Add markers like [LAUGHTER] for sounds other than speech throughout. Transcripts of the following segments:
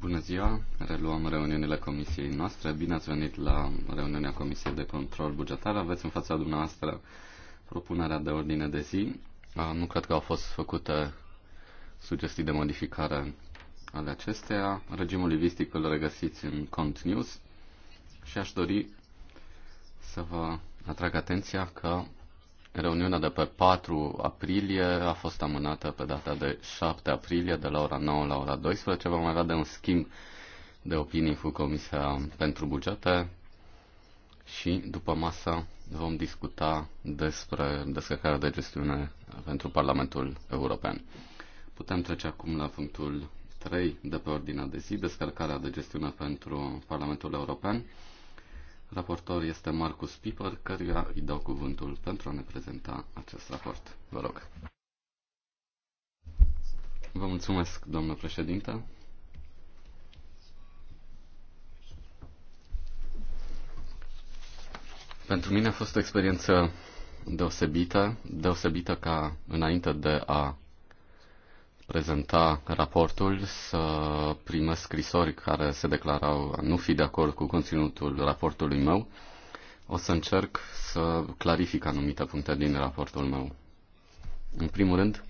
Bună ziua, reluăm reuniunile comisiei noastre. Bine ați venit la reuniunea Comisiei de Control Bugetar. Aveți în fața dumneavoastră propunerea de ordine de zi. Nu cred că au fost făcute sugestii de modificare ale acesteia. Regimul livistic îl regăsiți în Cont News și aș dori să vă atrag atenția că Reuniunea de pe 4 aprilie a fost amânată pe data de 7 aprilie de la ora 9 la ora 12. Vom avea de un schimb de opinii cu Comisia pentru Bugete și după masă vom discuta despre descărcarea de gestiune pentru Parlamentul European. Putem trece acum la punctul 3 de pe ordinea de zi, descărcarea de gestiune pentru Parlamentul European. Raportor este Marcus Piper, căruia îi dau cuvântul pentru a ne prezenta acest raport. Vă rog. Vă mulțumesc, domnul președinte. Pentru mine a fost o experiență deosebită, deosebită ca înainte de a prezenta raportul, să primă scrisori care se declarau a nu fi de acord cu conținutul raportului meu, o să încerc să clarific anumite puncte din raportul meu. În primul rând,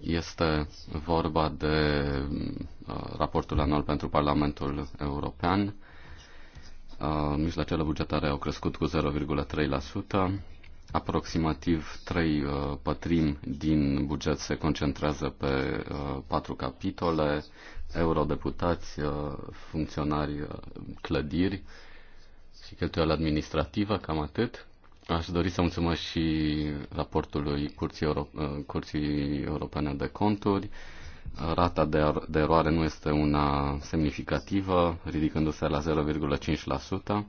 este vorba de uh, raportul anual pentru Parlamentul European. Uh, mijloacele bugetare au crescut cu 0,3%, aproximativ trei uh, pătrimi din buget se concentrează pe uh, patru capitole, eurodeputați, uh, funcționari, clădiri și cheltuială administrativă, cam atât. Aș dori să mulțumesc și raportului Curții, Euro- Curții Europene de Conturi. Rata de, er- de eroare nu este una semnificativă, ridicându-se la 0,5%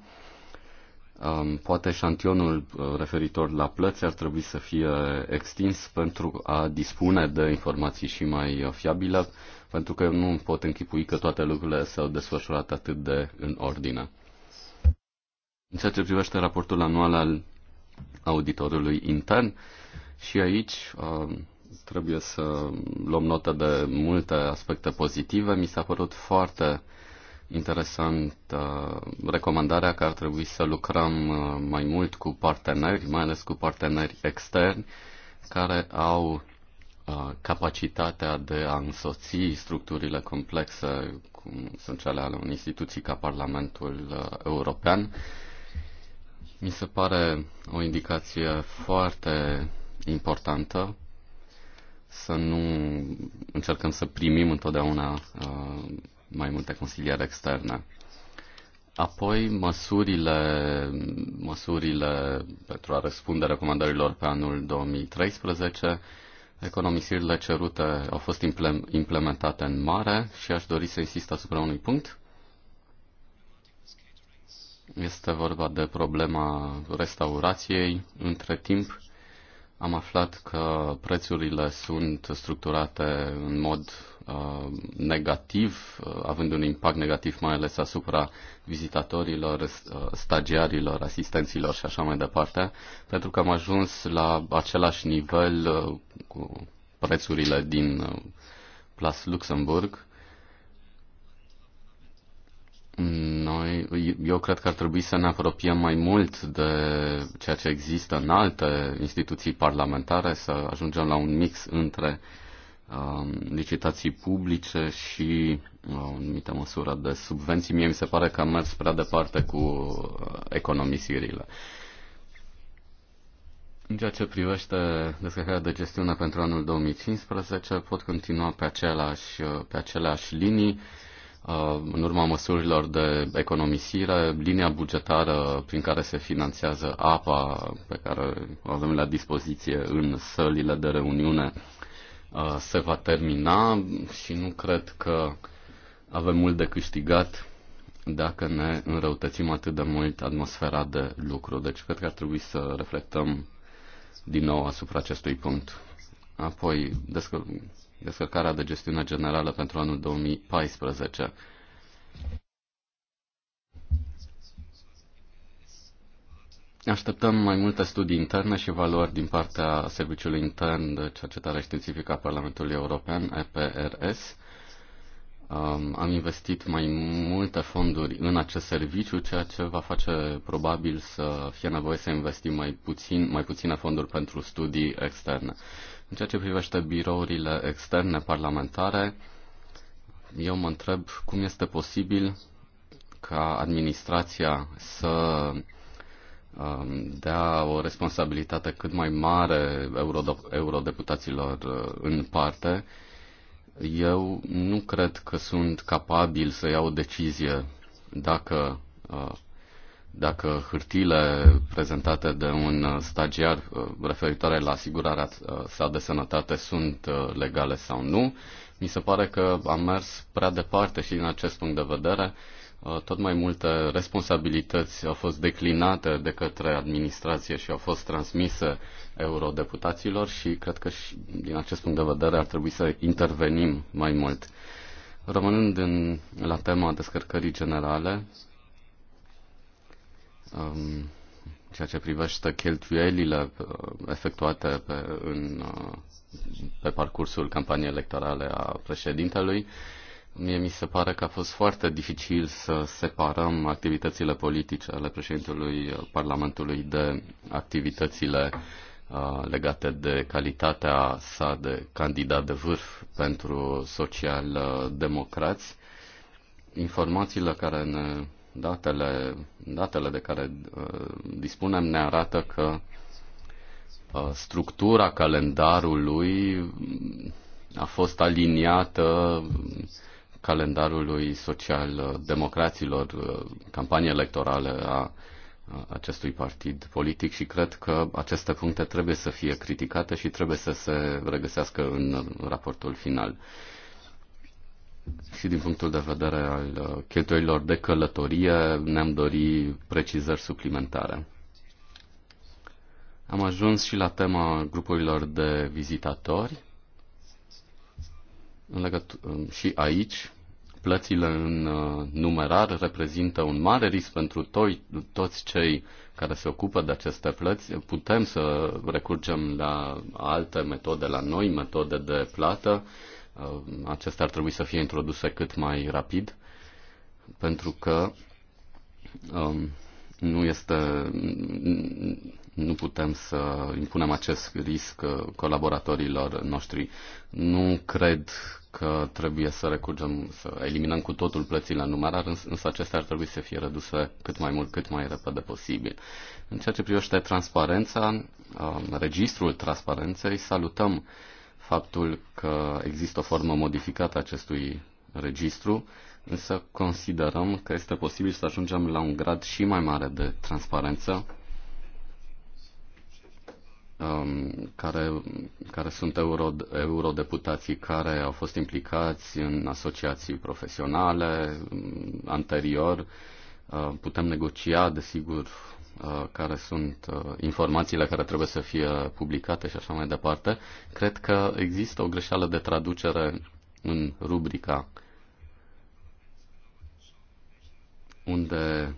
Um, poate șantionul uh, referitor la plăți ar trebui să fie extins pentru a dispune de informații și mai uh, fiabile, pentru că nu pot închipui că toate lucrurile s-au desfășurat atât de în ordine. În ceea ce privește raportul anual al auditorului intern, și aici um, trebuie să luăm notă de multe aspecte pozitive. Mi s-a părut foarte uh, interesantă recomandarea că ar trebui să lucrăm uh, mai mult cu parteneri, mai ales cu parteneri externi, care au uh, capacitatea de a însoți structurile complexe, cum sunt cele ale unei instituții ca Parlamentul uh, European. Mi se pare o indicație foarte importantă să nu încercăm să primim întotdeauna mai multe consiliere externe. Apoi, măsurile, măsurile pentru a răspunde recomandărilor pe anul 2013, economisirile cerute au fost implementate în mare și aș dori să insist asupra unui punct. Este vorba de problema restaurației. Între timp, am aflat că prețurile sunt structurate în mod Uh, negativ, uh, având un impact negativ mai ales asupra vizitatorilor, uh, stagiarilor, asistenților și așa mai departe, pentru că am ajuns la același nivel cu prețurile din Plas Luxemburg. Noi, eu cred că ar trebui să ne apropiem mai mult de ceea ce există în alte instituții parlamentare, să ajungem la un mix între uh, Um, licitații publice și uh, o anumită măsură de subvenții. Mie mi se pare că am mers prea departe cu uh, economisirile. În ceea ce privește descărcarea de gestiune pentru anul 2015, pot continua pe aceleași, uh, pe aceleași linii. În urma măsurilor de economisire, linia bugetară prin care se finanțează apa pe care o avem la dispoziție în sălile de reuniune Uh, se va termina și nu cred că avem mult de câștigat dacă ne înrăutățim atât de mult atmosfera de lucru. Deci cred că ar trebui să reflectăm din nou asupra acestui punct. Apoi, descăl- descărcarea de gestiune generală pentru anul 2014. Așteptăm mai multe studii interne și valori din partea Serviciului Intern de Cercetare Științifică a Parlamentului European, EPRS. Um, am investit mai multe fonduri în acest serviciu, ceea ce va face probabil să fie nevoie să investim mai, puțin, mai puține fonduri pentru studii externe. În ceea ce privește birourile externe parlamentare, eu mă întreb cum este posibil ca administrația să Um, dea o responsabilitate cât mai mare eurodeputaților uh, în parte, eu nu cred că sunt capabil să iau o decizie dacă, uh, dacă hârtile prezentate de un stagiar uh, referitoare la asigurarea sa de sănătate sunt legale sau nu. Mi se pare că am mers prea departe și din acest punct de vedere Uh, tot mai multe responsabilități au fost declinate de către administrație și au fost transmise eurodeputaților și cred că și din acest punct de vedere ar trebui să intervenim mai mult. Rămânând în, la tema descărcării generale, um, ceea ce privește cheltuielile uh, efectuate pe, în, uh, pe parcursul campaniei electorale a președintelui, uh, Mie mi se pare că a fost foarte dificil să separăm activitățile politice ale președintelui Parlamentului de activitățile uh, legate de calitatea sa de candidat de vârf pentru social-democrați. Informațiile care ne, datele, datele de care uh, dispunem ne arată că uh, structura calendarului a fost aliniată calendarului social-democraților, uh, uh, campanie electorală a acestui partid politic și cred că aceste puncte trebuie să fie criticate și trebuie să se regăsească în uh, raportul final. Și din punctul de vedere al cheltuielor de călătorie ne-am dori precizări suplimentare. Am ajuns și la tema grupurilor de vizitatori. În legătură și aici plățile în uh, numerar reprezintă un mare risc pentru toi, toți cei care se ocupă de aceste plăți. Putem să recurgem la alte metode, la noi metode de plată. Uh, acestea ar trebui să fie introduse cât mai rapid, pentru că um, nu este nu putem să impunem acest risc uh, colaboratorilor noștri. Nu cred că trebuie să recurgem, să eliminăm cu totul plățile numerar, însă acestea ar trebui să fie reduse cât mai mult, cât mai repede posibil. În ceea ce privește transparența, um, registrul transparenței, salutăm faptul că există o formă modificată a acestui registru, însă considerăm că este posibil să ajungem la un grad și mai mare de transparență um, care, care sunt euro, eurodeputații care au fost implicați în asociații profesionale um, anterior. Uh, putem negocia, desigur, uh, care sunt uh, informațiile care trebuie să fie publicate și așa mai departe, cred că există o greșeală de traducere în rubrica unde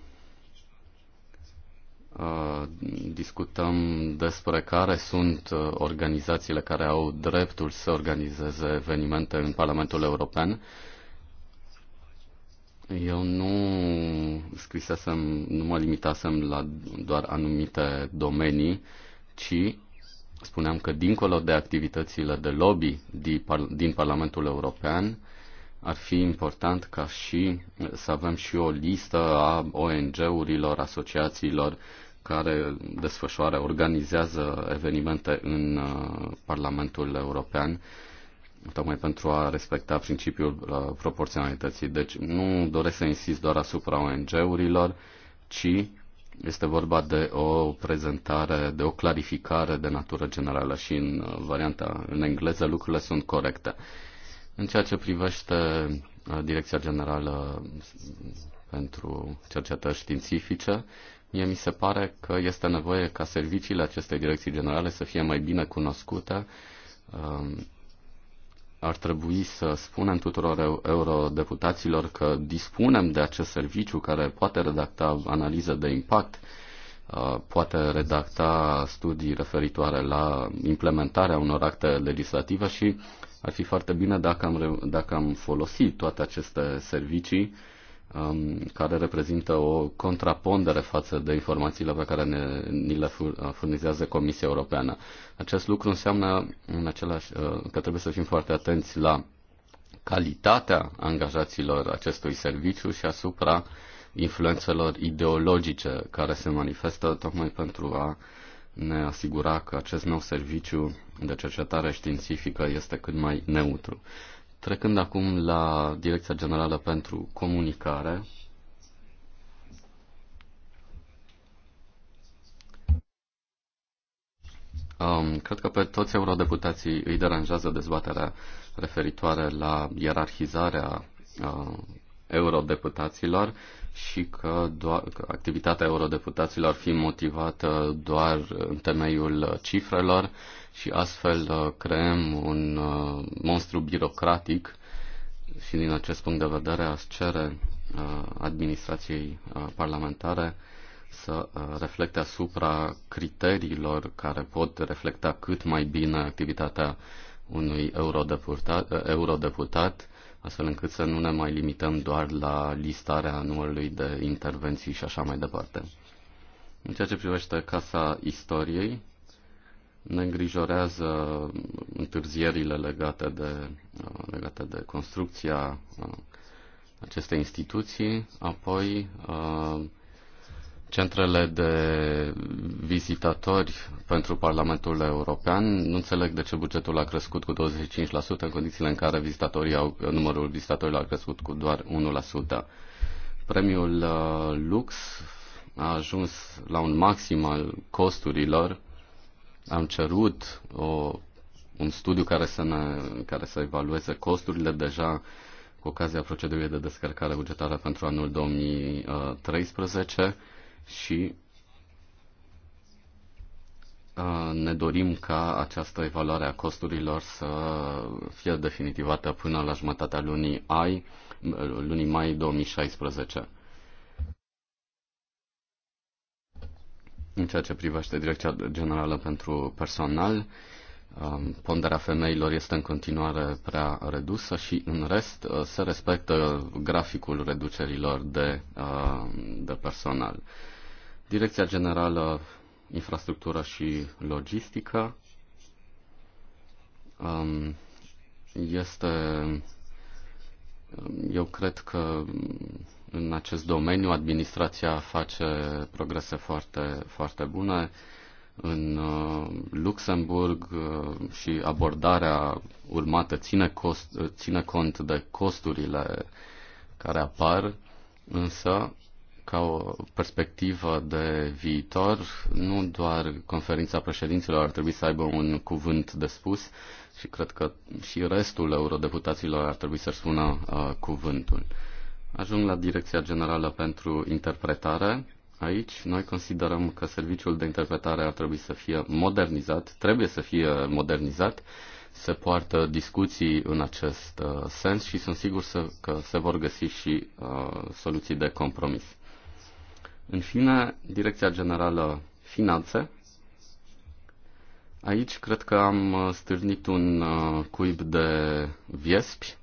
Uh, discutăm despre care sunt uh, organizațiile care au dreptul să organizeze evenimente în Parlamentul European. Eu nu scrisesem, nu mă limitasem la doar anumite domenii, ci spuneam că dincolo de activitățile de lobby din Parlamentul European, ar fi important ca și să avem și o listă a ONG-urilor, asociațiilor care desfășoară, organizează evenimente în uh, Parlamentul European, tocmai pentru a respecta principiul uh, proporționalității. Deci nu doresc să insist doar asupra ONG-urilor, ci este vorba de o prezentare, de o clarificare de natură generală și în uh, varianta în engleză lucrurile sunt corecte. În ceea ce privește Direcția Generală pentru Cercetări Științifice, Mie mi se pare că este nevoie ca serviciile acestei direcții generale să fie mai bine cunoscute. Um, ar trebui să spunem tuturor eurodeputaților că dispunem de acest serviciu care poate redacta analize de impact, uh, poate redacta studii referitoare la implementarea unor acte legislative și ar fi foarte bine dacă am, dacă am folosit toate aceste servicii Um, care reprezintă o contrapondere față de informațiile pe care ne, ni le uh, furnizează Comisia Europeană. Acest lucru înseamnă în același, uh, că trebuie să fim foarte atenți la calitatea angajaților acestui serviciu și asupra influențelor ideologice care se manifestă tocmai pentru a ne asigura că acest nou serviciu de cercetare științifică este cât mai neutru. Trecând acum la Direcția Generală pentru Comunicare, Um, cred că pe toți eurodeputații îi deranjează dezbaterea referitoare la ierarhizarea uh, eurodeputaților și că, doar, că activitatea eurodeputaților ar fi motivată doar în temeiul cifrelor și astfel uh, creăm un uh, monstru birocratic și din acest punct de vedere aș cere uh, administrației parlamentare să reflecte asupra criteriilor care pot reflecta cât mai bine activitatea unui eurodeputat, eurodeputat astfel încât să nu ne mai limităm doar la listarea numărului de intervenții și așa mai departe. În ceea ce privește Casa Istoriei, ne îngrijorează întârzierile legate de, uh, legate de construcția uh, acestei instituții, apoi uh, centrele de vizitatori pentru Parlamentul European. Nu înțeleg de ce bugetul a crescut cu 25% în condițiile în care vizitatorii au, numărul vizitatorilor a crescut cu doar 1%. Premiul Lux a ajuns la un maxim al costurilor am cerut o, un studiu care să, ne, care să evalueze costurile deja cu ocazia procedurii de descărcare bugetară pentru anul 2013 și ne dorim ca această evaluare a costurilor să fie definitivată până la jumătatea lunii, ai, lunii mai 2016. În ceea ce privește Direcția Generală pentru Personal, um, ponderea femeilor este în continuare prea redusă și în rest uh, se respectă graficul reducerilor de, uh, de personal. Direcția Generală Infrastructură și Logistică um, este um, eu cred că în acest domeniu. Administrația face progrese foarte, foarte bune. În uh, Luxemburg uh, și abordarea urmată ține, cost, uh, ține cont de costurile care apar, însă ca o perspectivă de viitor, nu doar conferința președinților ar trebui să aibă un cuvânt de spus, și cred că și restul eurodeputaților ar trebui să-și spună uh, cuvântul. Ajung la Direcția Generală pentru Interpretare. Aici noi considerăm că serviciul de interpretare ar trebui să fie modernizat, trebuie să fie modernizat. Se poartă discuții în acest uh, sens și sunt sigur să, că se vor găsi și uh, soluții de compromis. În fine, Direcția Generală Finanțe. Aici cred că am uh, stârnit un uh, cuib de viespi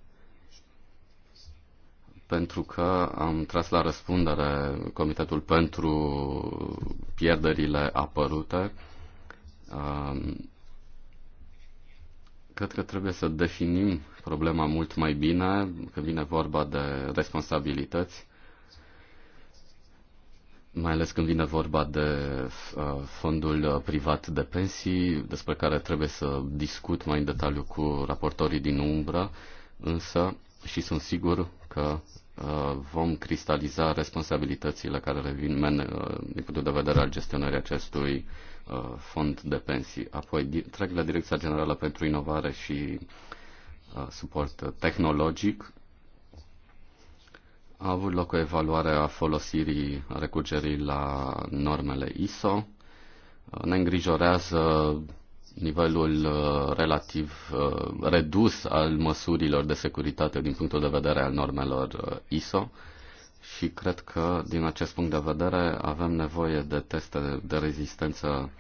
pentru că am tras la răspundere Comitetul pentru pierderile apărute. Um, cred că trebuie să definim problema mult mai bine, că vine vorba de responsabilități, mai ales când vine vorba de uh, fondul privat de pensii, despre care trebuie să discut mai în detaliu cu raportorii din umbră, însă și sunt sigur că Uh, vom cristaliza responsabilitățile care le vin uh, din punctul de vedere al gestionării acestui uh, fond de pensii. Apoi trec la Direcția Generală pentru Inovare și Suport Tehnologic. A avut loc o evaluare a folosirii recurgerii la normele ISO. Ne îngrijorează nivelul uh, relativ uh, redus al măsurilor de securitate din punctul de vedere al normelor uh, ISO și cred că din acest punct de vedere avem nevoie de teste de rezistență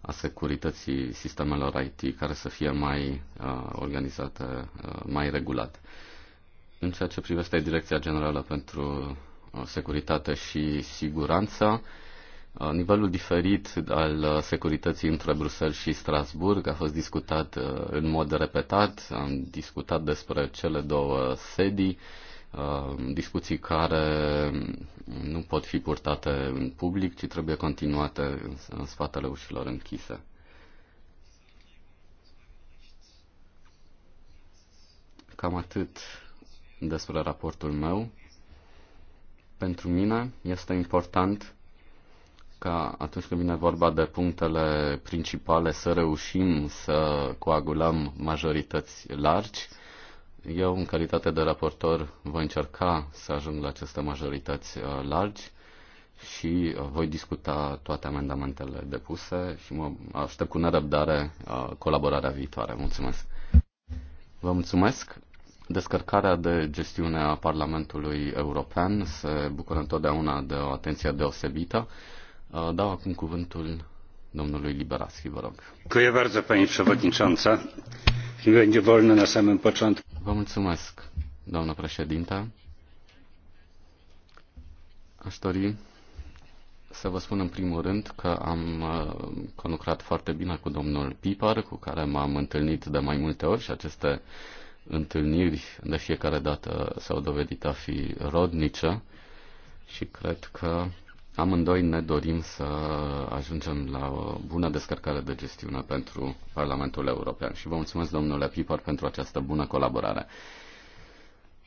a securității sistemelor IT care să fie mai uh, organizate, uh, mai regulate. În ceea ce privește Direcția Generală pentru Securitate și Siguranță, uh, Uh, nivelul diferit al uh, securității între Bruxelles și Strasburg a fost discutat uh, în mod repetat. Am discutat despre cele două sedii, discuții care nu pot fi purtate în public, ci trebuie continuate în spatele ușilor închise. Cam atât despre raportul meu. Pentru mine este important ca atunci când vine vorba de punctele principale să reușim să coagulăm majorități largi. Eu, în calitate de raportor, voi încerca să ajung la aceste majorități uh, largi și uh, voi discuta toate amendamentele depuse și mă aștept cu nerăbdare uh, colaborarea viitoare. Mulțumesc! Vă mulțumesc! Descărcarea de gestiune a Parlamentului European se bucură întotdeauna de o atenție deosebită. Uh, dau acum cuvântul domnului Liberaschi, vă rog. Dziękuję bardzo, pani przewodnicząca. będzie na samym początku. Vă mulțumesc, doamnă președinte. Aș dori să vă spun în primul rând că am uh, conucrat foarte bine cu domnul Pipar, cu care m-am întâlnit de mai multe ori și aceste întâlniri de fiecare dată s-au dovedit a fi rodnice și cred că Amândoi ne dorim să ajungem la o bună descărcare de gestiune pentru Parlamentul European și vă mulțumesc, domnule Piper, pentru această bună colaborare.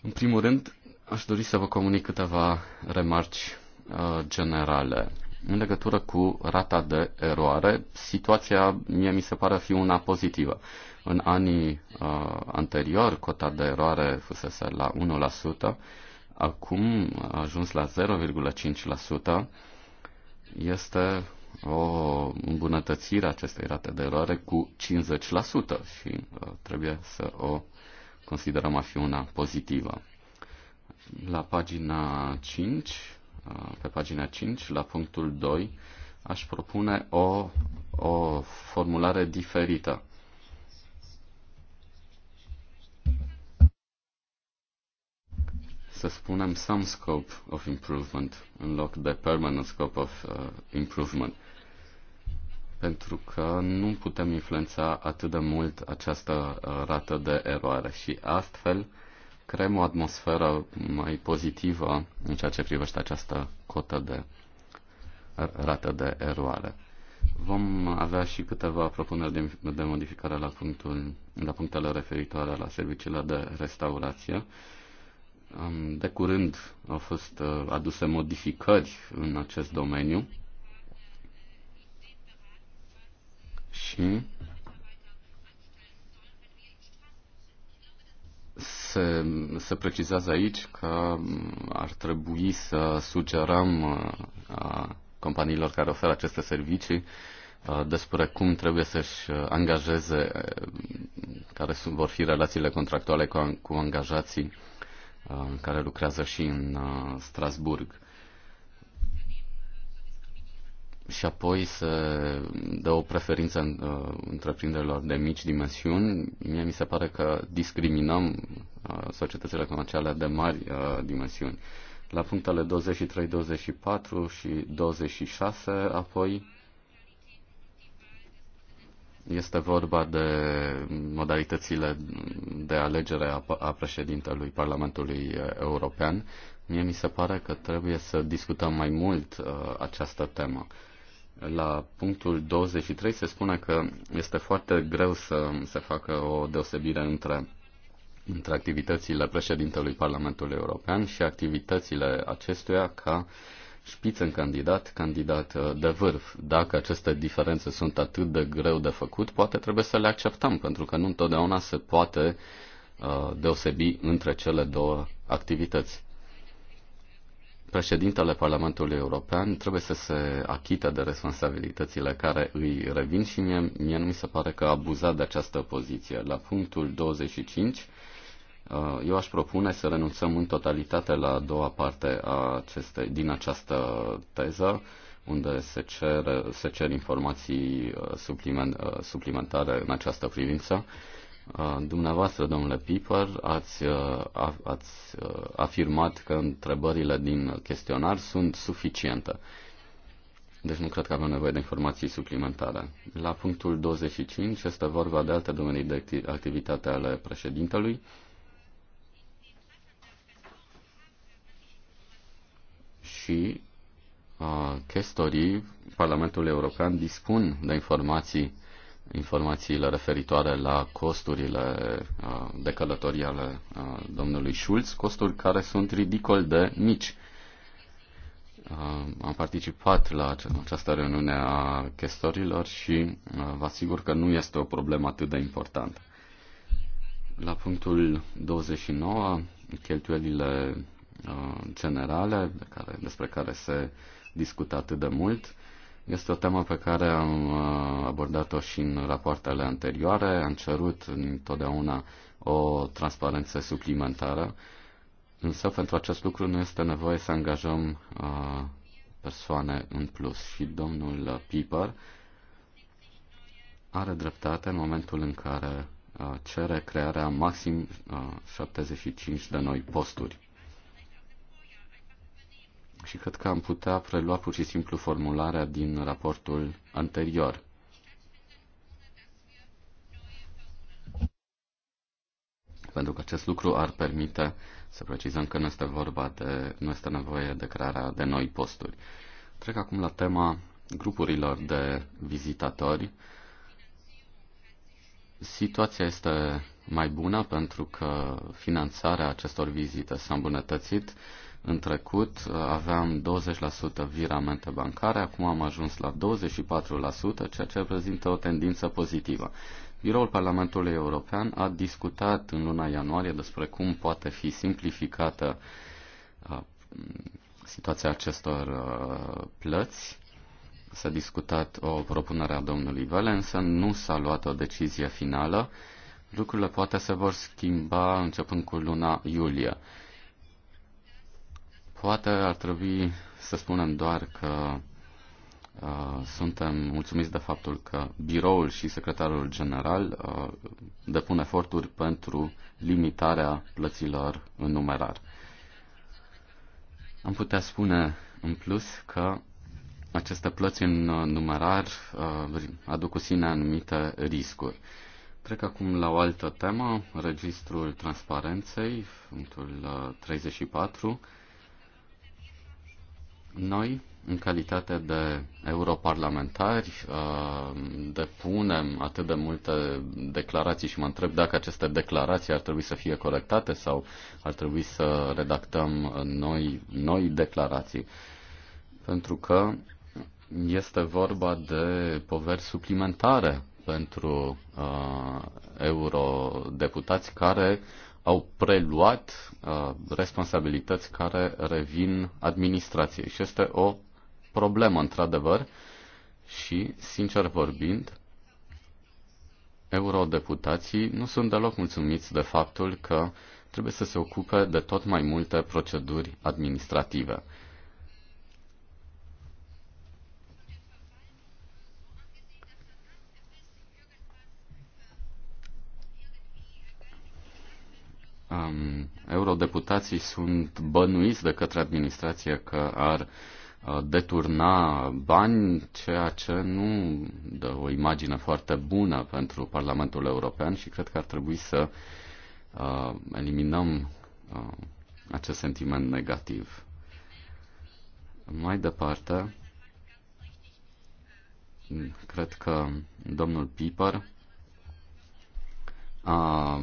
În primul rând, aș dori să vă comunic câteva remarci uh, generale. În legătură cu rata de eroare, situația mie mi se pare fi una pozitivă. În anii uh, anteriori, cota de eroare fusese la 1%, acum a ajuns la 0,5%. Este o îmbunătățire a acestei rate de eroare cu 50% și uh, trebuie să o considerăm a fi una pozitivă. La pagina 5, uh, pe pagina 5, la punctul 2, aș propune o, o formulare diferită să spunem some scope of improvement în loc de permanent scope of uh, improvement. Pentru că nu putem influența atât de mult această uh, rată de eroare și astfel creăm o atmosferă mai pozitivă în ceea ce privește această cotă de rată de eroare. Vom avea și câteva propuneri de, de modificare la, punctul, la punctele referitoare la serviciile de restaurație. De curând au fost uh, aduse modificări în acest domeniu și se, se precizează aici că ar trebui să sugerăm uh, companiilor care oferă aceste servicii uh, despre cum trebuie să-și angajeze, care vor fi relațiile contractuale cu, cu angajații Uh, care lucrează și în uh, Strasburg. Și apoi să dă o preferință uh, întreprinderilor de mici dimensiuni. Mie mi se pare că discriminăm societățile comerciale de mari dimensiuni. La punctele 23, 24 și 26, apoi este vorba de modalitățile de alegere a președintelui Parlamentului European. Mie mi se pare că trebuie să discutăm mai mult uh, această temă. La punctul 23 se spune că este foarte greu să se facă o deosebire între, între activitățile președintelui Parlamentului European și activitățile acestuia ca uh, în candidat, candidat uh, de vârf. Dacă aceste diferențe sunt atât de greu de făcut, poate trebuie să le acceptăm, pentru că nu întotdeauna se poate uh, deosebi între cele două activități. Președintele Parlamentului European trebuie să se achite de responsabilitățile care îi revin și mie, mie nu mi se pare că a abuzat de această poziție. La punctul 25 Uh, eu aș propune să renunțăm în totalitate la a doua parte a aceste, din această teză, unde se cer, se cer informații uh, uh, suplimentare în această privință. Dumneavoastră, domnule Piper, ați, a, ați afirmat că întrebările din chestionar sunt suficiente. Deci nu cred că avem nevoie de informații suplimentare. La punctul 25 este vorba de alte domenii de activitate ale președintelui. și uh, chestorii Parlamentului European dispun de informații informațiile referitoare la costurile uh, de călătorie ale uh, domnului Schulz, costuri care sunt ridicol de mici. Uh, am participat la această reuniune a chestorilor și vă asigur că nu este o problemă atât de importantă. La punctul 29, cheltuielile Uh, generale de care, despre care se discută atât de mult. Este o temă pe care am uh, abordat-o și în rapoartele anterioare. Am cerut întotdeauna o transparență suplimentară, însă pentru acest lucru nu este nevoie să angajăm uh, persoane în plus. Și domnul Piper are dreptate în momentul în care cere crearea maxim 75 de noi posturi și cred că am putea prelua pur și simplu formularea din raportul anterior. Pentru că acest lucru ar permite să precizăm că nu este vorba de, nu este nevoie de crearea de noi posturi. Trec acum la tema grupurilor de vizitatori. Situația este mai bună pentru că finanțarea acestor vizite s-a îmbunătățit în trecut uh, aveam 20% viramente bancare, acum am ajuns la 24%, ceea ce reprezintă o tendință pozitivă. Biroul Parlamentului European a discutat în luna ianuarie despre cum poate fi simplificată uh, situația acestor uh, plăți. S-a discutat o propunere a domnului Valensa, nu s-a luat o decizie finală. Lucrurile poate se vor schimba începând cu luna iulie. Poate ar trebui să spunem doar că uh, suntem mulțumiți de faptul că biroul și secretarul general uh, depun eforturi pentru limitarea plăților în numerar. Am putea spune în plus că aceste plăți în uh, numerar uh, aduc cu sine anumite riscuri. Trec acum la o altă temă, registrul transparenței, punctul 34. Uh, noi, în calitate de europarlamentari, uh, depunem atât de multe declarații și mă întreb dacă aceste declarații ar trebui să fie corectate sau ar trebui să redactăm noi, noi declarații. Pentru că este vorba de poveri suplimentare pentru uh, eurodeputați care au preluat uh, responsabilități care revin administrației. Și este o problemă, într-adevăr, și, sincer vorbind, eurodeputații nu sunt deloc mulțumiți de faptul că trebuie să se ocupe de tot mai multe proceduri administrative. um, eurodeputații sunt bănuiți de către administrație că ar uh, deturna bani, ceea ce nu dă o imagine foarte bună pentru Parlamentul European și cred că ar trebui să uh, eliminăm uh, acest sentiment negativ. Mai departe, cred că domnul Piper a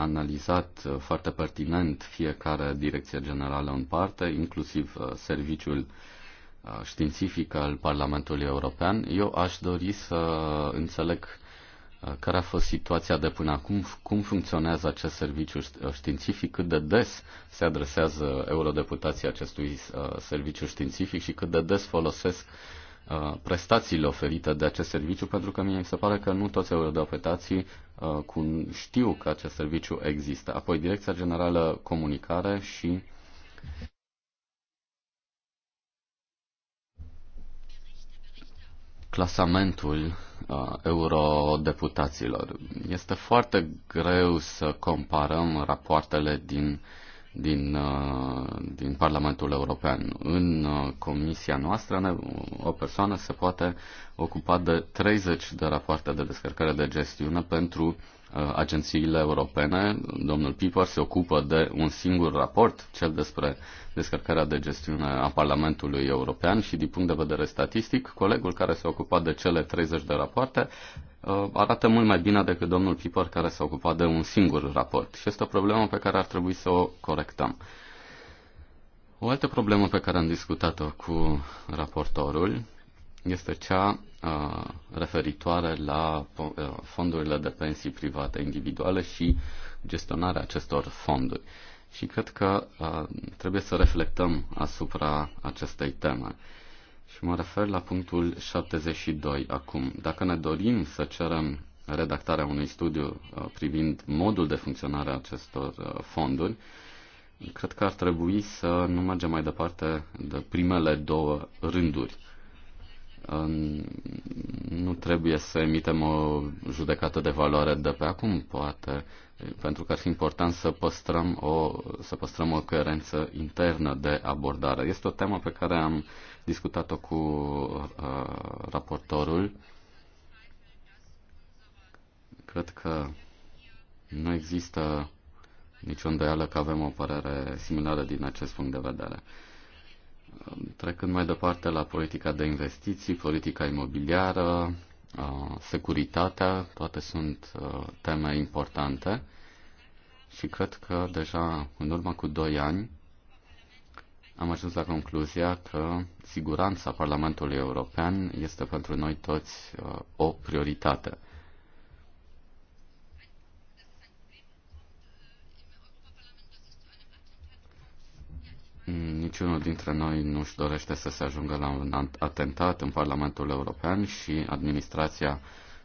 analizat uh, foarte pertinent fiecare direcție generală în parte, inclusiv uh, serviciul uh, științific al Parlamentului European. Eu aș dori să înțeleg care a fost situația de până acum, cum funcționează acest serviciu științific, cât de des se adresează eurodeputații acestui serviciu științific și cât de des folosesc prestațiile oferite de acest serviciu, pentru că mie mi se pare că nu toți eurodeputații Uh, cu, știu că acest serviciu există. Apoi Direcția Generală Comunicare și clasamentul uh, eurodeputaților. Este foarte greu să comparăm rapoartele din uh, din, uh, din Parlamentul European. În uh, comisia noastră, o persoană se poate ocupa de 30 de rapoarte de descărcare de gestiune pentru Uh, agențiile europene. Domnul Piper se ocupă de un singur raport, cel despre descărcarea de gestiune a Parlamentului European și din punct de vedere statistic, colegul care se ocupa de cele 30 de rapoarte uh, arată mult mai bine decât domnul Piper care s-a ocupat de un singur raport. Și este o problemă pe care ar trebui să o corectăm. O altă problemă pe care am discutat-o cu raportorul este cea uh, referitoare la uh, fondurile de pensii private individuale și gestionarea acestor fonduri. Și cred că uh, trebuie să reflectăm asupra acestei teme. Și mă refer la punctul 72 acum. Dacă ne dorim să cerem redactarea unui studiu privind modul de funcționare a acestor fonduri, cred că ar trebui să nu mergem mai departe de primele două rânduri nu trebuie să emitem o judecată de valoare de pe acum, poate, pentru că ar fi important să păstrăm o, să păstrăm o coerență internă de abordare. Este o temă pe care am discutat-o cu uh, raportorul. Cred că nu există nicio îndoială că avem o părere similară din acest punct de vedere. Uh, Um, trecând mai departe la politica de investiții, politica imobiliară, uh, securitatea, toate sunt uh, teme importante și cred că deja în urmă cu doi ani am ajuns la concluzia că siguranța Parlamentului European este pentru noi toți uh, o prioritate. Mm, niciunul dintre noi nu își dorește să se ajungă la un atentat în Parlamentul European și administrația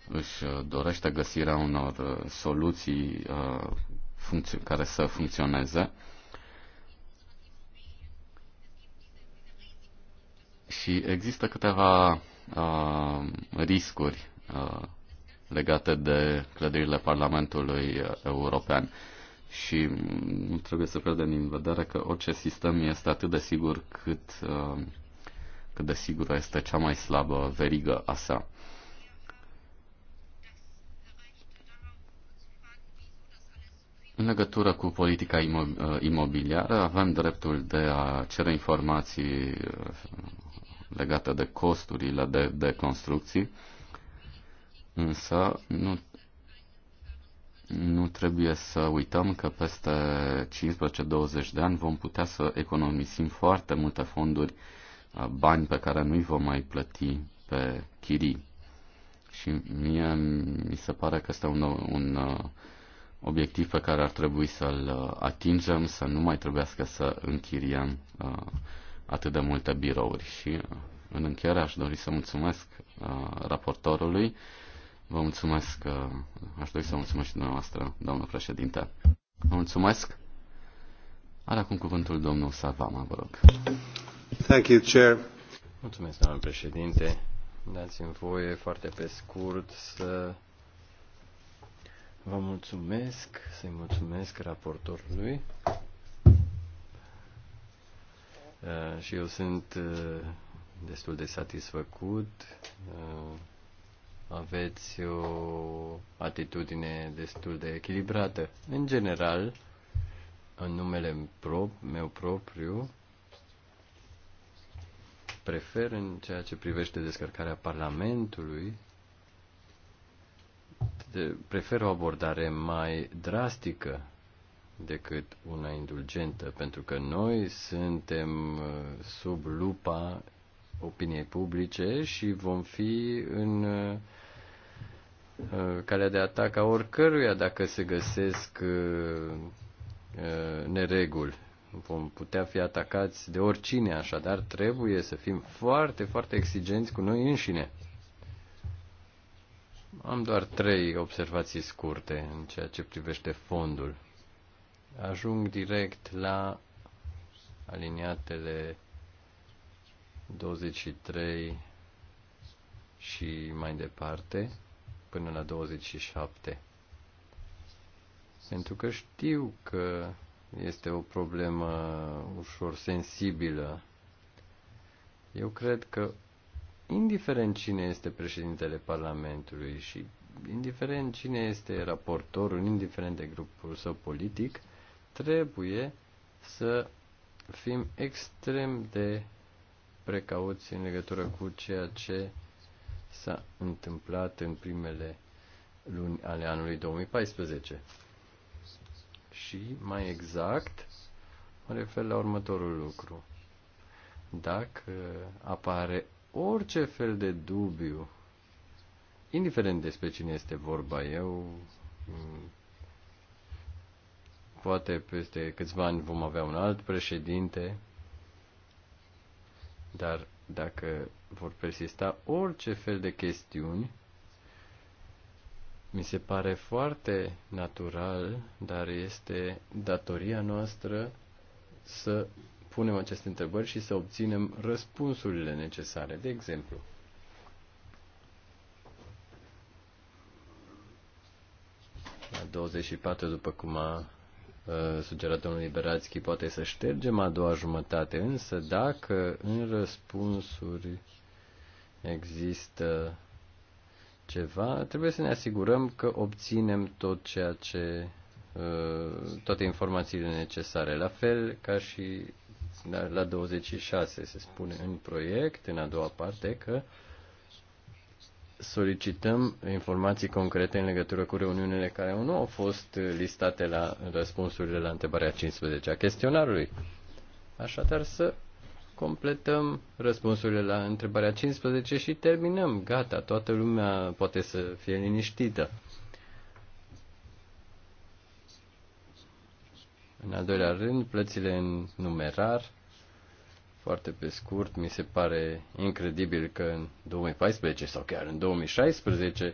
își uh, dorește găsirea unor uh, soluții uh, care să funcționeze. Și există câteva riscuri legate de clădirile Parlamentului European și nu trebuie să pierdem din vedere că orice sistem este atât de sigur cât, uh, cât de sigură este cea mai slabă verigă a sa. În legătură cu politica uh, imobiliară, avem dreptul de a cere informații uh, legate de costurile de, de construcții, însă nu nu trebuie să uităm că peste 15-20 de ani vom putea să economisim foarte multe fonduri, bani pe care nu-i vom mai plăti pe chirii. Și mie mi se pare că este un, un obiectiv pe care ar trebui să-l atingem, să nu mai trebuiască să închiriem atât de multe birouri. Și în încheiere aș dori să mulțumesc raportorului Vă mulțumesc. Uh, aș dori să mulțumesc și dumneavoastră, doamnă președinte. Vă mulțumesc. Are acum cuvântul domnul Savama, vă rog. Thank you, Chair. Mulțumesc, doamnă președinte. Dați-mi voie foarte pe scurt să vă mulțumesc, să-i mulțumesc raportorului. Uh, și eu sunt uh, destul de satisfăcut aveți o atitudine destul de echilibrată. În general, în numele meu propriu, prefer în ceea ce privește descărcarea Parlamentului, prefer o abordare mai drastică decât una indulgentă, pentru că noi suntem uh, sub lupa opiniei publice și vom fi în uh, uh, calea de atac a oricăruia dacă se găsesc uh, nereguli. Vom putea fi atacați de oricine, așadar trebuie să fim foarte, foarte exigenți cu noi înșine. Am doar trei observații scurte în ceea ce privește fondul. Ajung direct la aliniatele 23 și mai departe, până la 27. Pentru că știu că este o problemă ușor sensibilă. Eu cred că, indiferent cine este președintele Parlamentului și indiferent cine este raportorul, indiferent de grupul său politic, trebuie să fim extrem de precauți în legătură cu ceea ce s-a întâmplat în primele luni ale anului 2014. Și, mai exact, mă refer la următorul lucru. Dacă apare orice fel de dubiu, indiferent despre cine este vorba, eu mm, poate peste câțiva ani vom avea un alt președinte dar dacă vor persista orice fel de chestiuni, mi se pare foarte natural, dar este datoria noastră să punem aceste întrebări și să obținem răspunsurile necesare. De exemplu, la 24, după cum a Uh, sugerat domnul Liberațchi, poate să ștergem a doua jumătate, însă dacă în răspunsuri există ceva, trebuie să ne asigurăm că obținem tot ceea ce uh, toate informațiile necesare. La fel ca și la 26 se spune în proiect, în a doua parte, că uh, solicităm informații concrete în legătură cu reuniunile care nu au fost listate la răspunsurile la întrebarea 15 a chestionarului. Așadar să completăm răspunsurile la întrebarea 15 și terminăm. Gata, toată lumea poate să fie liniștită. În al doilea rând, plățile în numerar foarte pe scurt, mi se pare incredibil că în 2014 sau chiar în 2016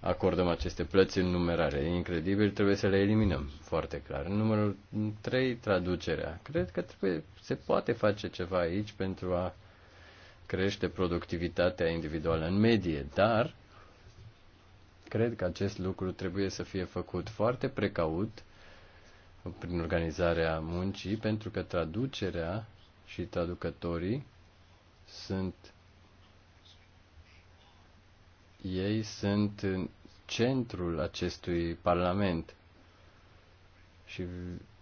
acordăm aceste plăți în numerare. Incredibil, trebuie să le eliminăm foarte clar. Numărul 3, traducerea. Cred că trebuie, se poate face ceva aici pentru a crește productivitatea individuală în medie, dar cred că acest lucru trebuie să fie făcut foarte precaut prin organizarea muncii, pentru că traducerea și traducătorii sunt ei sunt în centrul acestui parlament și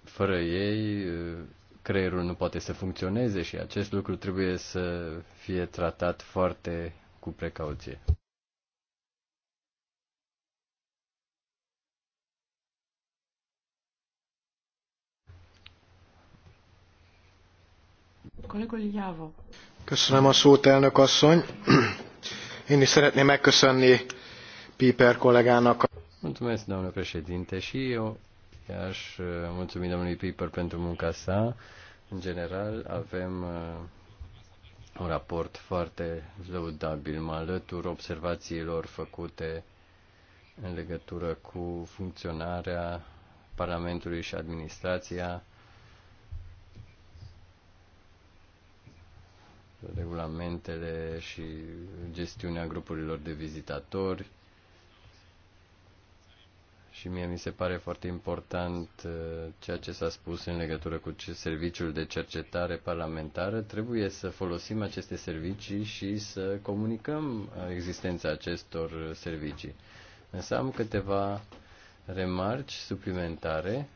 fără ei ă, creierul nu poate să funcționeze și acest lucru trebuie să fie tratat foarte cu precauție. Colegul Köszönöm a szót, elnök asszony. [CLEARS THROAT] Én is szeretném megköszönni Piper kollégának. Mulțumesc, doamnă președinte, și eu aș uh, mulțumi domnului Piper pentru munca sa. În general, avem uh, un raport foarte lăudabil. Mă alătur observațiilor făcute în legătură cu funcționarea Parlamentului și administrația regulamentele și gestiunea grupurilor de vizitatori. Și mie mi se pare foarte important uh, ceea ce s-a spus în legătură cu serviciul de cercetare parlamentară. Trebuie să folosim aceste servicii și să comunicăm uh, existența acestor servicii. Însă am câteva remarci suplimentare.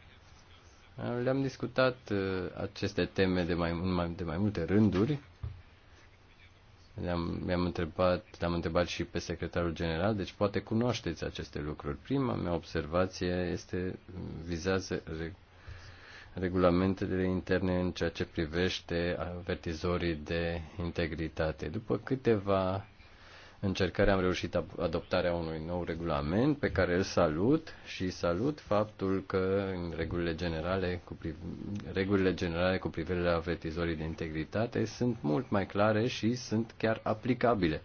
Le-am discutat uh, aceste teme de mai, de mai multe rânduri le-am, le-am întrebat, le-am întrebat și pe secretarul general, deci poate cunoașteți aceste lucruri. Prima mea observație este, vizează re, regulamentele interne în ceea ce privește avertizorii de integritate. După câteva încercare am reușit adoptarea unui nou regulament pe care îl salut și salut faptul că în regulile generale cu, priv- regulile generale cu privire la avertizorii de integritate sunt mult mai clare și sunt chiar aplicabile.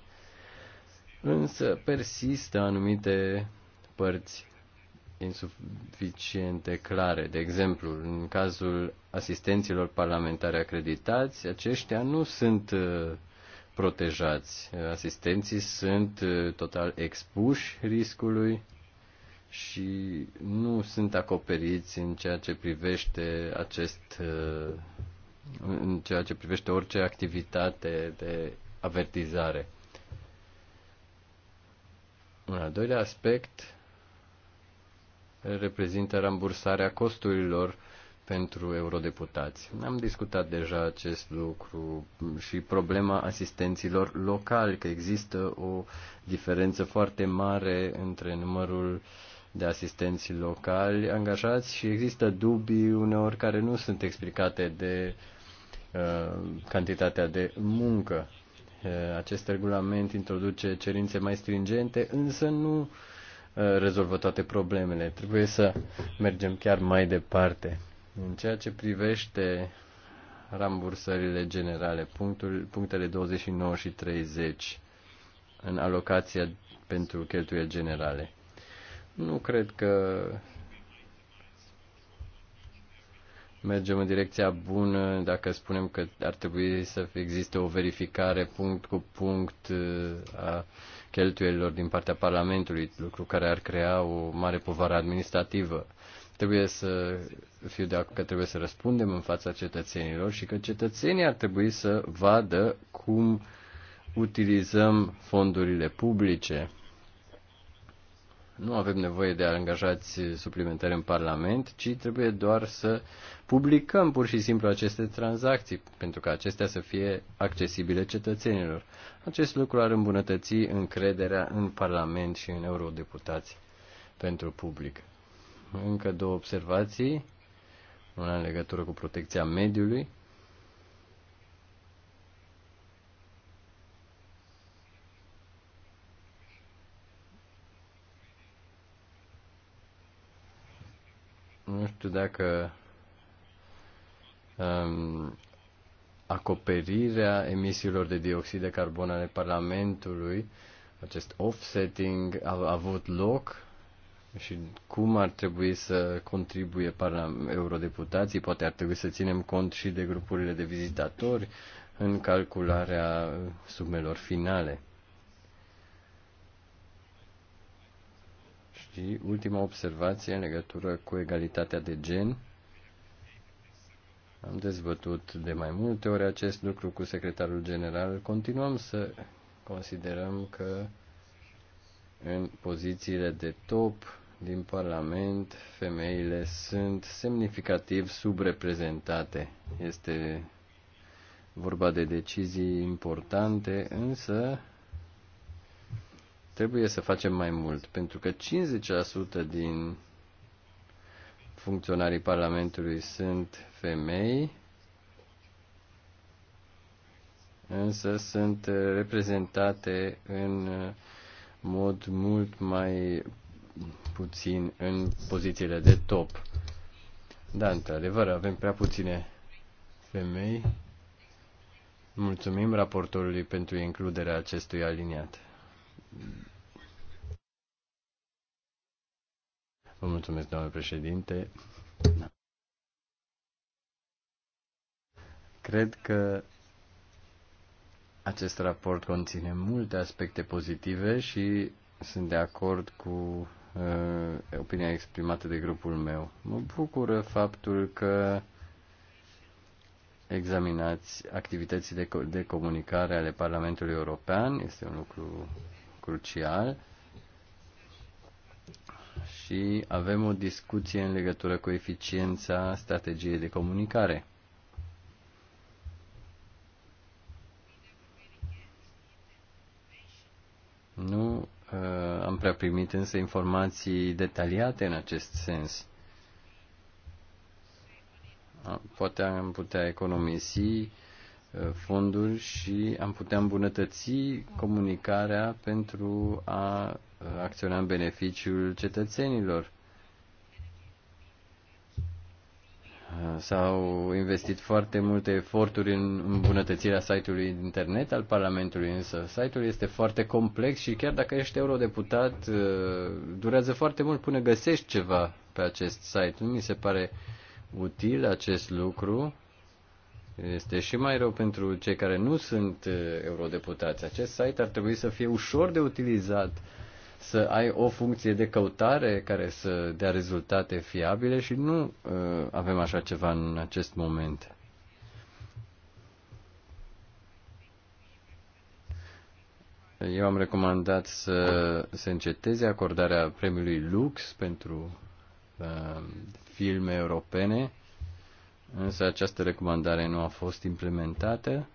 Însă persistă anumite părți insuficiente clare. De exemplu, în cazul asistenților parlamentari acreditați, aceștia nu sunt uh, protejați. Asistenții sunt total expuși riscului și nu sunt acoperiți în ceea ce privește acest în ceea ce privește orice activitate de avertizare. Un al doilea aspect reprezintă rambursarea costurilor pentru eurodeputați. Am discutat deja acest lucru și problema asistenților locali, că există o diferență foarte mare între numărul de asistenți locali angajați și există dubii uneori care nu sunt explicate de uh, cantitatea de muncă. Uh, acest regulament introduce cerințe mai stringente, însă nu uh, rezolvă toate problemele. Trebuie să mergem chiar mai departe în ceea ce privește rambursările generale, punctul, punctele 29 și 30 în alocația pentru cheltuieli generale. Nu cred că mergem în direcția bună dacă spunem că ar trebui să existe o verificare punct cu punct uh, a cheltuielilor din partea Parlamentului, lucru care ar crea o mare povară administrativă. Trebuie să fiu de acord că trebuie să răspundem în fața cetățenilor și că cetățenii ar trebui să vadă cum utilizăm fondurile publice. Nu avem nevoie de angajați suplimentari în Parlament, ci trebuie doar să publicăm pur și simplu aceste tranzacții, pentru ca acestea să fie accesibile cetățenilor. Acest lucru ar îmbunătăți încrederea în Parlament și în eurodeputați pentru public încă două observații, una în legătură cu protecția mediului. Nu știu dacă um, acoperirea emisiilor de dioxid de carbon ale Parlamentului, acest offsetting a, a avut loc și cum ar trebui să contribuie eurodeputații. Poate ar trebui să ținem cont și de grupurile de vizitatori în calcularea sumelor finale. Și ultima observație în legătură cu egalitatea de gen. Am dezbătut de mai multe ori acest lucru cu secretarul general. Continuăm să considerăm că în pozițiile de top din Parlament, femeile sunt semnificativ subreprezentate. Este vorba de decizii importante, însă trebuie să facem mai mult, pentru că 50% din funcționarii Parlamentului sunt femei, însă sunt reprezentate în mod mult mai puțin în pozițiile de top. Da, într-adevăr, avem prea puține femei. Mulțumim raportorului pentru includerea acestui aliniat. Vă mulțumesc, doamnă președinte. Da. Cred că acest raport conține multe aspecte pozitive și sunt de acord cu uh, opinia exprimată de grupul meu. Mă bucură faptul că examinați activitățile de, co- de comunicare ale Parlamentului European, este un lucru crucial și avem o discuție în legătură cu eficiența strategiei de comunicare. Nu uh, am prea primit însă informații detaliate în acest sens. Poate am putea economisi uh, fonduri și am putea îmbunătăți comunicarea pentru a uh, acționa în beneficiul cetățenilor. S-au investit foarte multe eforturi în îmbunătățirea site-ului internet al Parlamentului, însă site-ul este foarte complex și chiar dacă ești eurodeputat, uh, durează foarte mult până găsești ceva pe acest site. Nu mi se pare util acest lucru. Este și mai rău pentru cei care nu sunt uh, eurodeputați. Acest site ar trebui să fie ușor de utilizat să ai o funcție de căutare care să dea rezultate fiabile și nu uh, avem așa ceva în acest moment. Eu am recomandat să se înceteze acordarea premiului Lux pentru uh, filme europene, însă această recomandare nu a fost implementată.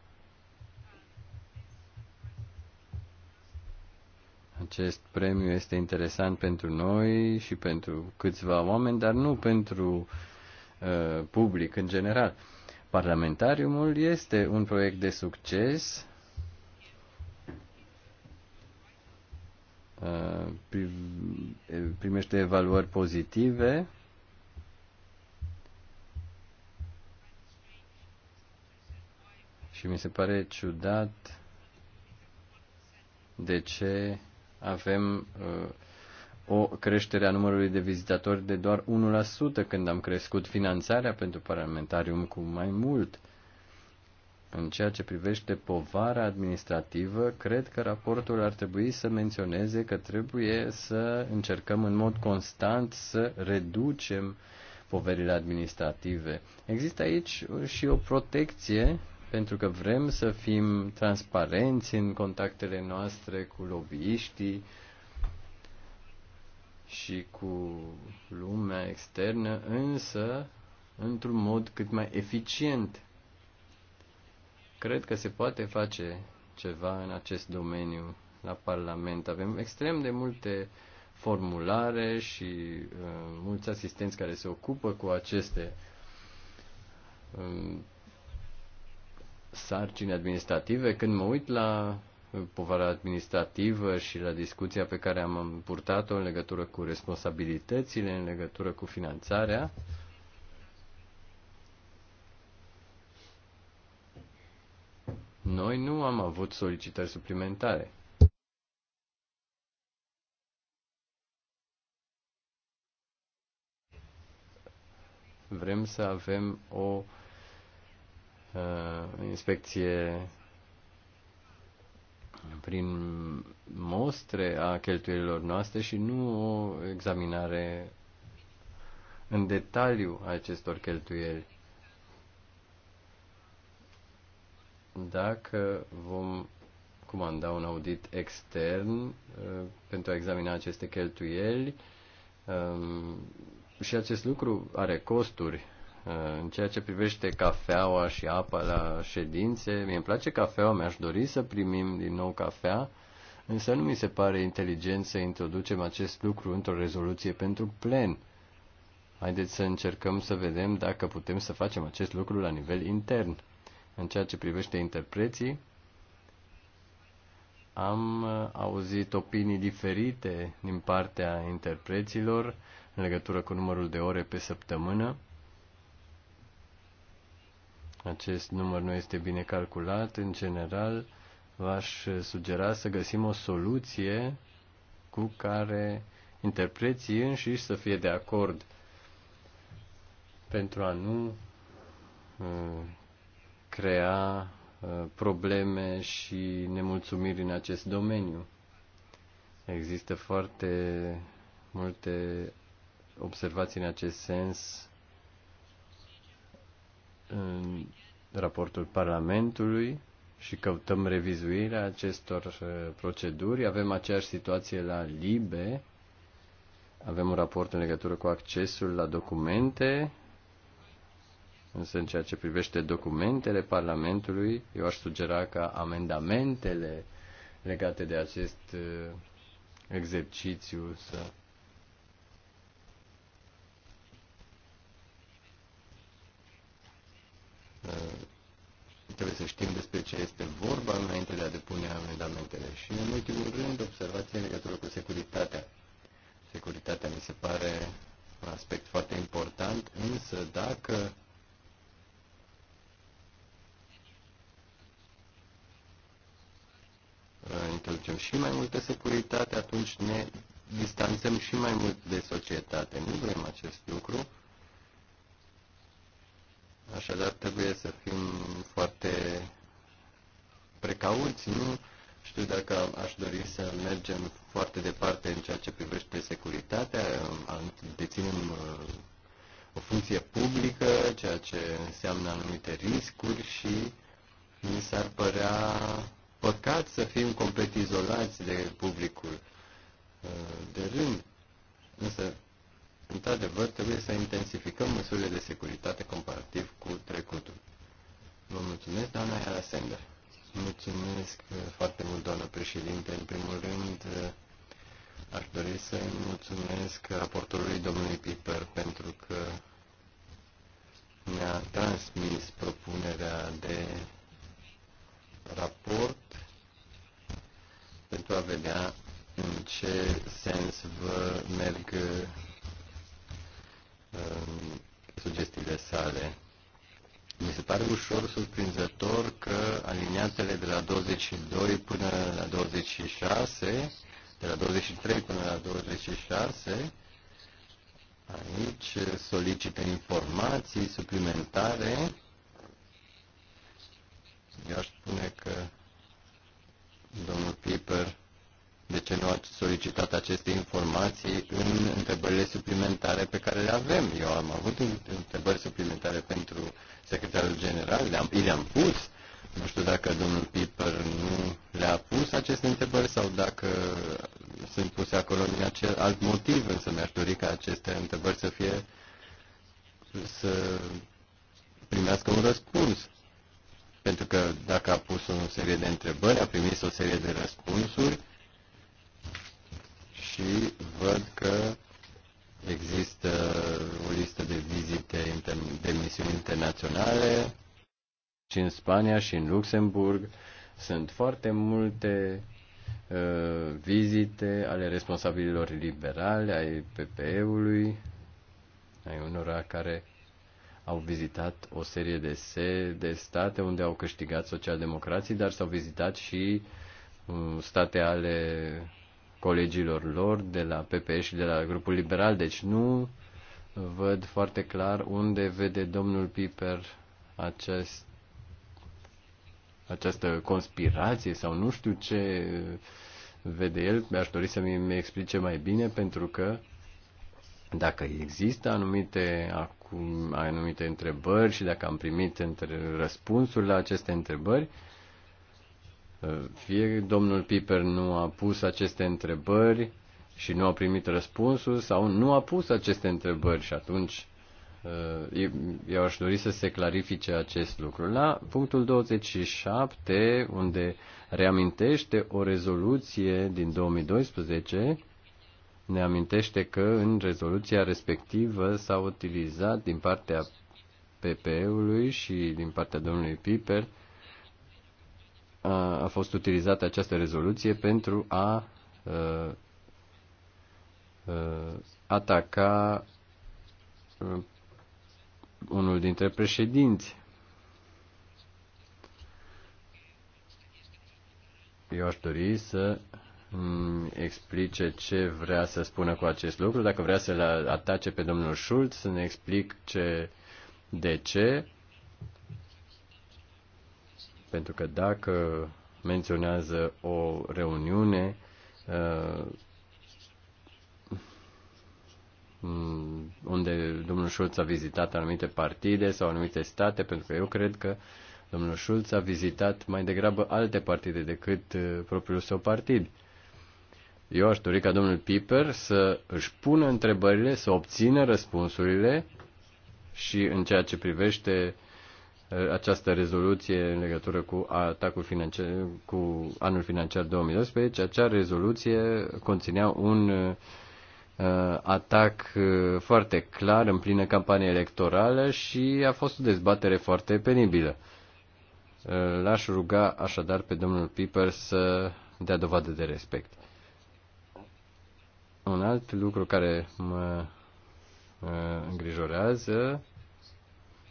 Acest premiu este interesant pentru noi și pentru câțiva oameni, dar nu pentru uh, public în general. Parlamentariumul este un proiect de succes. Uh, primește evaluări pozitive și mi se pare ciudat de ce avem uh, o creștere a numărului de vizitatori de doar 1% când am crescut finanțarea pentru parlamentarium cu mai mult. În ceea ce privește povara administrativă, cred că raportul ar trebui să menționeze că trebuie să încercăm în mod constant să reducem poverile administrative. Există aici și o protecție pentru că vrem să fim transparenți în contactele noastre cu lobbyiștii și cu lumea externă, însă într-un mod cât mai eficient. Cred că se poate face ceva în acest domeniu la Parlament. Avem extrem de multe formulare și uh, mulți asistenți care se ocupă cu aceste um, sarcini administrative, când mă uit la uh, povara administrativă și la discuția pe care am purtat-o în legătură cu responsabilitățile, în legătură cu finanțarea, Noi nu am avut solicitări suplimentare. Vrem să avem o Uh, inspecție prin mostre a cheltuielilor noastre și nu o examinare în detaliu a acestor cheltuieli. Dacă vom comanda un audit extern uh, pentru a examina aceste cheltuieli, um, și acest lucru are costuri Eh, în ceea ce privește cafeaua și apa la ședințe, mi îmi place cafeaua, mi-aș dori să primim din nou cafea, însă nu mi se pare inteligent să introducem acest lucru într-o rezoluție pentru plen. Haideți să încercăm să vedem dacă putem să facem acest lucru la nivel intern. În ceea ce privește interpreții, am eh, auzit opinii diferite din partea interpreților în legătură cu numărul de ore pe săptămână. Acest număr nu este bine calculat. În general, v-aș sugera să găsim o soluție cu care interpreții înșiși să fie de acord pentru a nu uh, crea uh, probleme și nemulțumiri în acest domeniu. Există foarte multe observații în acest sens în raportul Parlamentului și căutăm revizuirea acestor uh, proceduri. Avem aceeași situație la LIBE. Avem un raport în legătură cu accesul la documente. Însă în ceea ce privește documentele Parlamentului, eu aș sugera ca amendamentele legate de acest uh, exercițiu să Uh, trebuie să știm despre ce este vorba înainte de a depune amendamentele. Și, în ultimul rând, observație în legătură cu securitatea. Securitatea mi se pare un aspect foarte important, însă dacă uh, introducem și mai multă securitate, atunci ne distanțăm și mai mult de societate. Nu vrem acest lucru. Așadar, trebuie să fim foarte precauți, nu? Știu dacă aș dori să mergem foarte departe în ceea ce privește securitatea, deținem uh, o funcție publică, ceea ce înseamnă anumite riscuri și mi s-ar părea păcat să fim complet izolați de publicul uh, de rând. Însă Într-adevăr, trebuie să intensificăm măsurile de securitate comparativ cu trecutul. Vă mulțumesc, doamna Iara Sender. Mulțumesc uh, foarte mult, doamna președinte. În primul rând, uh, aș dori să mulțumesc raportorului domnului Piper pentru că ne-a transmis propunerea de raport pentru a vedea în ce sens vă merg Ehm, sugestiile sale. Mi se pare ușor surprinzător că aliniatele de la 22 până la 26, de la 23 până la 26, aici solicită informații suplimentare. Eu aș spune că domnul Piper de ce nu ați solicitat aceste informații în întrebările suplimentare pe care le avem. Eu am avut întrebări suplimentare pentru secretarul general, le-am, le-am pus. Nu știu dacă domnul Piper nu le-a pus aceste întrebări sau dacă sunt puse acolo din acel alt motiv, însă mi-aș dori ca aceste întrebări să fie să primească un răspuns. Pentru că dacă a pus o serie de întrebări, a primit o serie de răspunsuri, și văd că există o listă de vizite de misiuni internaționale și în Spania și în Luxemburg. Sunt foarte multe uh, vizite ale responsabililor liberale, ai PPE-ului, ai unora care au vizitat o serie de, se, de state unde au câștigat socialdemocrații, dar s-au vizitat și uh, state ale colegilor lor de la PPE și de la grupul liberal, deci nu văd foarte clar unde vede domnul Piper acest, această conspirație sau nu știu ce vede el. Mi-aș dori să mi explice mai bine pentru că dacă există anumite, acum, anumite întrebări și dacă am primit între, răspunsuri la aceste întrebări, fie domnul Piper nu a pus aceste întrebări și nu a primit răspunsul sau nu a pus aceste întrebări și atunci uh, eu aș dori să se clarifice acest lucru. La punctul 27, unde reamintește o rezoluție din 2012, ne amintește că în rezoluția respectivă s-a utilizat din partea pp ului și din partea domnului Piper a, a fost utilizată această rezoluție pentru a, a, a ataca unul dintre președinți. Eu aș dori să mm, explice ce vrea să spună cu acest lucru, dacă vrea să-l atace pe domnul Schulz, să ne explice de ce pentru că dacă menționează o reuniune, uh, unde domnul Schulz a vizitat anumite partide sau anumite state, pentru că eu cred că domnul Schulz a vizitat mai degrabă alte partide decât uh, propriul său partid. Eu aș dori ca domnul Piper să își pună întrebările, să obțină răspunsurile și în ceea ce privește uh, această rezoluție în legătură cu atacul financiar, cu anul financiar 2012, acea rezoluție conținea un uh, atac uh, foarte clar în plină campanie electorală și a fost o dezbatere foarte penibilă. Uh, l-aș ruga așadar pe domnul Piper să dea dovadă de respect. Un alt lucru care mă îngrijorează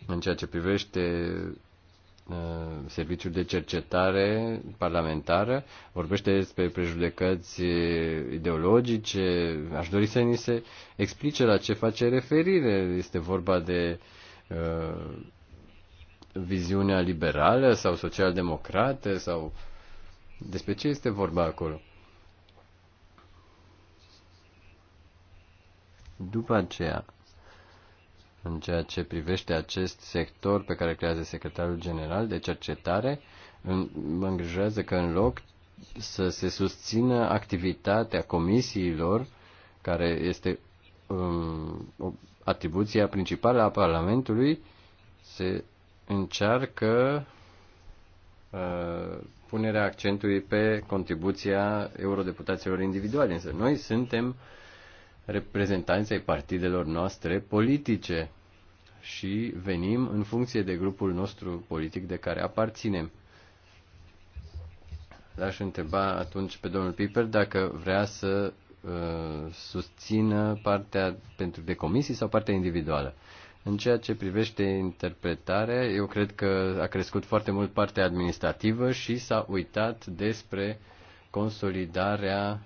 în ceea ce privește uh, serviciul de cercetare parlamentară, vorbește despre prejudecăți uh, ideologice. Aș dori să ni se explice la ce face referire. Este vorba de uh, viziunea liberală sau social-democrată sau despre ce este vorba acolo. După aceea, în ceea ce privește acest sector pe care creează secretarul general de cercetare, mă îngrijorează că în loc să se susțină activitatea comisiilor, care este um, atribuția principală a Parlamentului, se încearcă uh, punerea accentului pe contribuția eurodeputaților individuali. Însă noi suntem uh, reprezentanței partidelor noastre politice și venim în funcție de grupul nostru politic de care aparținem. L-aș întreba atunci pe domnul Piper dacă vrea să uh, susțină partea pentru de comisii sau partea individuală. În ceea ce privește interpretarea, eu cred că a crescut foarte mult partea administrativă și s-a uitat despre consolidarea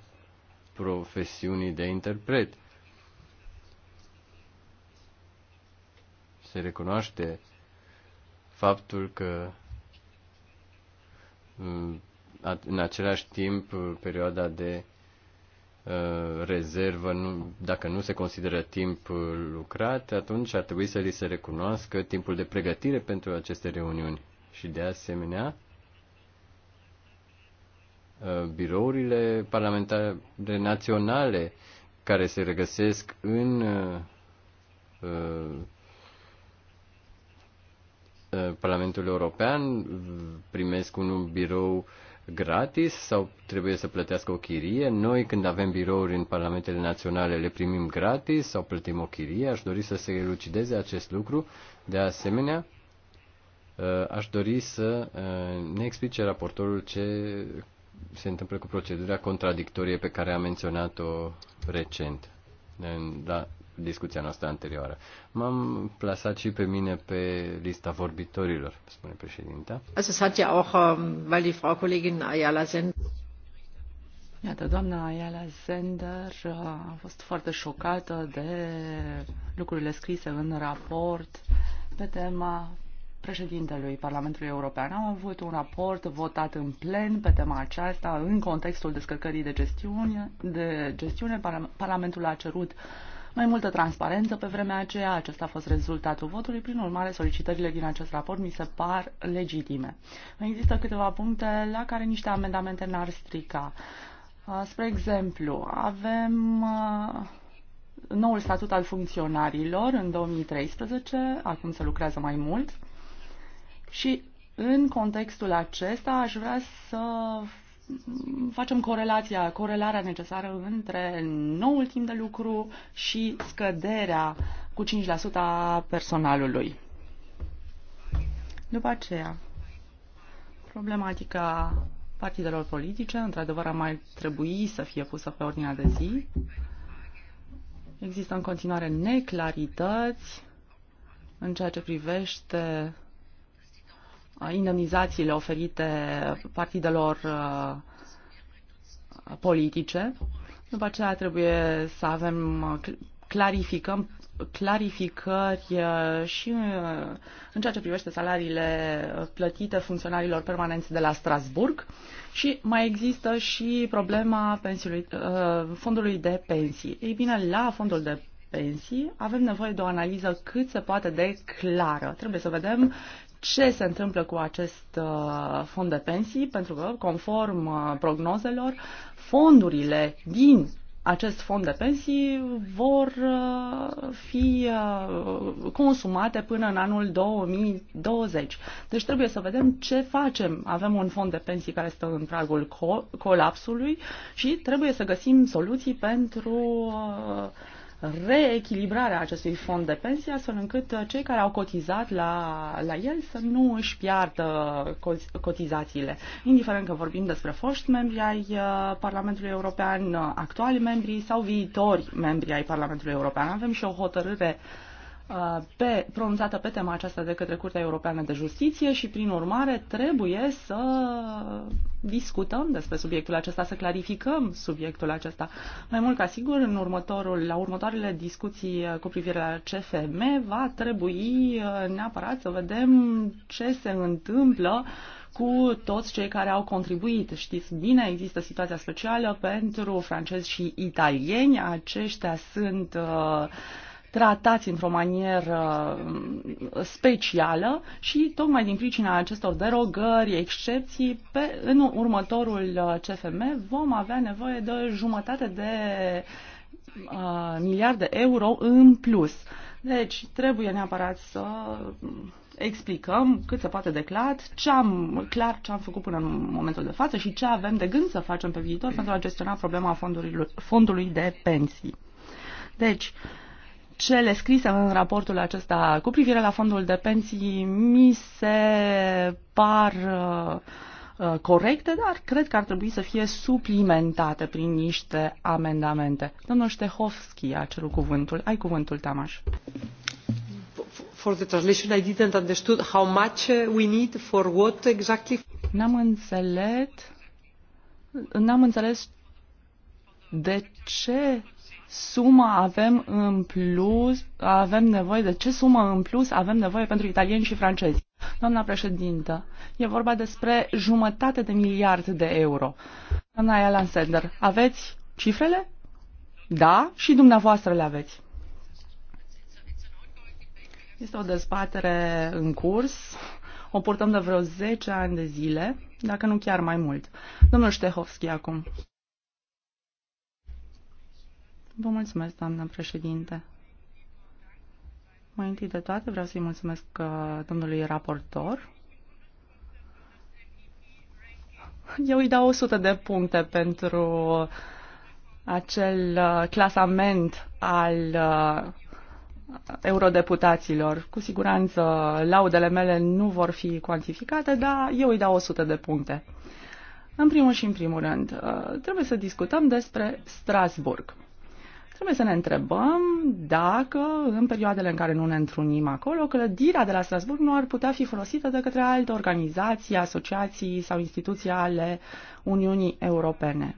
profesiunii de interpret. Se recunoaște faptul că mm, în același timp perioada de uh, rezervă, nu, dacă nu se consideră timp lucrat, atunci ar trebui să li se recunoască timpul de pregătire pentru aceste reuniuni. Și de asemenea, Uh, birourile parlamentare naționale care se regăsesc în uh, uh, Parlamentul European primesc un birou gratis sau trebuie să plătească o chirie. Noi când avem birouri în Parlamentele Naționale le primim gratis sau plătim o chirie. Aș dori să se elucideze acest lucru. De asemenea, aș dori să ne explice raportorul ce se întâmplă cu procedura contradictorie pe care am menționat-o recent în da, discuția noastră anterioară. M-am plasat și pe mine pe lista vorbitorilor, spune președinta. Also es hat ja auch, ähm, weil die Frau Kollegin Ayala Sender Iată, doamna Ayala Sender äh, a fost foarte șocată de lucrurile scrise în raport pe tema președintelui Parlamentului European. Am avut un raport votat în plen pe tema aceasta în contextul descărcării de gestiune. De gestiune Parlamentul a cerut mai multă transparență pe vremea aceea. Acesta a fost rezultatul votului. Prin urmare, solicitările din acest raport mi se par legitime. Există câteva puncte la care niște amendamente n-ar strica. Uh, spre exemplu, avem uh, noul statut al funcționarilor în 2013, acum se lucrează mai mult. Și în contextul acesta aș vrea să facem corelația, corelarea necesară între noul timp de lucru și scăderea cu 5% a personalului. După aceea, problematica partidelor politice, într-adevăr, a mai trebui să fie pusă pe ordinea de zi. Există în continuare neclarități în ceea ce privește indemnizațiile oferite partidelor uh, politice. După aceea trebuie să avem uh, clarificăm clarificări uh, și în ceea ce privește salariile plătite funcționarilor permanenți de la Strasburg și mai există și problema pensiului, fondului de pensii. Ei bine, la fondul de pensii avem nevoie de o analiză cât se poate de clară. Trebuie să vedem ce se întâmplă cu acest uh, fond de pensii, pentru că, conform uh, prognozelor, fondurile din acest fond de pensii vor uh, fi consumate până în anul 2020. Deci trebuie să vedem ce facem. Avem un fond de pensii care stă în pragul colapsului și trebuie să găsim soluții pentru reechilibrarea acestui fond de pensie, astfel încât uh, cei care au cotizat la, la el să nu își piardă cotizațiile. Indiferent că vorbim despre foști membri ai uh, Parlamentului European, uh, actuali membri sau viitori membri ai Parlamentului European. Avem și o hotărâre uh, Uh, pe, pronunțată pe tema aceasta de către Curtea Europeană de Justiție și, prin urmare, trebuie să discutăm despre subiectul acesta, să clarificăm subiectul acesta. Mai mult ca sigur, în următorul, la următoarele discuții cu privire la CFM va trebui uh, neapărat să vedem ce se întâmplă cu toți cei care au contribuit. Știți bine, există situația specială pentru francezi și italieni. Aceștia sunt uh, tratați într-o manieră uh, specială și tocmai din pricina acestor derogări, excepții, pe, în următorul uh, CFM vom avea nevoie de jumătate de uh, miliarde euro în plus. Deci trebuie neapărat să explicăm cât se poate declar, ce am, clar ce am făcut până în momentul de față și ce avem de gând să facem pe viitor pentru a gestiona problema fondului de pensii. Deci, uh, cele scrise în raportul acesta cu privire la fondul de pensii mi se par uh, uh, corecte, dar cred că ar trebui să fie suplimentate prin niște amendamente. Domnul Ștehovski a cerut cuvântul. Ai cuvântul, Tamaș. For the translation, I didn't understood how much uh, we need for what exactly. N-am înțeles, n-am înțeles de ce sumă avem în plus, avem nevoie, de ce sumă în plus avem nevoie pentru italieni și francezi? Doamna președintă, e vorba despre jumătate de miliard de euro. Doamna Alan Sender, aveți cifrele? Da, și dumneavoastră le aveți. Este o dezbatere în curs. O purtăm de vreo 10 ani de zile, dacă nu chiar mai mult. Domnul Ștehovski acum. Vă mulțumesc, doamnă președinte. Mai întâi de toate vreau să-i mulțumesc uh, domnului raportor. Eu îi dau 100 de puncte pentru acel uh, clasament al uh, eurodeputaților. Cu siguranță laudele mele nu vor fi cuantificate, dar eu îi dau 100 de puncte. În primul și în primul rând, trebuie să discutăm despre Strasburg. Trebuie să ne întrebăm dacă, în perioadele în care nu ne întrunim acolo, clădirea de la Strasburg nu ar putea fi folosită de către alte organizații, asociații sau instituții ale Uniunii Europene.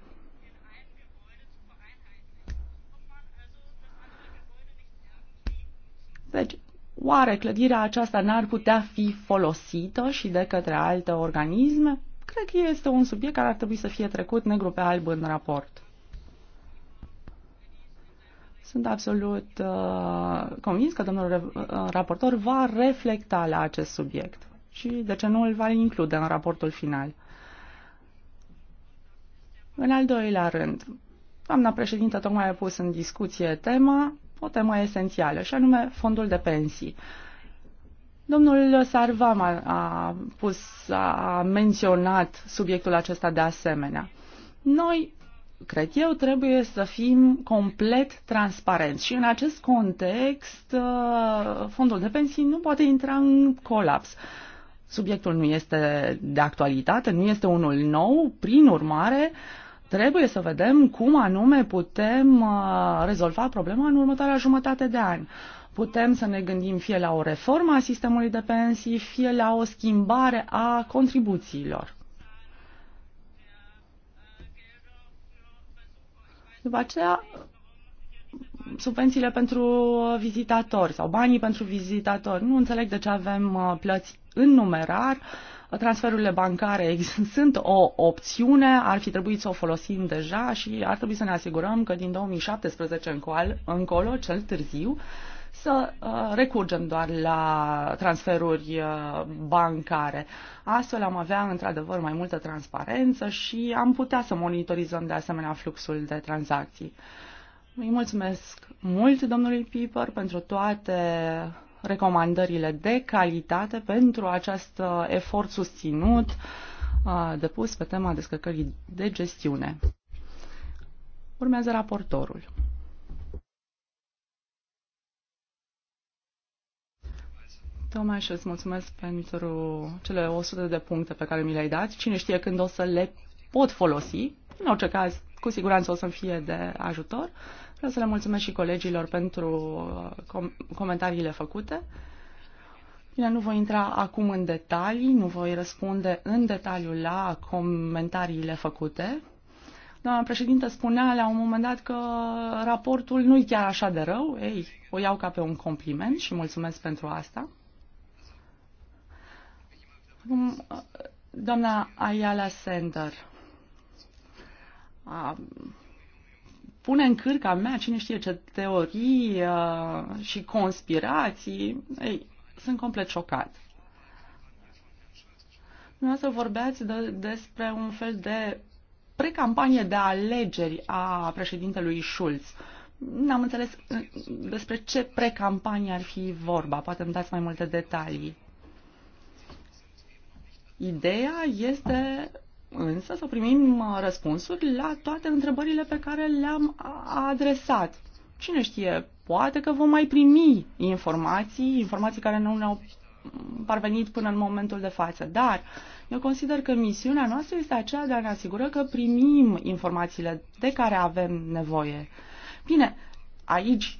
Deci, oare clădirea aceasta n-ar putea fi folosită și de către alte organisme? Cred că este un subiect care ar trebui să fie trecut negru pe alb în raport. Sunt absolut uh, convins că domnul uh, raportor va reflecta la acest subiect și de ce nu îl va include în raportul final. În al doilea rând, doamna președintă tocmai a pus în discuție tema, o temă esențială, și anume fondul de pensii. Domnul Sarvam a, a, pus, a menționat subiectul acesta de asemenea. Noi cred eu, trebuie să fim complet transparenți și în acest context uh, fondul de pensii nu poate intra în colaps. Subiectul nu este de actualitate, nu este unul nou, prin urmare trebuie să vedem cum anume putem uh, rezolva problema în următoarea jumătate de ani putem să ne gândim fie la o reformă a sistemului de pensii, fie la o schimbare a contribuțiilor. După aceea, subvențiile pentru vizitatori sau banii pentru vizitatori. Nu înțeleg de ce avem uh, plăți în numerar. Transferurile bancare [LAUGHS] sunt o opțiune, ar fi trebuit să o folosim deja și ar trebui să ne asigurăm că din 2017 încolo, cel târziu, să uh, recurgem doar la transferuri uh, bancare. Astfel am avea într-adevăr mai multă transparență și am putea să monitorizăm de asemenea fluxul de tranzacții. Îi mulțumesc mult domnului Piper pentru toate recomandările de calitate pentru acest uh, efort susținut depus pe tema descărcării de gestiune. Urmează raportorul. Tomaș, îți mulțumesc pentru cele 100 de puncte pe care mi le-ai dat. Cine știe când o să le pot folosi. În orice caz, cu siguranță o să-mi fie de ajutor. Vreau să le mulțumesc și colegilor pentru uh, com- comentariile făcute. Bine, nu voi intra acum în detalii, nu voi răspunde în detaliu la comentariile făcute. Doamna președinte spunea la un moment dat că raportul nu-i chiar așa de rău. Ei, o iau ca pe un compliment și mulțumesc pentru asta. Acum, doamna Ayala Sender A, pune în cârca mea cine știe ce teorii uh, și conspirații. Ei, sunt complet șocat. Dumneavoastră vorbeați de, despre un fel de precampanie de alegeri a președintelui Schulz. N-am înțeles uh, despre ce precampanie ar fi vorba. Poate îmi dați mai multe detalii. Ideea este însă să primim uh, răspunsuri la toate întrebările pe care le-am adresat. Cine știe, poate că vom mai primi informații, informații care nu ne-au parvenit până în momentul de față, dar eu consider că misiunea noastră este aceea de a ne asigura că primim informațiile de care avem nevoie. Bine, aici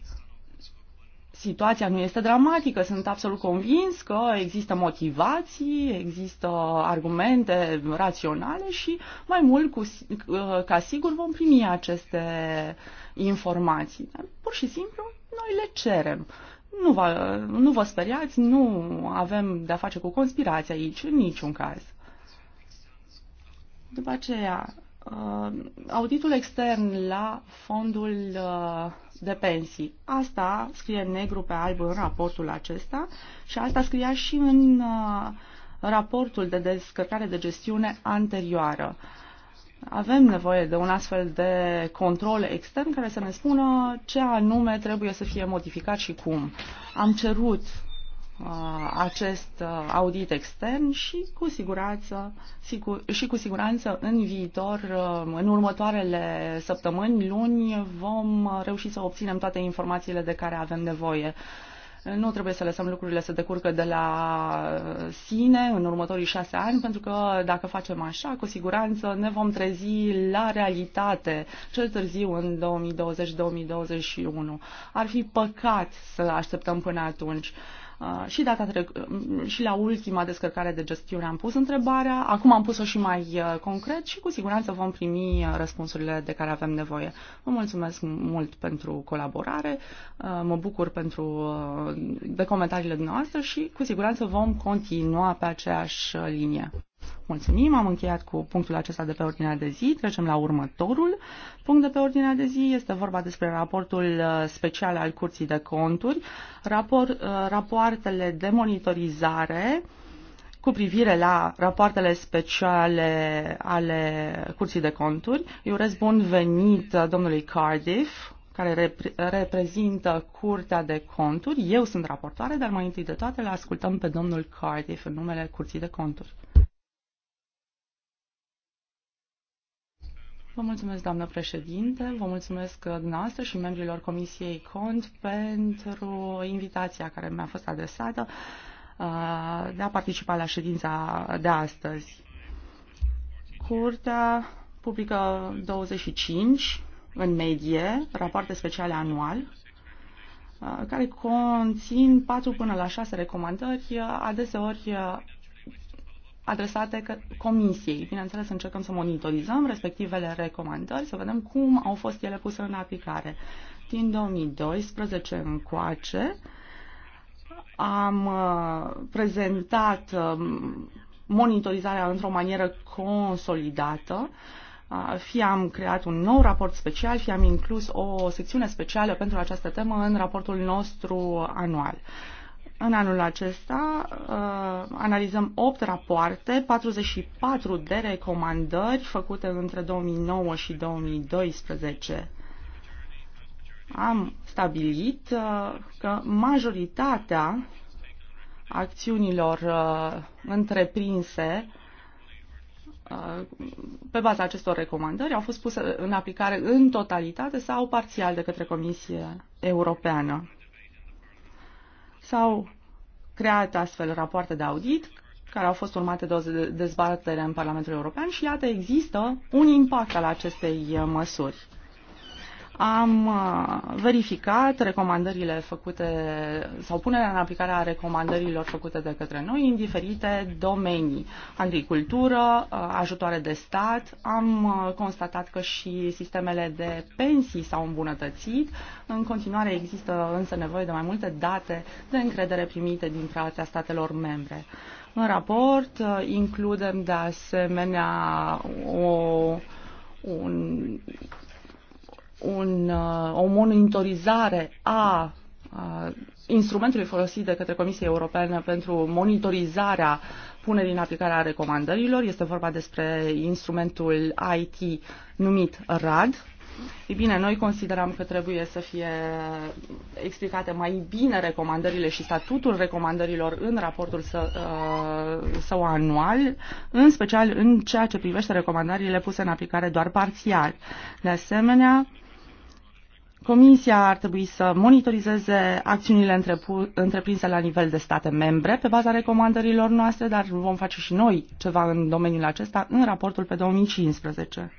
situația nu este dramatică. Sunt absolut convins că există motivații, există argumente raționale și mai mult cu, ca sigur vom primi aceste informații. Dar pur și simplu noi le cerem. Nu vă, nu vă speriați, nu avem de-a face cu conspirația aici, în niciun caz. După aceea, Uh, auditul extern la fondul uh, de pensii. Asta scrie negru pe alb în raportul acesta și asta scria și în uh, raportul de descărcare de gestiune anterioară. Avem nevoie de un astfel de control extern care să ne spună ce anume trebuie să fie modificat și cum. Am cerut Uh, acest uh, audit extern și cu siguranță sigur, și cu siguranță în viitor, uh, în următoarele săptămâni, luni, vom reuși să obținem toate informațiile de care avem nevoie. Nu trebuie să lăsăm lucrurile să decurcă de la sine în următorii șase ani, pentru că dacă facem așa, cu siguranță ne vom trezi la realitate cel târziu în 2020-2021. Ar fi păcat să așteptăm până atunci. Uh, și, data uh, și la ultima descărcare de gestiune am pus întrebarea, acum am pus-o și mai uh, concret și cu siguranță vom primi răspunsurile de care avem nevoie. Vă mulțumesc mult pentru colaborare, mă bucur pentru, de comentariile noastre și cu siguranță vom continua pe aceeași linie. Mulțumim, am încheiat cu punctul acesta de pe ordinea de zi. Trecem la următorul punct de pe ordinea de zi. Este vorba despre raportul uh, special al Curții de Conturi, rapor, uh, rapoartele de monitorizare cu privire la rapoartele speciale ale Curții de Conturi. Eu urez bun venit uh, domnului Cardiff, care repre- reprezintă Curtea de Conturi. Eu sunt raportoare, dar mai întâi de toate le ascultăm pe domnul Cardiff în numele Curții de Conturi. Vă mulțumesc, doamnă președinte, vă mulțumesc uh, dumneavoastră și membrilor Comisiei Cont pentru invitația care mi-a fost adresată uh, de a participa la ședința de astăzi. Curtea publică 25 în medie rapoarte speciale anual uh, care conțin 4 până la 6 recomandări, adeseori adresate că Comisiei. Bineînțeles, încercăm să monitorizăm respectivele recomandări, să vedem cum au fost ele puse în aplicare. Din 2012 încoace am uh, prezentat um, monitorizarea într-o manieră consolidată uh, fie am creat un nou raport special, fie am inclus o secțiune specială pentru această temă în raportul nostru anual. În anul acesta uh, analizăm 8 rapoarte, 44 de recomandări făcute între 2009 și 2012. Am stabilit uh, că majoritatea acțiunilor uh, întreprinse pe baza acestor recomandări au fost puse în aplicare în totalitate sau parțial de către Comisia Europeană. S-au creat astfel rapoarte de audit care au fost urmate de o dezbatere în Parlamentul European și iată există un impact al acestei uh, măsuri. Am uh, verificat recomandările făcute sau punerea în aplicare a recomandărilor făcute de către noi în diferite domenii. Agricultură, uh, ajutoare de stat, am uh, constatat că și sistemele de pensii s-au îmbunătățit. În continuare există însă nevoie de mai multe date de încredere primite din partea statelor membre. În raport includem de asemenea o, un un, uh, o monitorizare a, a instrumentului folosit de către Comisia Europeană pentru monitorizarea punerii în aplicare a recomandărilor. Este vorba despre instrumentul IT numit RAD. Ei bine, noi considerăm că trebuie să fie explicate mai bine recomandările și statutul recomandărilor în raportul uh, său anual, în special în ceea ce privește recomandările puse în aplicare doar parțial. De asemenea, Comisia ar trebui să monitorizeze acțiunile întreprinse la nivel de state membre pe baza recomandărilor noastre, dar vom face și noi ceva în domeniul acesta în raportul pe 2015.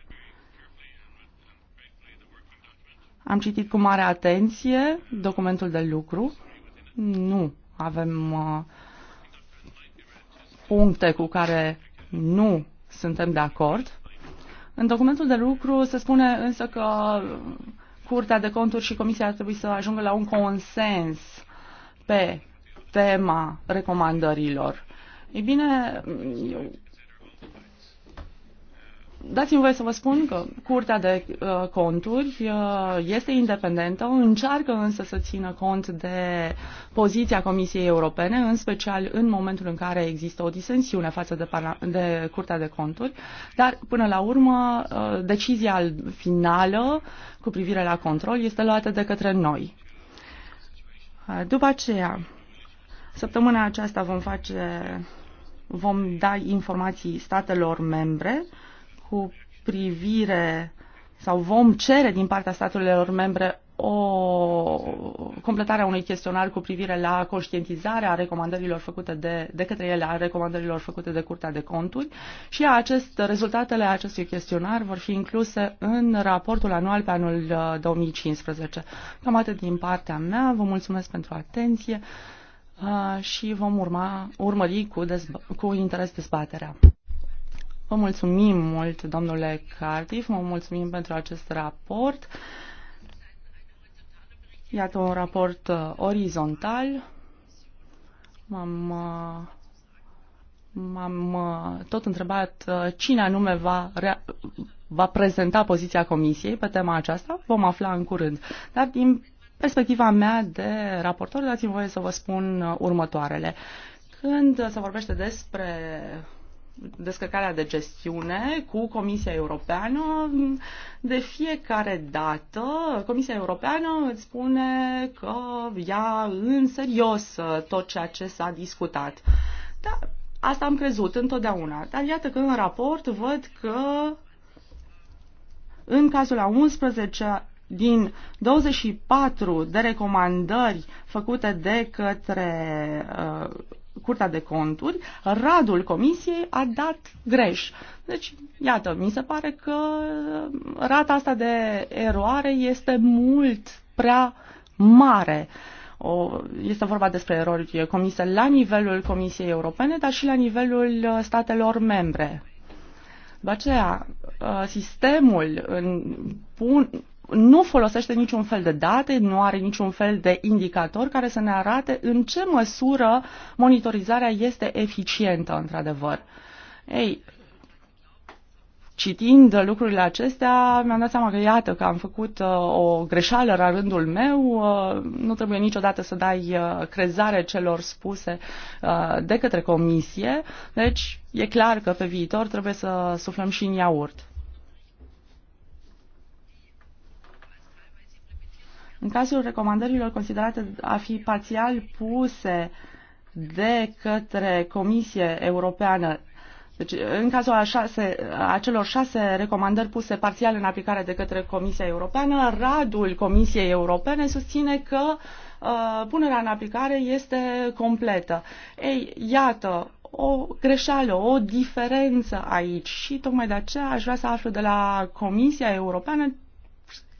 Am citit cu mare atenție documentul de lucru. Nu avem uh, puncte cu care nu suntem de acord. În documentul de lucru se spune însă că Curtea de Conturi și Comisia ar trebui să ajungă la un consens pe tema recomandărilor. Ei bine, dați-mi voie să vă spun că Curtea de uh, Conturi uh, este independentă, încearcă însă să țină cont de poziția Comisiei Europene, în special în momentul în care există o disensiune față de, de Curtea de Conturi, dar până la urmă uh, decizia finală cu privire la control este luată de către noi. Uh, după aceea, săptămâna aceasta vom face vom da informații statelor membre cu privire sau vom cere din partea statelor membre o completare a unui chestionar cu privire la conștientizarea recomandărilor făcute de, de către ele, a recomandărilor făcute de Curtea de Conturi și acest, rezultatele acestui chestionar vor fi incluse în raportul anual pe anul 2015. Uh, Cam atât din partea mea, vă mulțumesc pentru atenție uh, și vom urma, urmări cu, dezb- cu interes dezbaterea. Vă mulțumim mult, domnule Cardiff, vă mulțumim pentru acest raport. Iată un raport uh, orizontal. M-am, uh, m-am uh, tot întrebat uh, cine anume va, rea- va prezenta poziția Comisiei pe tema aceasta. Vom afla în curând. Dar din perspectiva mea de raportor, dați-mi voie să vă spun uh, următoarele. Când se vorbește despre descărcarea de gestiune cu Comisia Europeană, de fiecare dată Comisia Europeană îți spune că ia în serios tot ceea ce s-a discutat. Da, asta am crezut întotdeauna. Dar iată că în raport văd că în cazul a 11 din 24 de recomandări făcute de către uh, Curtea de Conturi, radul comisiei a dat greș. Deci, iată, mi se pare că rata asta de eroare este mult prea mare. O, este vorba despre erori comise la nivelul Comisiei Europene, dar și la nivelul uh, statelor membre. După aceea, uh, sistemul în, pun, nu folosește niciun fel de date, nu are niciun fel de indicator care să ne arate în ce măsură monitorizarea este eficientă, într-adevăr. Ei, citind lucrurile acestea, mi-am dat seama că iată că am făcut uh, o greșeală la rândul meu. Uh, nu trebuie niciodată să dai uh, crezare celor spuse uh, de către comisie. Deci, e clar că pe viitor trebuie să suflăm și în iaurt. În cazul recomandărilor considerate a fi parțial puse de către Comisie Europeană, deci în cazul a, șase, a celor șase recomandări puse parțial în aplicare de către Comisia Europeană, radul Comisiei Europene susține că uh, punerea în aplicare este completă. Ei, iată, o greșeală, o diferență aici și tocmai de aceea aș vrea să aflu de la Comisia Europeană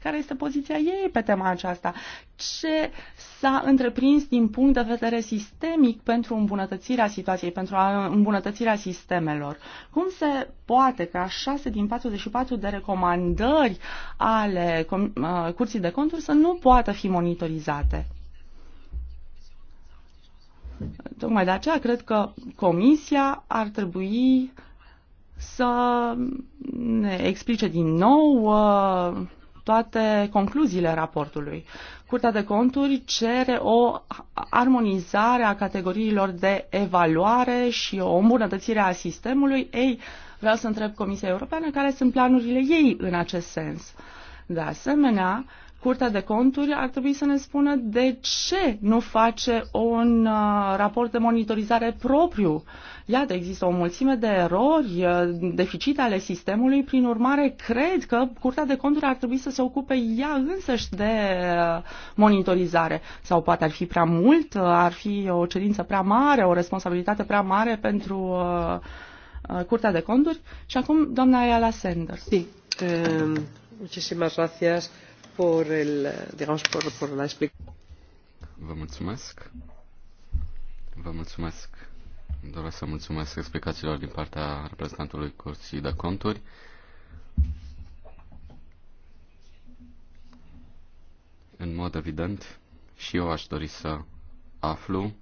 care este poziția ei pe tema aceasta? Ce s-a întreprins din punct de vedere sistemic pentru îmbunătățirea situației, pentru îmbunătățirea sistemelor? Cum se poate ca 6 din 44 de recomandări ale uh, Curții de Conturi să nu poată fi monitorizate? Tocmai de aceea cred că Comisia ar trebui să ne explice din nou uh, toate concluziile raportului. Curtea de conturi cere o armonizare a categoriilor de evaluare și o îmbunătățire a sistemului. Ei, vreau să întreb Comisia Europeană care sunt planurile ei în acest sens. De asemenea, Curtea de conturi ar trebui să ne spună de ce nu face un uh, raport de monitorizare propriu. Iată, există o mulțime de erori, uh, deficite ale sistemului, prin urmare cred că Curtea de conturi ar trebui să se ocupe ea însăși de uh, monitorizare. Sau poate ar fi prea mult, ar fi o cerință prea mare, o responsabilitate prea mare pentru Curtea de conturi. Și acum, doamna Ayala Sanders. Sí. Eh, muchísimas gracias. Vă mulțumesc. Vă mulțumesc. Doresc să mulțumesc explicațiilor din partea reprezentantului Curții de Conturi. În mod evident, și eu aș dori să aflu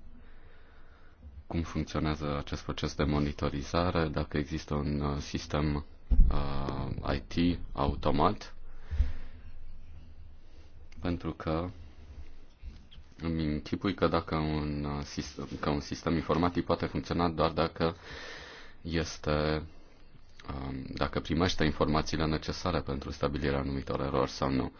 cum funcționează acest proces de monitorizare, dacă există un uh, sistem uh, IT automat pentru că îmi închipui că dacă un uh, sistem, că un sistem informatic poate funcționa doar dacă este um, dacă primește informațiile necesare pentru stabilirea anumitor erori sau nu.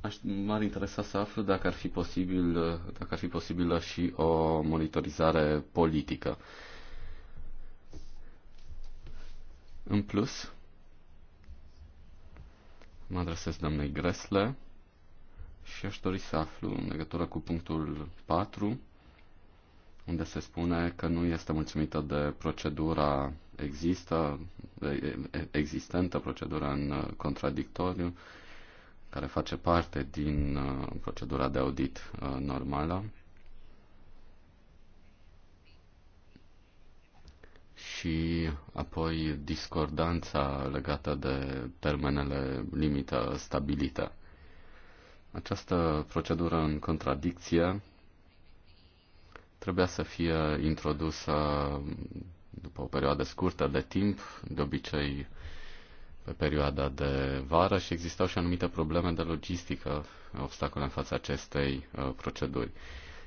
Aș, m-ar interesa să aflu dacă ar fi posibil, dacă ar fi posibilă și o monitorizare politică. În plus, Mă adresez doamnei Gresle și aș dori să aflu în legătură cu punctul 4, unde se spune că nu este mulțumită de procedura există, existentă, procedura în contradictoriu, care face parte din uh, procedura de audit uh, normală și apoi discordanța legată de termenele limită stabilită. Această procedură în contradicție trebuia să fie introdusă după o perioadă scurtă de timp, de obicei pe perioada de vară și existau și anumite probleme de logistică, obstacole în fața acestei uh, proceduri.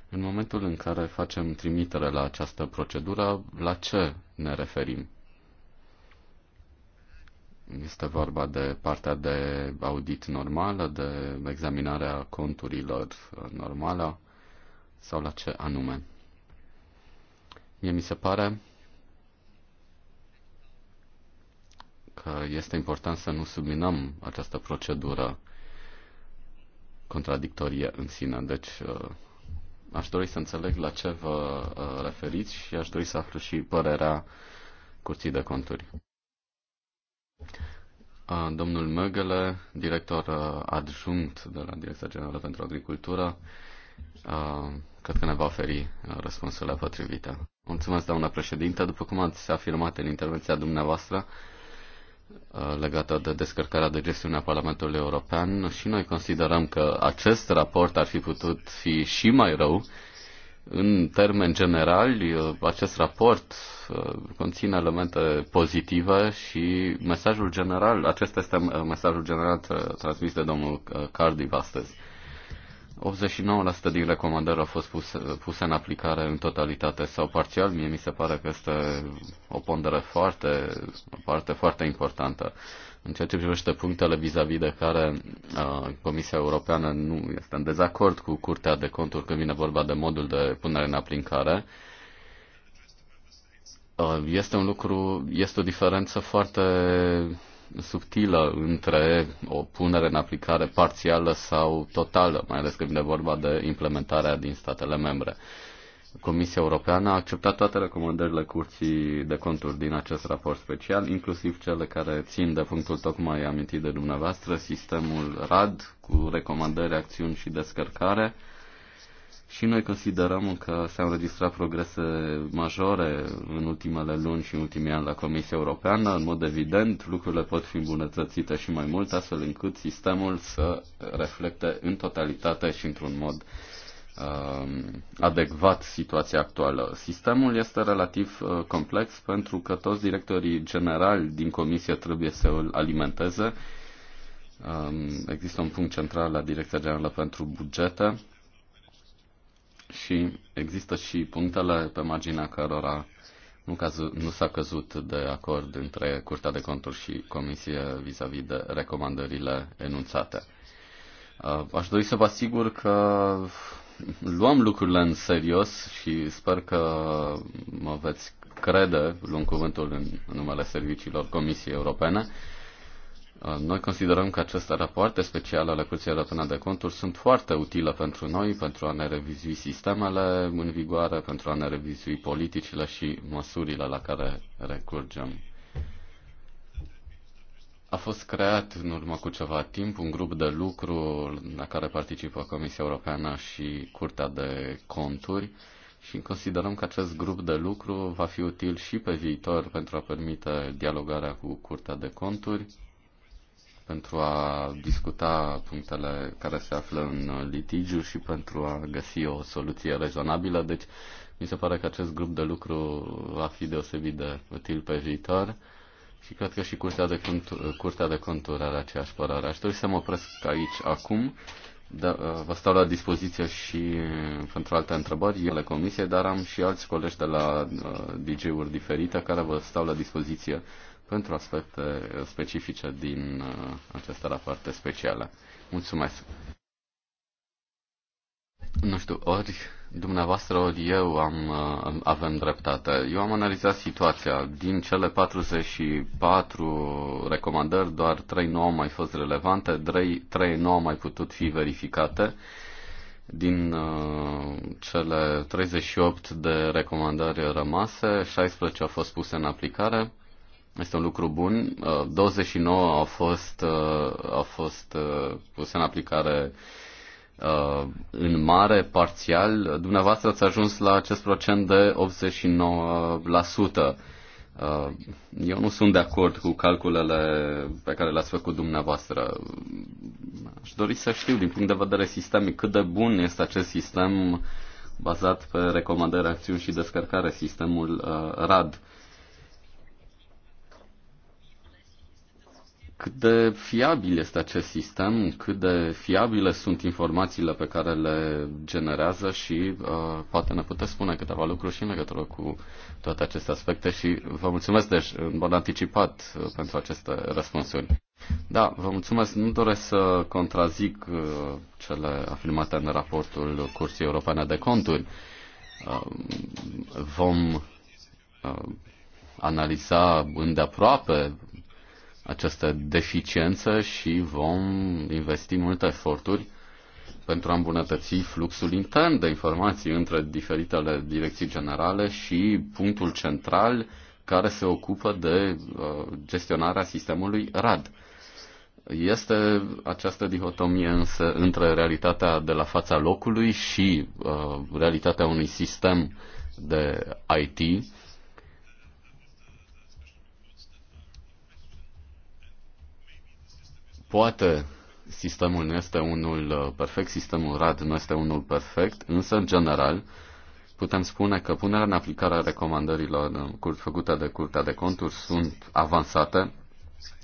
În momentul în care facem trimitere la această procedură, la ce ne referim. Este vorba de partea de audit normală, de examinarea conturilor normală sau la ce anume. Mie mi se pare că este important să nu subminăm această procedură contradictorie în sine. Deci uh, aș dori să înțeleg la ce vă uh, referiți și aș dori să aflu și părerea curții de conturi. Uh, domnul Măgăle, director uh, adjunct de la Direcția Generală pentru Agricultură, cred că ne va oferi răspunsurile potrivite. Mulțumesc, doamna președinte. După cum ați afirmat în intervenția dumneavoastră, Uh, legată de descărcarea de gestiune a Parlamentului European și noi considerăm că acest raport ar fi putut fi și mai rău. În termen general, uh, acest raport uh, conține elemente pozitive și mesajul general, acesta este mesajul general transmis de domnul Cardiff astăzi. 89% din recomandări au fost puse, puse în aplicare în totalitate sau parțial. Mie mi se pare că este o pondere foarte, o parte foarte importantă. În ceea ce privește punctele vis-a-vis -vis de care uh, Comisia Europeană nu este în dezacord cu Curtea de Conturi când vine vorba de modul de punere în aplicare, uh, este un lucru, este o diferență foarte subtilă între o punere în aplicare parțială sau totală, mai ales când vine vorba de implementarea din statele membre. Comisia Europeană a acceptat toate recomandările Curții de Conturi din acest raport special, inclusiv cele care țin de punctul tocmai amintit de dumneavoastră, sistemul RAD cu recomandări, acțiuni și descărcare, și noi considerăm că s-au înregistrat progrese majore în ultimele luni și în ultimii ani la Comisia Europeană. În mod evident, lucrurile pot fi îmbunătățite și mai mult, astfel încât sistemul să reflecte în totalitate și într-un mod um, adecvat situația actuală. Sistemul este relativ uh, complex pentru că toți directorii generali din comisie trebuie să îl alimenteze. Um, există un punct central la Direcția Generală pentru Bugete și există și punctele pe marginea cărora nu, nu s-a căzut de acord între Curtea de Conturi și Comisie vis-a-vis -vis de recomandările enunțate. Uh, aș dori să vă asigur că luăm lucrurile în serios și sper că mă veți crede, luând cuvântul în numele serviciilor Comisiei Europene, Uh, noi considerăm că aceste rapoarte speciale ale Curții Europene de Conturi sunt foarte utile pentru noi, pentru a ne revizui sistemele în vigoare, pentru a ne revizui politicile și măsurile la care recurgem. A fost creat în urmă cu ceva timp un grup de lucru la care participă Comisia Europeană și Curtea de Conturi și considerăm că acest grup de lucru va fi util și pe viitor pentru a permite dialogarea cu Curtea de Conturi pentru a discuta punctele care se află în litigiu și pentru a găsi o soluție rezonabilă. Deci, mi se pare că acest grup de lucru va fi deosebit de util pe viitor și cred că și Curtea de, contur, curtea de Conturi are aceeași părere. Aș dori să mă opresc aici acum. Da, uh, vă stau la dispoziție și uh, pentru alte întrebări ale comisiei, dar am și alți colegi de la uh, dj uri diferite care vă stau la dispoziție pentru aspecte specifice din uh, aceste rapoarte speciale. Mulțumesc! Nu știu, ori dumneavoastră, ori eu am, uh, avem dreptate. Eu am analizat situația. Din cele 44 recomandări, doar 3 nu au mai fost relevante, 3, 3 nu au mai putut fi verificate. Din uh, cele 38 de recomandări rămase, 16 au fost puse în aplicare este un lucru bun. 29 uh, au fost, uh, au fost uh, puse în aplicare în mare, parțial. Dumneavoastră ați ajuns la acest procent de 89%. Eu nu sunt de acord cu calculele pe care le-ați făcut dumneavoastră. Aș dori să știu, din punct de vedere sistemic, cât de bun este acest sistem bazat pe recomandări, acțiuni și descărcare, sistemul RAD. cât de fiabil este acest sistem, cât de fiabile sunt informațiile pe care le generează și uh, poate ne puteți spune câteva lucruri și în legătură cu toate aceste aspecte și vă mulțumesc deci în mod anticipat uh, pentru aceste răspunsuri. Da, vă mulțumesc. Nu doresc să contrazic uh, cele afirmate în raportul Curții Europene de Conturi. Uh, vom uh, analiza îndeaproape această deficiență și vom investi multe eforturi pentru a îmbunătăți fluxul intern de informații între diferitele direcții generale și punctul central care se ocupă de uh, gestionarea sistemului RAD. Este această dihotomie însă între realitatea de la fața locului și uh, realitatea unui sistem de IT Poate sistemul nu este unul uh, perfect, sistemul RAD nu este unul perfect, însă, în general, putem spune că punerea în aplicare a recomandărilor uh, făcute de Curtea de Conturi sunt avansate,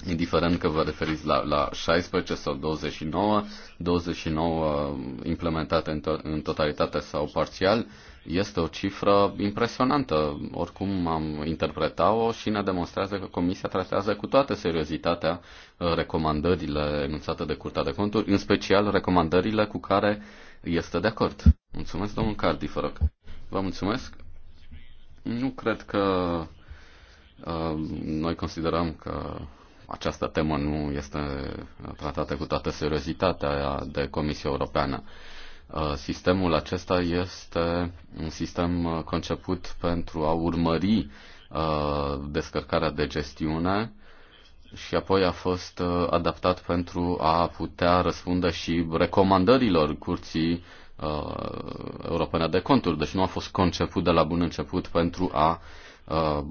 indiferent că vă referiți la, la 16 sau 29, 29 uh, implementate în, to- în totalitate sau parțial, este o cifră impresionantă, oricum am interpretat-o și ne demonstrează că Comisia tratează cu toată seriozitatea uh, recomandările enunțate de Curtea de Conturi, în special recomandările cu care este de acord. Mulțumesc, domnul Cardiff, rog. Vă mulțumesc. Nu cred că uh, noi considerăm că această temă nu este uh, tratată cu toată seriozitatea de Comisia Europeană. Uh, Uh, sistemul acesta este un sistem uh, conceput pentru a urmări uh, descărcarea de gestiune și apoi a fost adaptat pentru a putea răspunde și recomandărilor curții europene de conturi. Deci nu a fost conceput de la bun început pentru a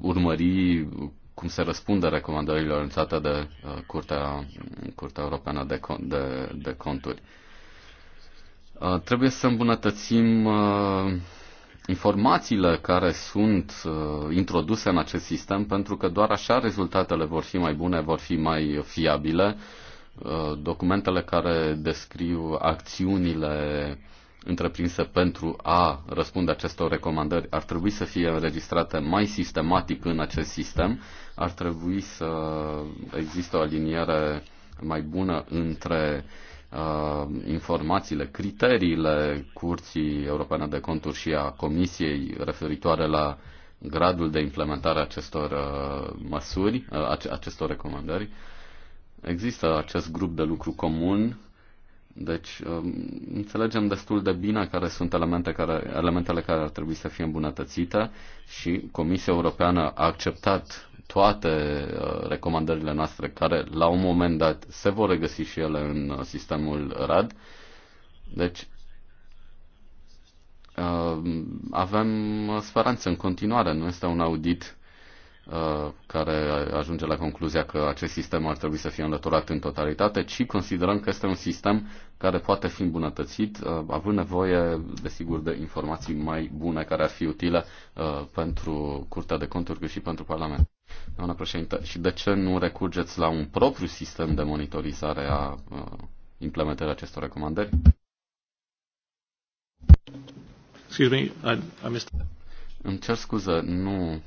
urmări cum se răspunde recomandărilor înțate de Curtea, Curtea Europeană de, de, de Conturi. Uh, trebuie să îmbunătățim uh, informațiile care sunt uh, introduse în acest sistem, pentru că doar așa rezultatele vor fi mai bune, vor fi mai fiabile. Documentele care descriu acțiunile întreprinse pentru a răspunde acestor recomandări ar trebui să fie înregistrate mai sistematic în acest sistem, ar trebui să există o aliniere mai bună între uh, Uh, informațiile, criteriile Curții Europene de Conturi și a Comisiei referitoare la gradul de implementare a acestor uh, măsuri, uh, acestor recomandări. Există acest grup de lucru comun, deci um, înțelegem destul de bine care sunt elemente care, elementele care ar trebui să fie îmbunătățite și Comisia Europeană a acceptat toate uh, recomandările noastre, care la un moment dat se vor regăsi și ele în uh, sistemul RAD. Deci, uh, avem speranță în continuare, nu este un audit Uh, care ajunge la concluzia că acest sistem ar trebui să fie înlăturat în totalitate, ci considerăm că este un sistem care poate fi îmbunătățit, uh, având nevoie, desigur, de informații mai bune care ar fi utile uh, pentru Curtea de Conturi, cât și pentru Parlament. Doamna președinte, și de ce nu recurgeți la un propriu sistem de monitorizare a implementării acestor recomandări? Excuse me, I, I missed... Îmi cer scuză, nu,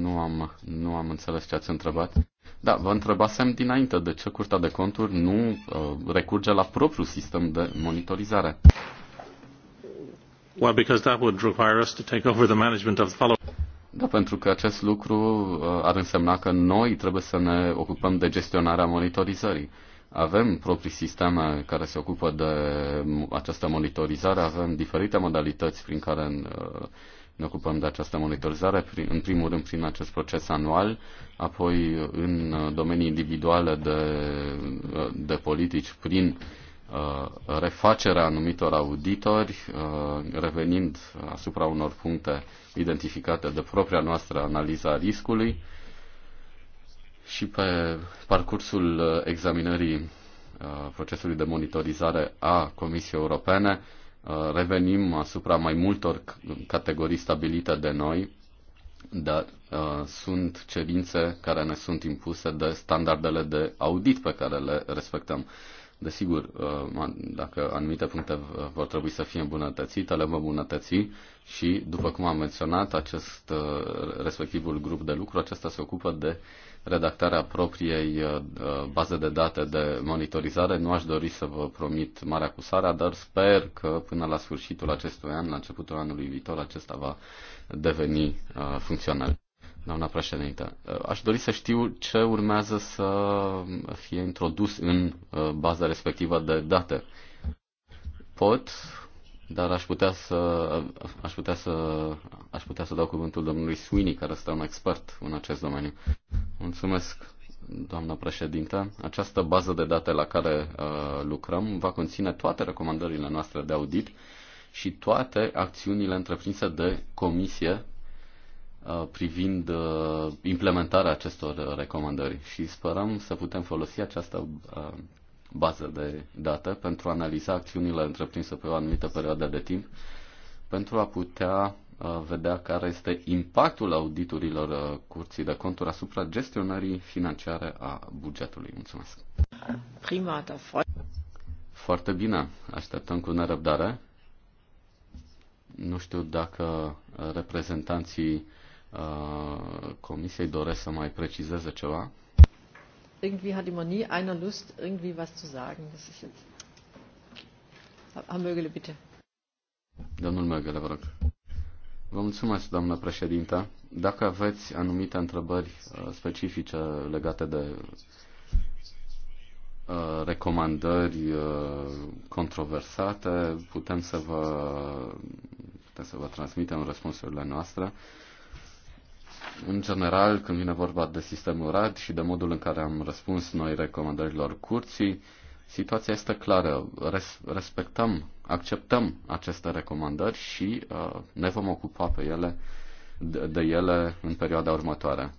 nu, am, nu am înțeles ce ați întrebat. Da, vă întrebasem dinainte de ce Curtea de Conturi nu uh, recurge la propriul sistem de monitorizare. Well, because that would require us to take over the management of the follow da, pentru că acest lucru uh, ar însemna că noi trebuie să ne ocupăm de gestionarea monitorizării. Avem proprii sisteme care se ocupă de această monitorizare, avem diferite modalități prin care uh, ne ocupăm de această monitorizare, în primul rând prin acest proces anual, apoi în uh, domenii individuale de, uh, de politici prin uh, refacerea anumitor auditori, revenind asupra unor puncte identificate de propria noastră analiză a riscului și pe parcursul examinării procesului de monitorizare a Comisiei Europene, revenim asupra mai multor categorii stabilite de noi, dar uh, sunt cerințe care ne sunt impuse de standardele de audit pe care le respectăm. Desigur, uh, dacă anumite puncte vor trebui să fie îmbunătățite, le vom îmbunătăți și, după cum am menționat, acest uh, respectivul grup de lucru, acesta se ocupă de uh, redactarea propriei uh, baze de date de monitorizare. Nu aș dori să vă promit marea cusarea, dar sper că până la sfârșitul acestui an, la începutul anului viitor, acesta va deveni uh, funcțional. Doamna președinte, uh, aș dori să știu ce urmează să fie introdus în baza respectivă de date. Pot dar aș putea să, aș putea să, aș putea să dau cuvântul domnului Sweeney, care este un expert în acest domeniu. Mulțumesc, doamna președinte. Această bază de date la care uh, lucrăm va conține toate recomandările noastre de audit și toate acțiunile întreprinse de comisie uh, privind uh, implementarea acestor recomandări și sperăm să putem folosi această uh, bază de date pentru a analiza acțiunile întreprinse pe o anumită perioadă de timp, pentru a putea uh, vedea care este impactul auditurilor uh, curții de conturi asupra gestionării financiare a bugetului. Mulțumesc. Prima dată. Foarte bine. Așteptăm cu nerăbdare. Nu știu dacă uh, reprezentanții uh, comisiei doresc să mai precizeze ceva irgendwie hat immer nie einer Lust, irgendwie was zu sagen. Das ist jetzt. Herr Mögele, bitte. Domnul Mögele, vă rog. Vă mulțumesc, doamnă președinte. Dacă aveți anumite întrebări uh, specifice legate de uh, recomandări uh, controversate, putem să vă, putem să vă transmitem răspunsurile noastre. În general, când vine vorba de sistemul RAD și de modul în care am răspuns noi recomandărilor curții, situația este clară. Res- respectăm, acceptăm aceste recomandări și uh, ne vom ocupa pe ele, de, de ele în perioada următoare.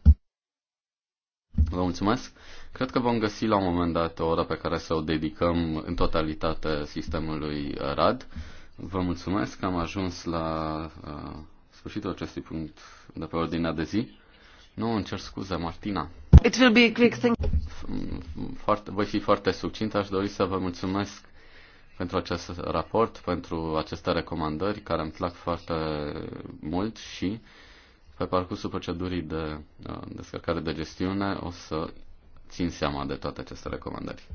Vă mulțumesc. Cred că vom găsi la un moment dat o oră pe care să o dedicăm în totalitate sistemului uh, RAD. Vă mulțumesc că am ajuns la uh, sfârșitul acestui punct de pe ordinea de zi. Nu, îmi cer scuze, Martina. It will be a quick thing. Foarte, voi fi foarte succint. Aș dori să vă mulțumesc pentru acest raport, pentru aceste recomandări care îmi plac foarte mult și pe parcursul procedurii de uh, descărcare de gestiune o să țin seama de toate aceste recomandări.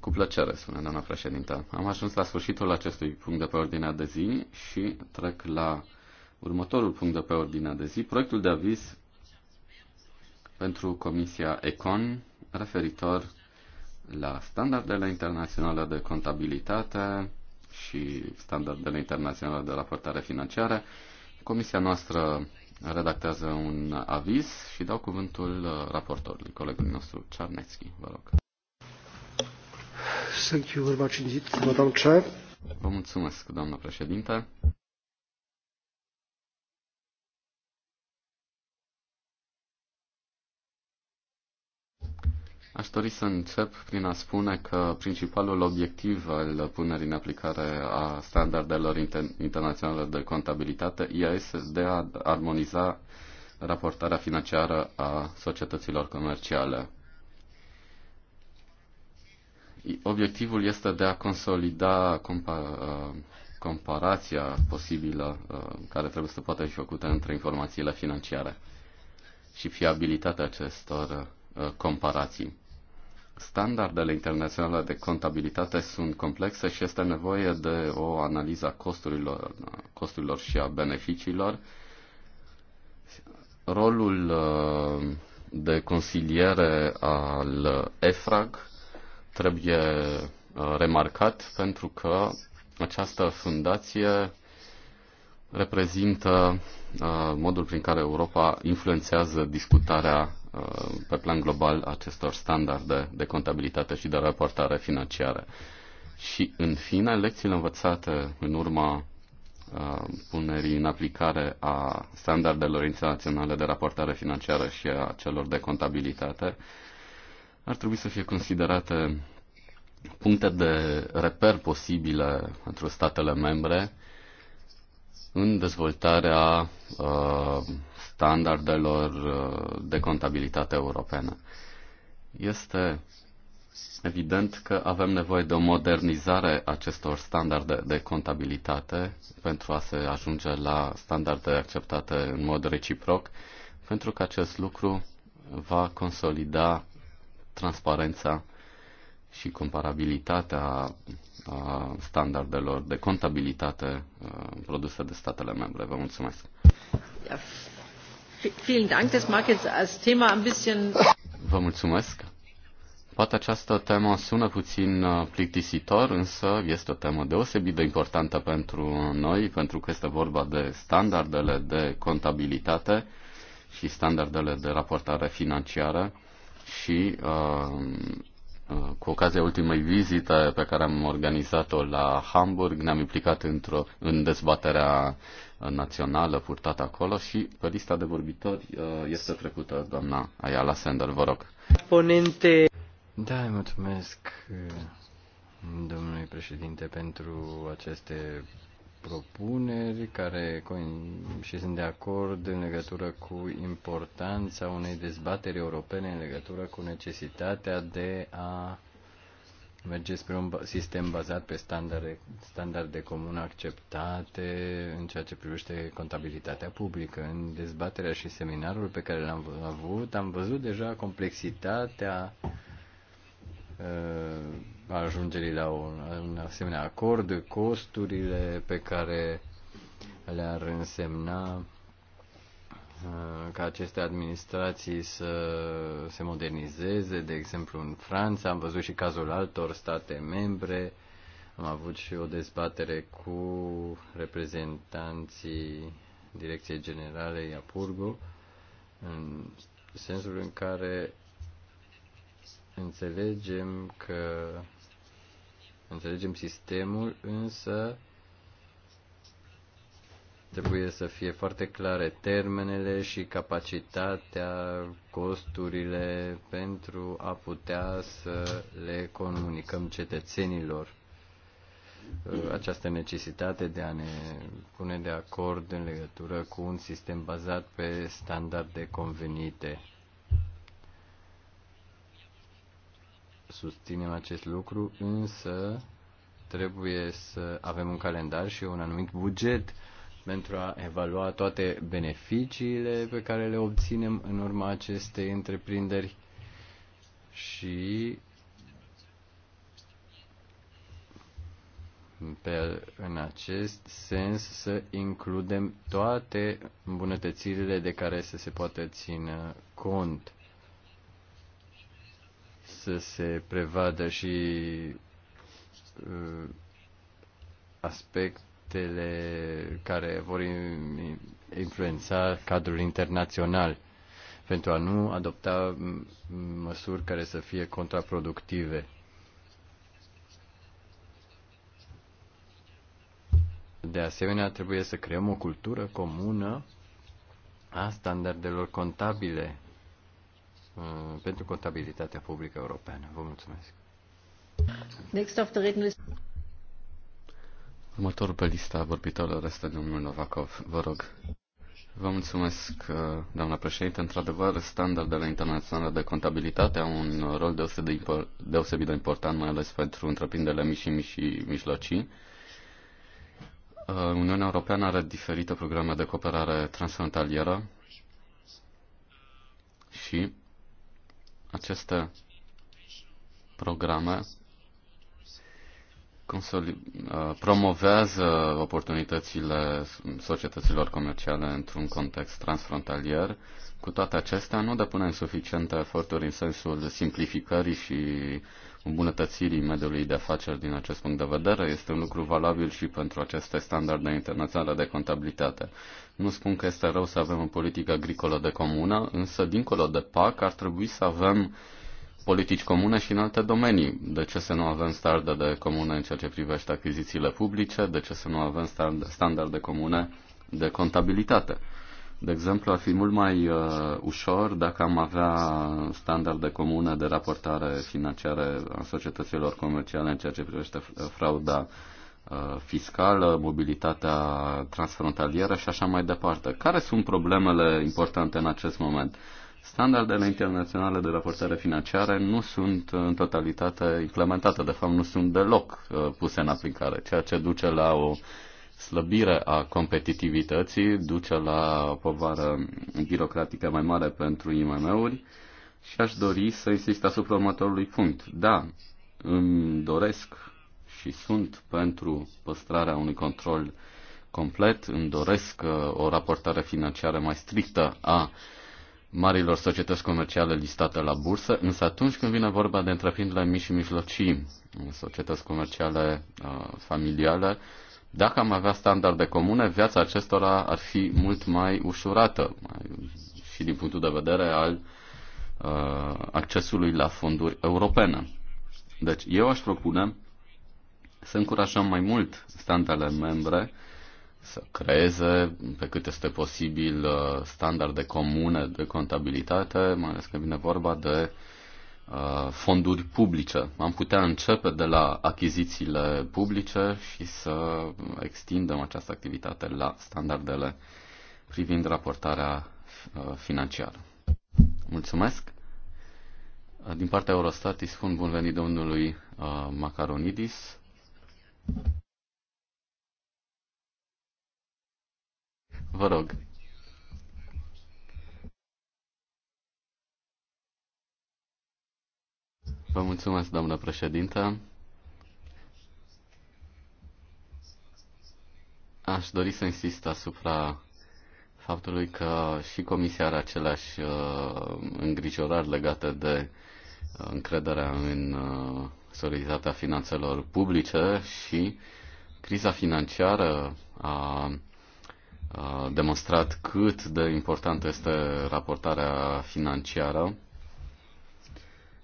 Cu plăcere, spune doamna președinte. Am ajuns la sfârșitul acestui punct de pe ordinea de zi și trec la Următorul punct de pe ordinea de zi, proiectul de aviz pentru Comisia Econ referitor la standardele internaționale de contabilitate și standardele internaționale de raportare financiară. Comisia noastră redactează un aviz și dau cuvântul uh, raportorului, colegul nostru Czarnecki. Vă rog. Thank you very much indeed, Madam Chair. Vă mulțumesc, doamnă președinte. Aș dori să încep prin a spune că principalul obiectiv al punerii în aplicare a standardelor inter- internaționale de contabilitate este de a armoniza raportarea financiară a societăților comerciale. Obiectivul este de a consolida compa- uh, comparația posibilă uh, care trebuie să poată fi făcută între informațiile financiare și fiabilitatea acestor uh, comparații. Standardele internaționale de contabilitate sunt complexe și este nevoie de o analiză a costurilor, costurilor și a beneficiilor. Rolul uh, de consiliere al EFRAG trebuie uh, remarcat pentru că această fundație reprezintă uh, modul prin care Europa influențează discutarea Uh, pe plan global acestor standarde de contabilitate și de raportare financiară. Și, în fine, lecțiile învățate în urma uh, punerii în aplicare a standardelor internaționale de raportare financiară și a celor de contabilitate ar trebui să fie considerate puncte de reper posibile pentru statele membre în dezvoltarea uh, standardelor uh, de contabilitate europene. Este evident că avem nevoie de o modernizare acestor standarde de contabilitate pentru a se ajunge la standarde acceptate în mod reciproc, pentru că acest lucru va consolida transparența și comparabilitatea a uh, standardelor de contabilitate uh, produse de statele membre. Vă mulțumesc! Vă mulțumesc. Poate această temă sună puțin uh, plictisitor, însă este o temă deosebit de importantă pentru noi, pentru că este vorba de standardele de contabilitate și standardele de raportare financiară și uh, cu ocazia ultimei vizite pe care am organizat-o la Hamburg, ne-am implicat într-o, în dezbaterea națională purtată acolo și pe lista de vorbitori uh, este trecută doamna Ayala Sender, vă rog. Ponente. Da, mulțumesc uh, domnului președinte pentru aceste propuneri care și sunt de acord în legătură cu importanța unei dezbateri europene în legătură cu necesitatea de a merge spre un sistem bazat pe standarde, standarde comune acceptate în ceea ce privește contabilitatea publică. În dezbaterea și seminarul pe care l-am avut, am văzut deja complexitatea uh, ajungerii la un, un asemenea acord, costurile pe care le-ar însemna uh, ca aceste administrații să se modernizeze. De exemplu, în Franța am văzut și cazul altor state membre. Am avut și o dezbatere cu reprezentanții Direcției Generale Iapurgu în sensul în care înțelegem că înțelegem sistemul, însă trebuie să fie foarte clare termenele și capacitatea, costurile pentru a putea să le comunicăm cetățenilor. Această necesitate de a ne pune de acord în legătură cu un sistem bazat pe standarde convenite susținem acest lucru, însă trebuie să avem un calendar și un anumit buget pentru a evalua toate beneficiile pe care le obținem în urma acestei întreprinderi și pe, în acest sens să includem toate îmbunătățirile de care să se poată țină cont să se prevadă și uh, aspectele care vor influența cadrul internațional pentru a nu adopta măsuri care să fie contraproductive. De asemenea, trebuie să creăm o cultură comună a standardelor contabile Uh, pentru contabilitatea publică europeană. Vă mulțumesc. Next of the written list. Următorul pe lista vorbitorilor este domnul Novakov. Vă rog. Vă mulțumesc, uh, doamna președinte. Într-adevăr, standardele internaționale de contabilitate au un rol deosebit de, important, mai ales pentru întreprinderile mici și, mici și mijlocii. Uh, Uniunea Europeană are diferite programe de cooperare transfrontalieră și aceste programe uh, promovează oportunitățile societăților comerciale într-un context transfrontalier. Cu toate acestea, nu depunem suficiente eforturi în sensul simplificării și îmbunătățirii mediului de afaceri din acest punct de vedere este un lucru valabil și pentru aceste standarde internaționale de contabilitate. Nu spun că este rău să avem o politică agricolă de comună, însă dincolo de PAC ar trebui să avem politici comune și în alte domenii. De ce să nu avem standarde comune în ceea ce privește achizițiile publice? De ce să nu avem standarde comune de contabilitate? De exemplu, ar fi mult mai uh, ușor dacă am avea standarde comune de raportare financiare a societăților comerciale în ceea ce privește uh, frauda uh, fiscală, mobilitatea transfrontalieră și așa mai departe. Care sunt problemele importante în acest moment? Standardele internaționale de raportare financiară nu sunt în totalitate implementate, de fapt nu sunt deloc uh, puse în aplicare, ceea ce duce la o slăbire a competitivității duce la o povară birocratică mai mare pentru IMM-uri și aș dori să insist asupra următorului punct. Da, îmi doresc și sunt pentru păstrarea unui control complet, îmi doresc uh, o raportare financiară mai strictă a marilor societăți comerciale listate la bursă, însă atunci când vine vorba de întreprinderile mici și mijlocii, societăți comerciale uh, familiale, uh, dacă am avea standarde comune, viața acestora ar fi mult mai ușurată mai, și din punctul de vedere al uh, accesului la fonduri europene. Deci eu aș propune să încurajăm mai mult standardele membre să creeze, pe cât este posibil, uh, standarde comune de contabilitate, mai ales că vine vorba de uh, Uh, fonduri publice. Am putea începe de la achizițiile publice și să extindem această activitate la standardele privind raportarea uh, financiară. Mulțumesc! Uh, din partea Eurostat îi spun bun venit domnului Macaronidis. Vă rog. Vă mulțumesc, doamnă președintă. Aș dori să insist asupra faptului că și Comisia are aceleași uh, îngrijorări legate de uh, încrederea în uh, finanțelor publice și criza financiară a demonstrat cât de importantă este raportarea financiară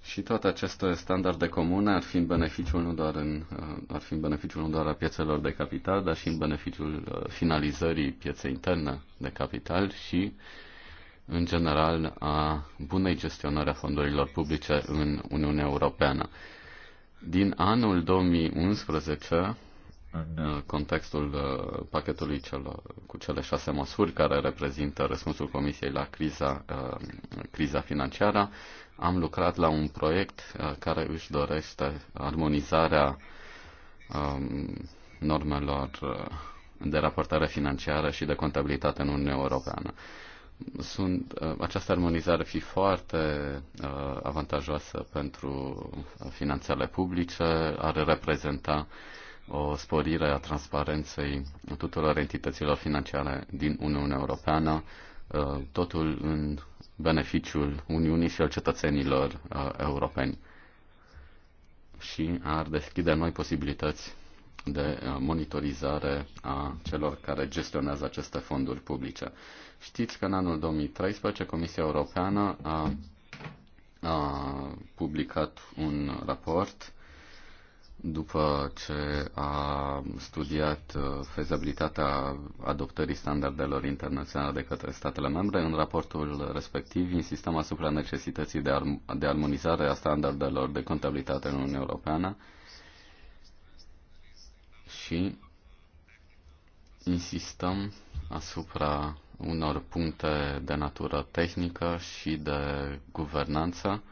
și toate aceste standarde comune ar fi în beneficiul nu doar, în, uh, ar fi în beneficiul nu doar a piețelor de capital, dar și în beneficiul uh, finalizării pieței interne de capital și, în general, a bunei gestionări a fondurilor publice în Uniunea Europeană. Din anul 2011, în uh, contextul pachetului celor, cu cele șase măsuri care reprezintă răspunsul Comisiei la criza, criza financiară, am lucrat la un proiect uh, care își dorește armonizarea um, normelor uh, de raportare financiară și de contabilitate în Uniunea Europeană. Sunt, uh, această armonizare fi foarte uh, avantajoasă pentru finanțele publice, ar reprezenta o sporire a transparenței tuturor entităților financiare din Uniunea Europeană, uh, totul în beneficiul Uniunii și al cetățenilor uh, europeni și ar deschide noi posibilități de uh, monitorizare a celor care gestionează aceste fonduri publice. Știți că în anul 2013 Comisia Europeană a, a publicat un raport după ce a studiat uh, fezabilitatea adoptării standardelor internaționale de către statele membre, în raportul respectiv insistăm asupra necesității de, de armonizare a standardelor de contabilitate în Uniunea Europeană și insistăm asupra unor puncte de natură tehnică și de guvernanță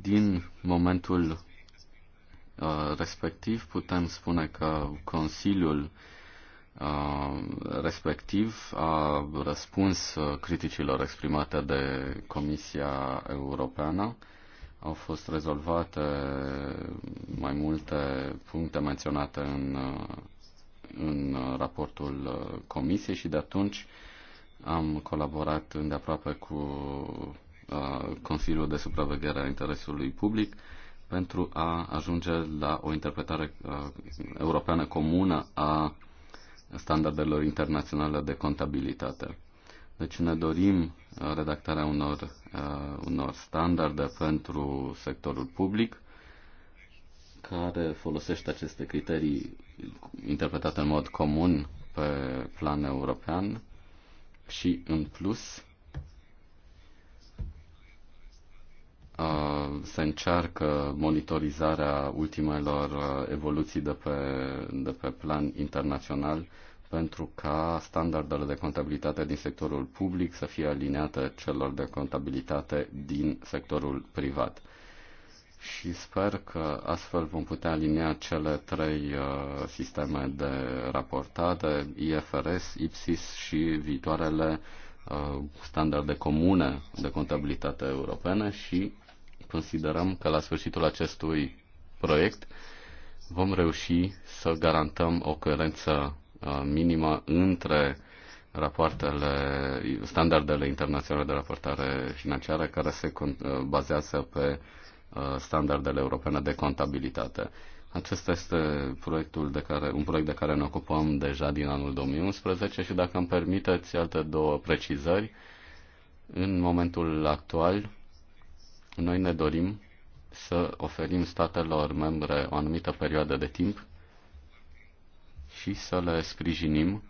Din momentul uh, respectiv putem spune că Consiliul uh, respectiv a răspuns uh, criticilor exprimate de Comisia Europeană. Au fost rezolvate mai multe puncte menționate în, în raportul Comisiei și de atunci am colaborat îndeaproape cu Consiliul de Supraveghere a Interesului Public pentru a ajunge la o interpretare europeană comună a standardelor internaționale de contabilitate. Deci ne dorim redactarea unor, uh, unor standarde pentru sectorul public care folosește aceste criterii interpretate în mod comun pe plan european și, în plus, Uh, se încearcă monitorizarea ultimelor uh, evoluții de pe, de pe plan internațional pentru ca standardele de contabilitate din sectorul public să fie aliniate celor de contabilitate din sectorul privat. Și sper că astfel vom putea alinia cele trei uh, sisteme de raportare, IFRS, IPSIS și viitoarele uh, standarde comune de contabilitate europene și considerăm că la sfârșitul acestui proiect vom reuși să garantăm o coerență uh, minimă între rapoartele, standardele internaționale de raportare financiară care se uh, bazează pe uh, standardele europene de contabilitate. Acesta este proiectul de care, un proiect de care ne ocupăm deja din anul 2011 și dacă îmi permiteți alte două precizări, în momentul actual noi ne dorim să oferim statelor membre o anumită perioadă de timp și să le sprijinim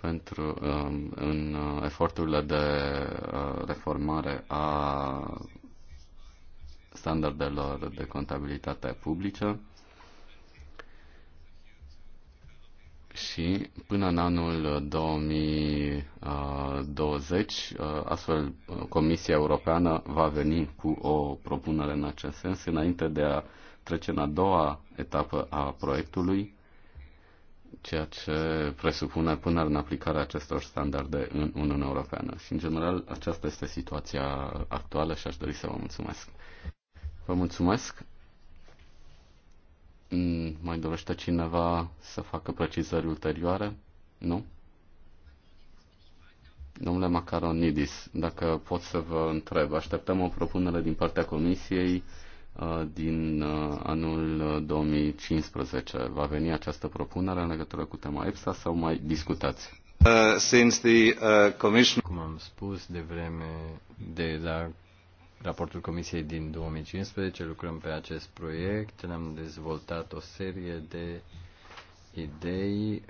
pentru, um, în uh, eforturile de uh, reformare a standardelor de contabilitate publică și până în anul 2020, uh, uh, uh, astfel Comisia Europeană va veni cu o propunere în acest sens, înainte de a trece în a doua etapă a proiectului, ceea ce presupune până în aplicarea acestor standarde în Uniunea Europeană. Și, în general, aceasta este situația actuală și aș dori să vă mulțumesc. Vă mulțumesc. Mm, mai dorește cineva să facă precizări ulterioare? Nu? Domnule Macaronidis, dacă pot să vă întreb, așteptăm o propunere din partea Comisiei uh, din uh, anul 2015. Va veni această propunere în legătură cu tema EPSA sau mai discutați? Uh, since the, uh, commission... Cum am spus de vreme de la raportul Comisiei din 2015, lucrăm pe acest proiect, ne-am dezvoltat o serie de idei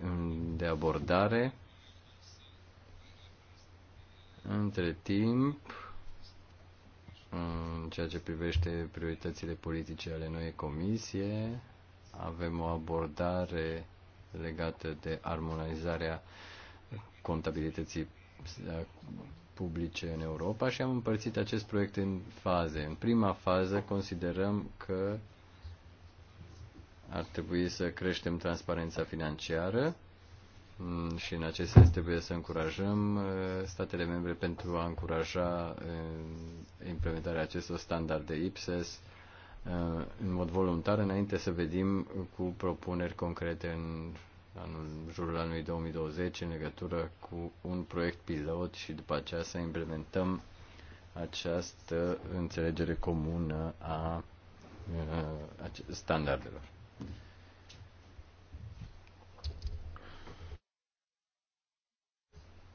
de abordare. Între timp, în ceea ce privește prioritățile politice ale noi comisie, avem o abordare legată de armonizarea contabilității publice în Europa și am împărțit acest proiect în faze. În prima fază considerăm că ar trebui să creștem transparența financiară mm, și în acest sens trebuie să încurajăm uh, statele membre pentru a încuraja uh, implementarea acestor standarde IPSES uh, în mod voluntar înainte să vedem cu propuneri concrete în anul, jurul anului 2020 în legătură cu un proiect pilot și după aceea să implementăm această înțelegere comună a standardelor.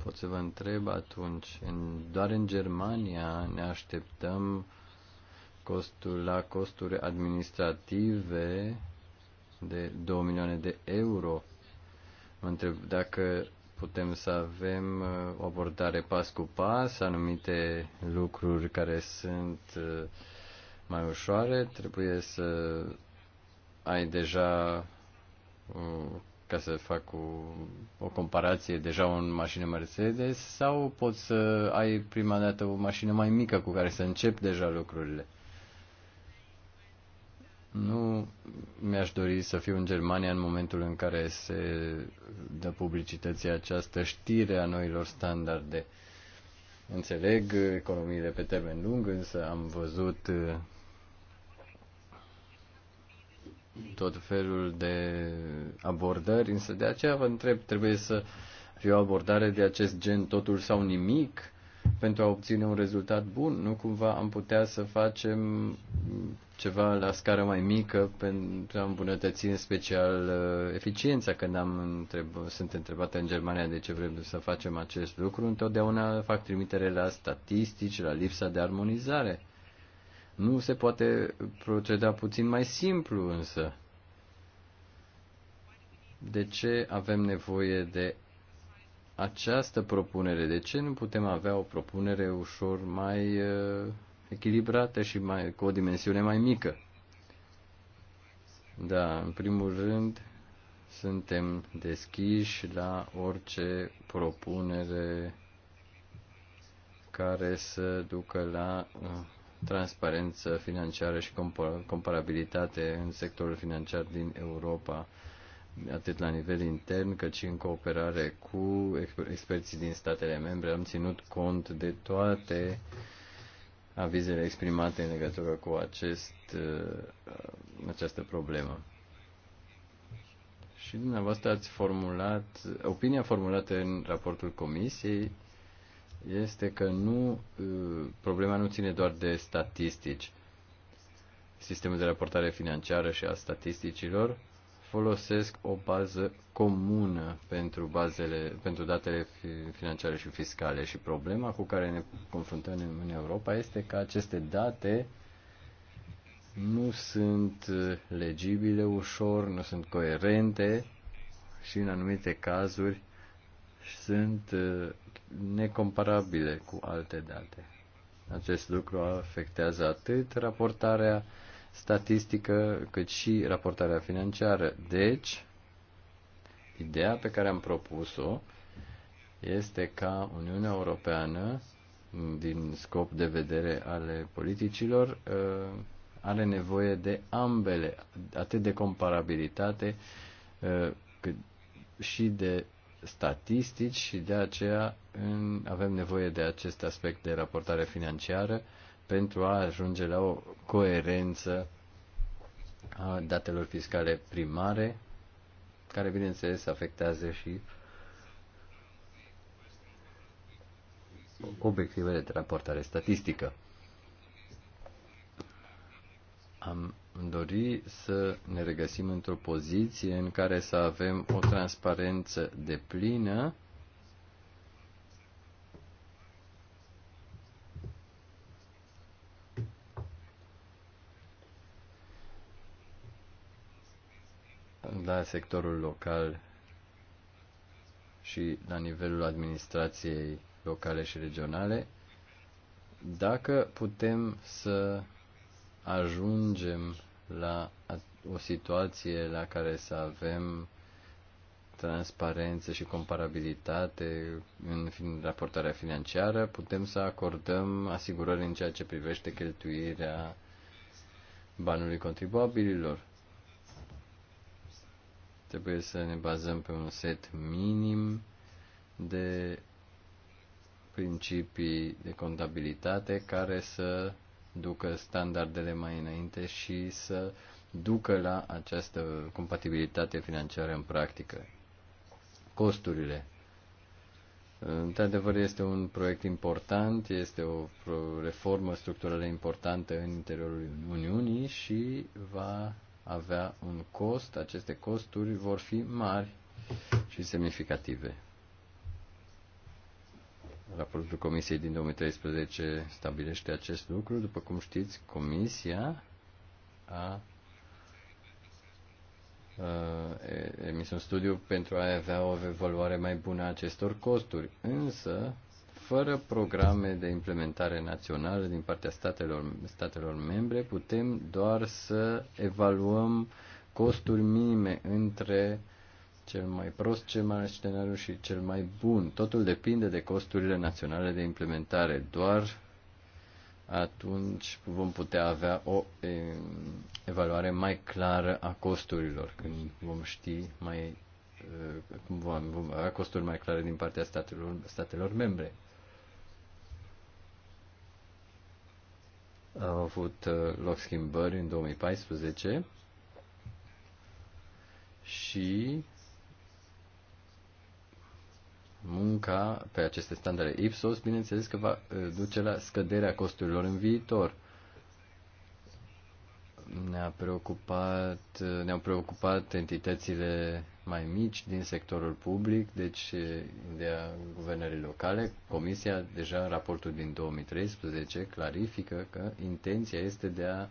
Pot să vă întreb atunci, în, doar în Germania ne așteptăm costul, la costuri administrative de 2 milioane de euro Mă întreb dacă putem să avem uh, o abordare pas cu pas, anumite lucruri care sunt uh, mai ușoare, trebuie să ai deja, uh, ca să fac o, o comparație, deja o mașină Mercedes sau poți să ai prima dată o mașină mai mică cu care să începi deja lucrurile. Nu mi-aș dori să fiu în Germania în momentul în care se dă publicității această știre a noilor standarde. Înțeleg economiile pe termen lung, însă am văzut uh, tot felul de abordări, însă de aceea vă întreb, trebuie să fie o abordare de acest gen totul sau nimic? pentru a obține un rezultat bun. Nu cumva am putea să facem ceva la scară mai mică pentru a îmbunătăți în special uh, eficiența. Când am întreb, sunt întrebată în Germania de ce vrem să facem acest lucru, întotdeauna fac trimitere la statistici, la lipsa de armonizare. Nu se poate proceda puțin mai simplu însă. De ce avem nevoie de această propunere. De ce nu putem avea o propunere ușor mai uh, echilibrată și mai, cu o dimensiune mai mică? Da, în primul rând, suntem deschiși la orice propunere care să ducă la uh, transparență financiară și comparabilitate în sectorul financiar din Europa atât la nivel intern, cât și în cooperare cu experții din statele membre. Am ținut cont de toate avizele exprimate în legătură cu acest, uh, această problemă. Și dumneavoastră ați formulat, opinia formulată în raportul comisiei este că nu, uh, problema nu ține doar de statistici. Sistemul de raportare financiară și a statisticilor folosesc o bază comună pentru, bazele, pentru datele financiare și fiscale. Și problema cu care ne confruntăm în Europa este că aceste date nu sunt legibile ușor, nu sunt coerente și în anumite cazuri sunt uh, necomparabile cu alte date. Acest lucru afectează atât raportarea statistică, cât și raportarea financiară. Deci, ideea pe care am propus-o este ca Uniunea Europeană, din scop de vedere ale politicilor, uh, are nevoie de ambele, atât de comparabilitate uh, cât și de statistici și de aceea avem nevoie de acest aspect de raportare financiară pentru a ajunge la o coerență a datelor fiscale primare, care bineînțeles afectează și obiectivele de raportare statistică. Am dori să ne regăsim într-o poziție în care să avem o transparență deplină la sectorul local și la nivelul administrației locale și regionale, dacă putem să ajungem la o situație la care să avem transparență și comparabilitate în raportarea financiară, putem să acordăm asigurări în ceea ce privește cheltuirea banului contribuabililor. Trebuie să ne bazăm pe un set minim de principii de contabilitate care să ducă standardele mai înainte și să ducă la această compatibilitate financiară în practică. Costurile. Într-adevăr, este un proiect important, este o reformă structurală importantă în interiorul Uniunii și va avea un cost, aceste costuri vor fi mari și semnificative. Raportul Comisiei din 2013 stabilește acest lucru. După cum știți, Comisia a emis un studiu pentru a avea o evaluare mai bună a acestor costuri. Însă, fără programe de implementare națională din partea statelor, statelor membre, putem doar să evaluăm costuri minime între cel mai prost cel mai scenariu și cel mai bun. Totul depinde de costurile naționale de implementare. Doar atunci vom putea avea o evaluare mai clară a costurilor, când vom ști mai cum vom, vom avea costuri mai clare din partea statelor, statelor membre. Au avut uh, loc schimbări în 2014 și munca pe aceste standarde Ipsos, bineînțeles că va uh, duce la scăderea costurilor în viitor. Ne-a preocupat, uh, ne-au preocupat entitățile mai mici din sectorul public, deci de a guvernării locale. Comisia, deja în raportul din 2013, clarifică că intenția este de a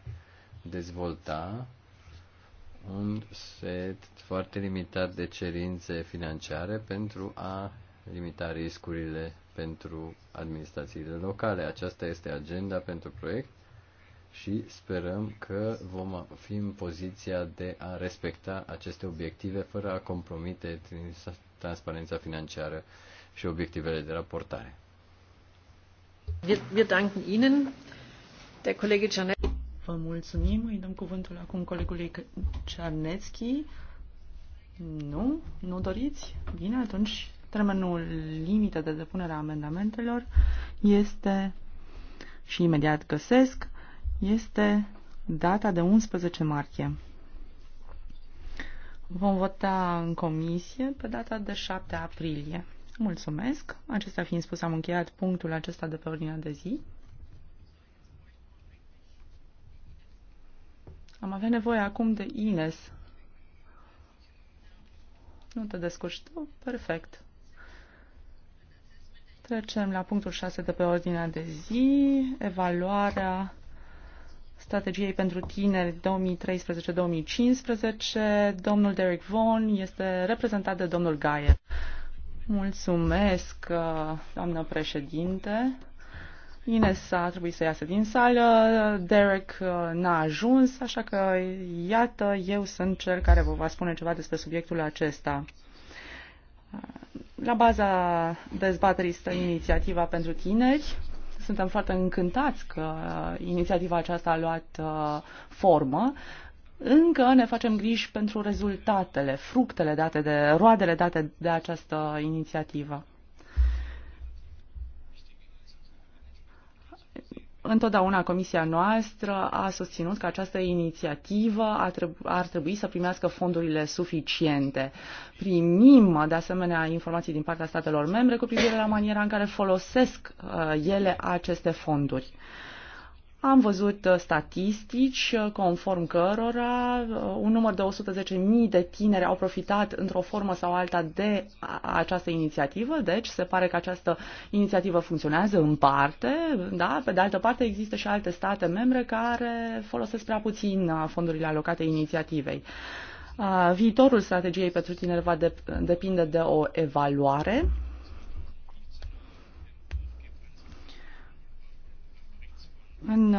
dezvolta un set foarte limitat de cerințe financiare pentru a limita riscurile pentru administrațiile locale. Aceasta este agenda pentru proiect și sperăm că vom fi în poziția de a respecta aceste obiective fără a compromite transparența financiară și obiectivele de raportare. Vă mulțumim. Îi dăm cuvântul acum colegului Cernetski. Nu? Nu doriți? Bine, atunci termenul limită de depunere a amendamentelor este și imediat găsesc este data de 11 martie. Vom vota în comisie pe data de 7 aprilie. Mulțumesc. Acestea fiind spus, am încheiat punctul acesta de pe ordinea de zi. Am avea nevoie acum de Ines. Nu te descurci tu? Perfect. Trecem la punctul 6 de pe ordinea de zi, evaluarea strategiei pentru tineri 2013-2015. Domnul Derek Vaughan este reprezentat de domnul Gaier. Mulțumesc, doamnă președinte. Ines a trebuit să iasă din sală, Derek uh, n-a ajuns, așa că iată, eu sunt cel care vă va spune ceva despre subiectul acesta. Uh, la baza dezbaterii stă inițiativa pentru tineri, suntem foarte încântați că inițiativa aceasta a luat uh, formă. Încă ne facem griji pentru rezultatele, fructele date de, roadele date de această inițiativă. Întotdeauna comisia noastră a susținut că această inițiativă ar, treb- ar trebui să primească fondurile suficiente. Primim, de asemenea, informații din partea statelor membre cu privire la maniera în care folosesc uh, ele aceste fonduri. Uh, am văzut uh, statistici uh, conform cărora uh, un număr de 110.000 de tineri au profitat într-o formă sau alta de această inițiativă, deci se pare că această inițiativă funcționează în parte, da? pe de altă parte există și alte state membre care folosesc prea puțin fondurile alocate inițiativei. Viitorul strategiei pentru tineri va depinde de o evaluare În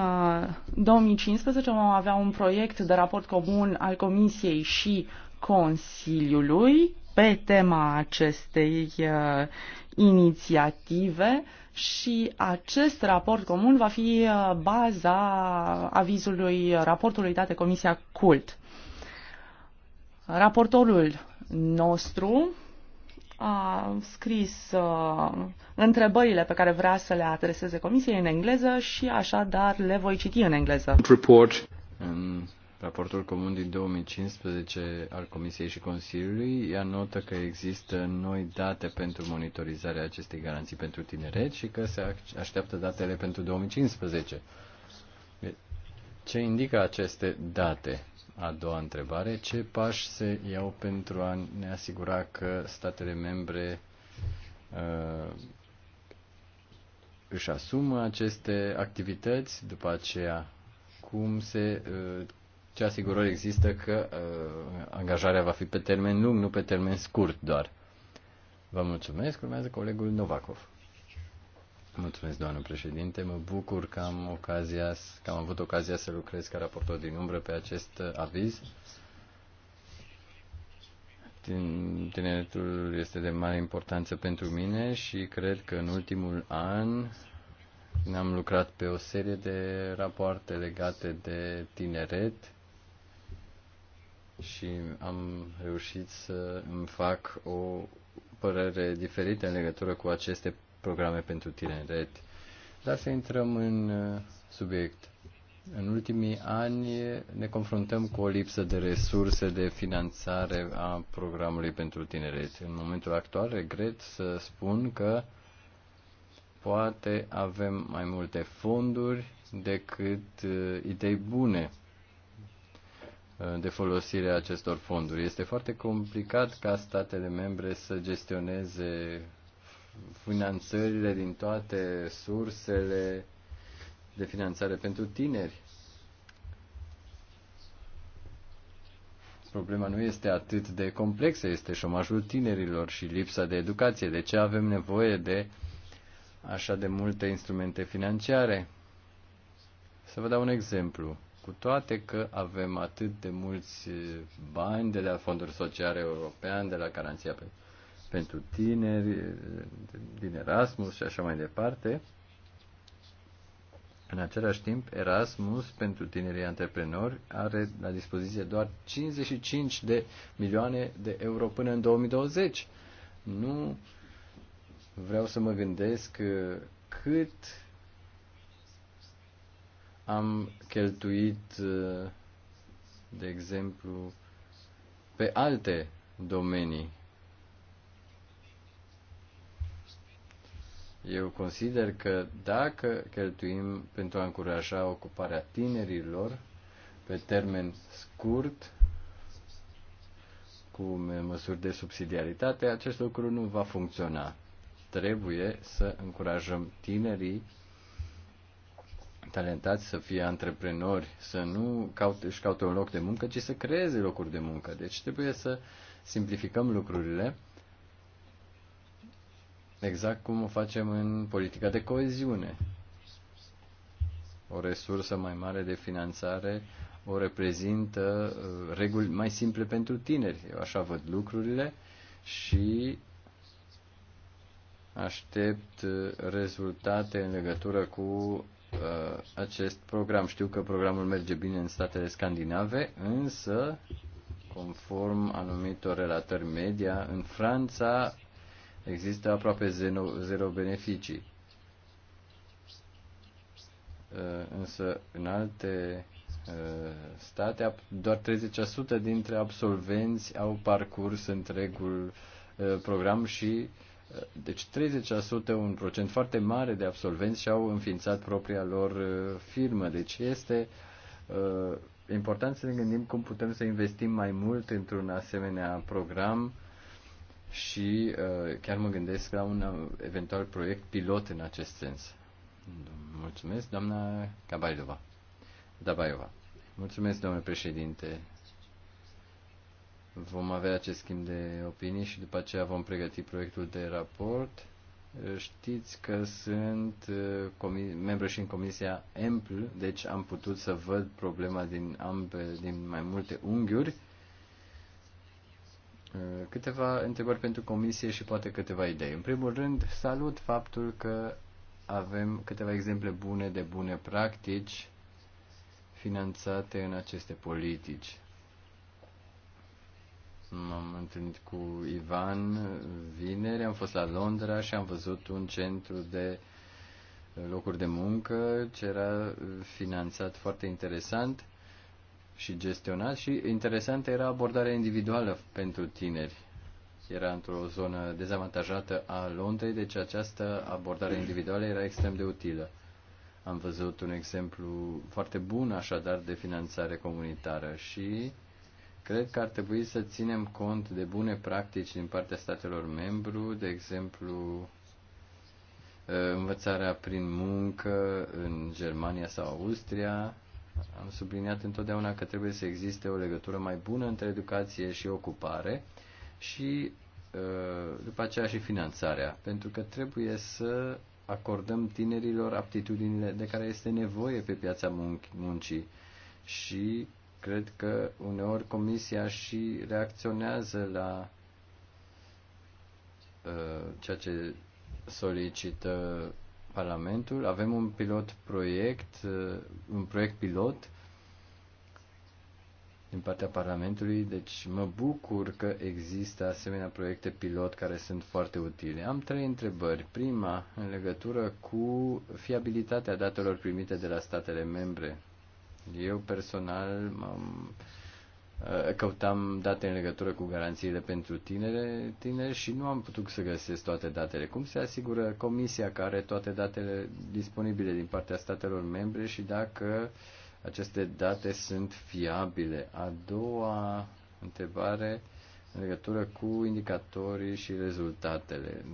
2015 uh, vom avea un proiect de raport comun al Comisiei și Consiliului pe tema acestei uh, inițiative și acest raport comun va fi uh, baza avizului raportului dat de Comisia CULT. Raportorul nostru a scris uh, întrebările pe care vrea să le adreseze comisiei în engleză și așadar le voi citi în engleză. Report. În raportul comun din 2015 al Comisiei și Consiliului ea notă că există noi date pentru monitorizarea acestei garanții pentru tineret și că se așteaptă datele pentru 2015. Ce indică aceste date? a doua întrebare, ce pași se iau pentru a ne asigura că statele membre uh, își asumă aceste activități, după aceea cum se, uh, ce asigurări există că uh, angajarea va fi pe termen lung, nu pe termen scurt doar. Vă mulțumesc, urmează colegul Novakov. Mulțumesc, doamnă președinte. Mă bucur că am, ocazia, că am avut ocazia să lucrez ca raportor din umbră pe acest aviz. Tineretul este de mare importanță pentru mine și cred că în ultimul an ne-am lucrat pe o serie de rapoarte legate de tineret și am reușit să îmi fac o părere diferită în legătură cu aceste programe pentru tineret. Dar să intrăm în uh, subiect. În ultimii ani uh, ne confruntăm cu o lipsă de resurse de finanțare a programului pentru tineret. În momentul actual regret să spun că poate avem mai multe fonduri decât uh, idei bune de folosire a acestor fonduri. Este foarte complicat ca statele membre să gestioneze finanțările din toate sursele de finanțare pentru tineri. Problema nu este atât de complexă, este șomajul tinerilor și lipsa de educație. De ce avem nevoie de așa de multe instrumente financiare? Să vă dau un exemplu. Cu toate că avem atât de mulți bani de la Fondul Social European, de la Garanția pentru pentru tineri, din Erasmus și așa mai departe. În același timp, Erasmus pentru tinerii antreprenori are la dispoziție doar 55 de milioane de euro până în 2020. Nu vreau să mă gândesc uh, cât am cheltuit, uh, de exemplu, pe alte domenii Eu consider că dacă cheltuim pentru a încuraja ocuparea tinerilor pe termen scurt, cu măsuri de subsidiaritate, acest lucru nu va funcționa. Trebuie să încurajăm tinerii talentați să fie antreprenori, să nu caute, își caute un loc de muncă, ci să creeze locuri de muncă. Deci trebuie să simplificăm lucrurile exact cum o facem în politica de coeziune. O resursă mai mare de finanțare o reprezintă uh, reguli mai simple pentru tineri. Eu așa văd lucrurile și aștept uh, rezultate în legătură cu uh, acest program. Știu că programul merge bine în statele scandinave, însă, conform anumitor relatări media, în Franța există aproape zero, zero beneficii. Uh, însă în alte uh, state, doar 30% dintre absolvenți au parcurs întregul uh, program și deci 30%, un procent foarte mare de absolvenți și-au înființat propria lor firmă. Deci este important să ne gândim cum putem să investim mai mult într-un asemenea program și uh, chiar mă gândesc la un eventual proiect pilot în acest sens. Mulțumesc, doamna Cabailova. Dabaiova. Mulțumesc, domnule președinte. Vom avea acest schimb de opinii și după aceea vom pregăti proiectul de raport. Știți că sunt uh, membru și în Comisia EMPL, deci am putut să văd problema din, ambe, din mai multe unghiuri Eh, câteva întrebări pentru comisie și poate câteva idei. În primul rând, salut faptul că avem câteva exemple bune de bune practici finanțate în aceste politici. M-am întâlnit cu Ivan vineri, am fost la Londra și am văzut un centru de locuri de muncă ce era finanțat foarte interesant și gestionat și interesantă era abordarea individuală pentru tineri. Era într-o zonă dezavantajată a Londrei, deci această abordare individuală era extrem de utilă. Am văzut un exemplu foarte bun așadar de finanțare comunitară și cred că ar trebui să ținem cont de bune practici din partea statelor membru, de exemplu învățarea prin muncă în Germania sau Austria, am subliniat întotdeauna că trebuie să existe o legătură mai bună între educație și ocupare și uh, după aceea și finanțarea, pentru că trebuie să acordăm tinerilor aptitudinile de care este nevoie pe piața muncii și cred că uneori comisia și reacționează la uh, ceea ce solicită Parlamentul, avem un pilot proiect, uh, un proiect pilot din partea Parlamentului, deci mă bucur că există asemenea proiecte pilot care sunt foarte utile. Am trei întrebări. Prima, în legătură cu fiabilitatea datelor primite de la statele membre. Eu personal m-am uh, Eh, căutam date în legătură cu garanțiile pentru tinere, tineri și nu am putut să găsesc toate datele. Cum se asigură comisia care toate datele disponibile din partea statelor membre și dacă aceste date sunt fiabile? A doua întrebare în legătură cu indicatorii și rezultatele.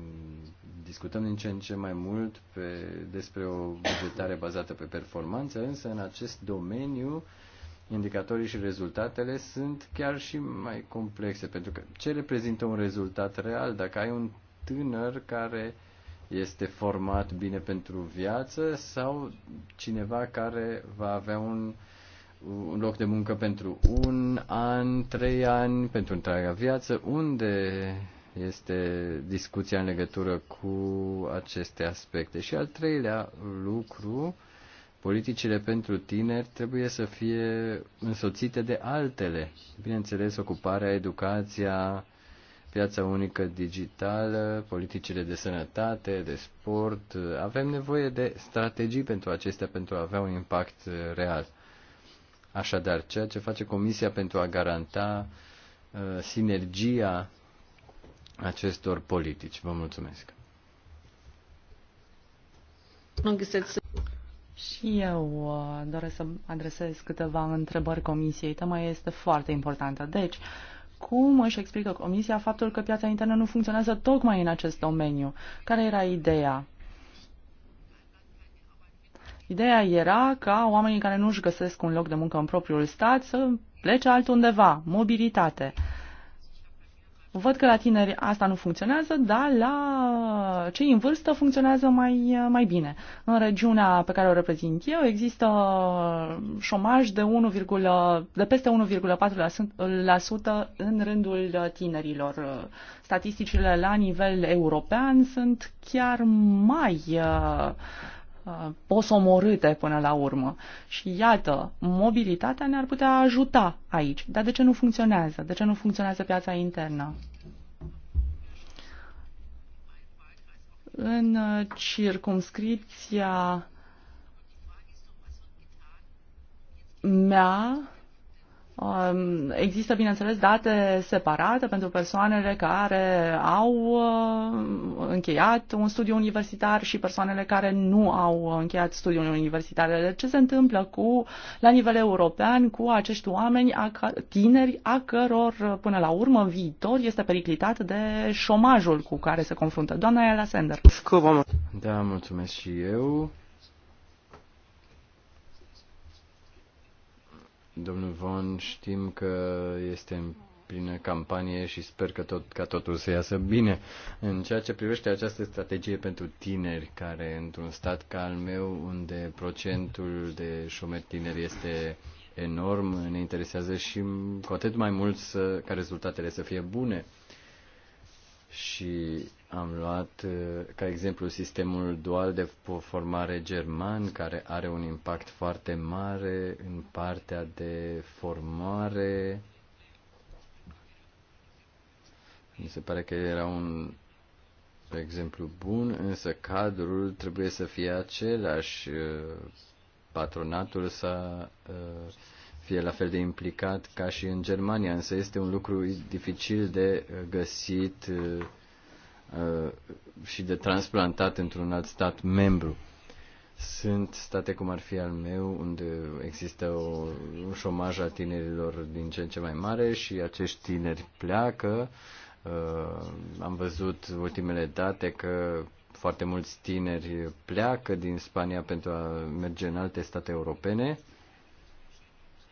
Discutăm din ce în ce mai mult pe, despre o bugetare bazată pe performanță, însă în acest domeniu uh, indicatorii și rezultatele sunt chiar și mai complexe, pentru că ce reprezintă un rezultat real? Dacă ai un tânăr care este format bine pentru viață sau cineva care va avea un, un loc de muncă pentru un an, trei ani, pentru întreaga viață, unde este discuția în legătură cu aceste aspecte. Și al treilea lucru Politicile pentru tineri trebuie să fie însoțite de altele. Bineînțeles, ocuparea, educația, piața unică digitală, politicile de sănătate, de sport. Avem nevoie de strategii pentru acestea pentru a avea un impact real. Așadar, ceea ce face Comisia pentru a garanta uh, sinergia acestor politici. Vă mulțumesc. Și eu uh, doresc să adresez câteva întrebări comisiei. Tema este foarte importantă. Deci, cum își explică comisia faptul că piața internă nu funcționează tocmai în acest domeniu? Care era ideea? Ideea era ca oamenii care nu își găsesc un loc de muncă în propriul stat să plece altundeva, mobilitate. Uh, Văd că la tineri asta nu funcționează, dar la cei în vârstă funcționează mai, mai bine. În regiunea pe care o reprezint eu există șomaj de, 1, de peste 1,4% în rândul tinerilor. Statisticile la nivel european sunt chiar mai Uh, posomorâte până la urmă. Și iată, mobilitatea ne-ar putea ajuta aici. Dar de ce nu funcționează? De ce nu funcționează piața internă? În uh, circumscripția mea, Um, există, bineînțeles, date separate pentru persoanele care au uh, încheiat un studiu universitar și persoanele care nu au încheiat studiul universitar. Deci, ce se întâmplă cu, la nivel european cu acești oameni tineri a căror, până la urmă, viitor este periclitat de șomajul cu care se confruntă? Doamna Ela Sender. Da, mulțumesc și eu. Domnul Von, știm că este în plină campanie și sper că tot, ca totul să iasă bine. În ceea ce privește această strategie pentru tineri, care într-un stat ca al meu, unde procentul de șomer tineri este enorm, ne interesează și cu atât mai mult să, ca rezultatele să fie bune. Și am luat uh, ca exemplu sistemul dual de formare german, care are un impact foarte mare în partea de formare. Mi se pare că era un exemplu bun, însă cadrul trebuie să fie același. Uh, patronatul să uh, fie la fel de implicat ca și în Germania, însă este un lucru dificil de găsit și de transplantat într-un alt stat membru. Sunt state cum ar fi al meu, unde există o, un șomaj a tinerilor din ce în ce mai mare și acești tineri pleacă. Uh, am văzut ultimele date că foarte mulți tineri pleacă din Spania pentru a merge în alte state europene. Uh,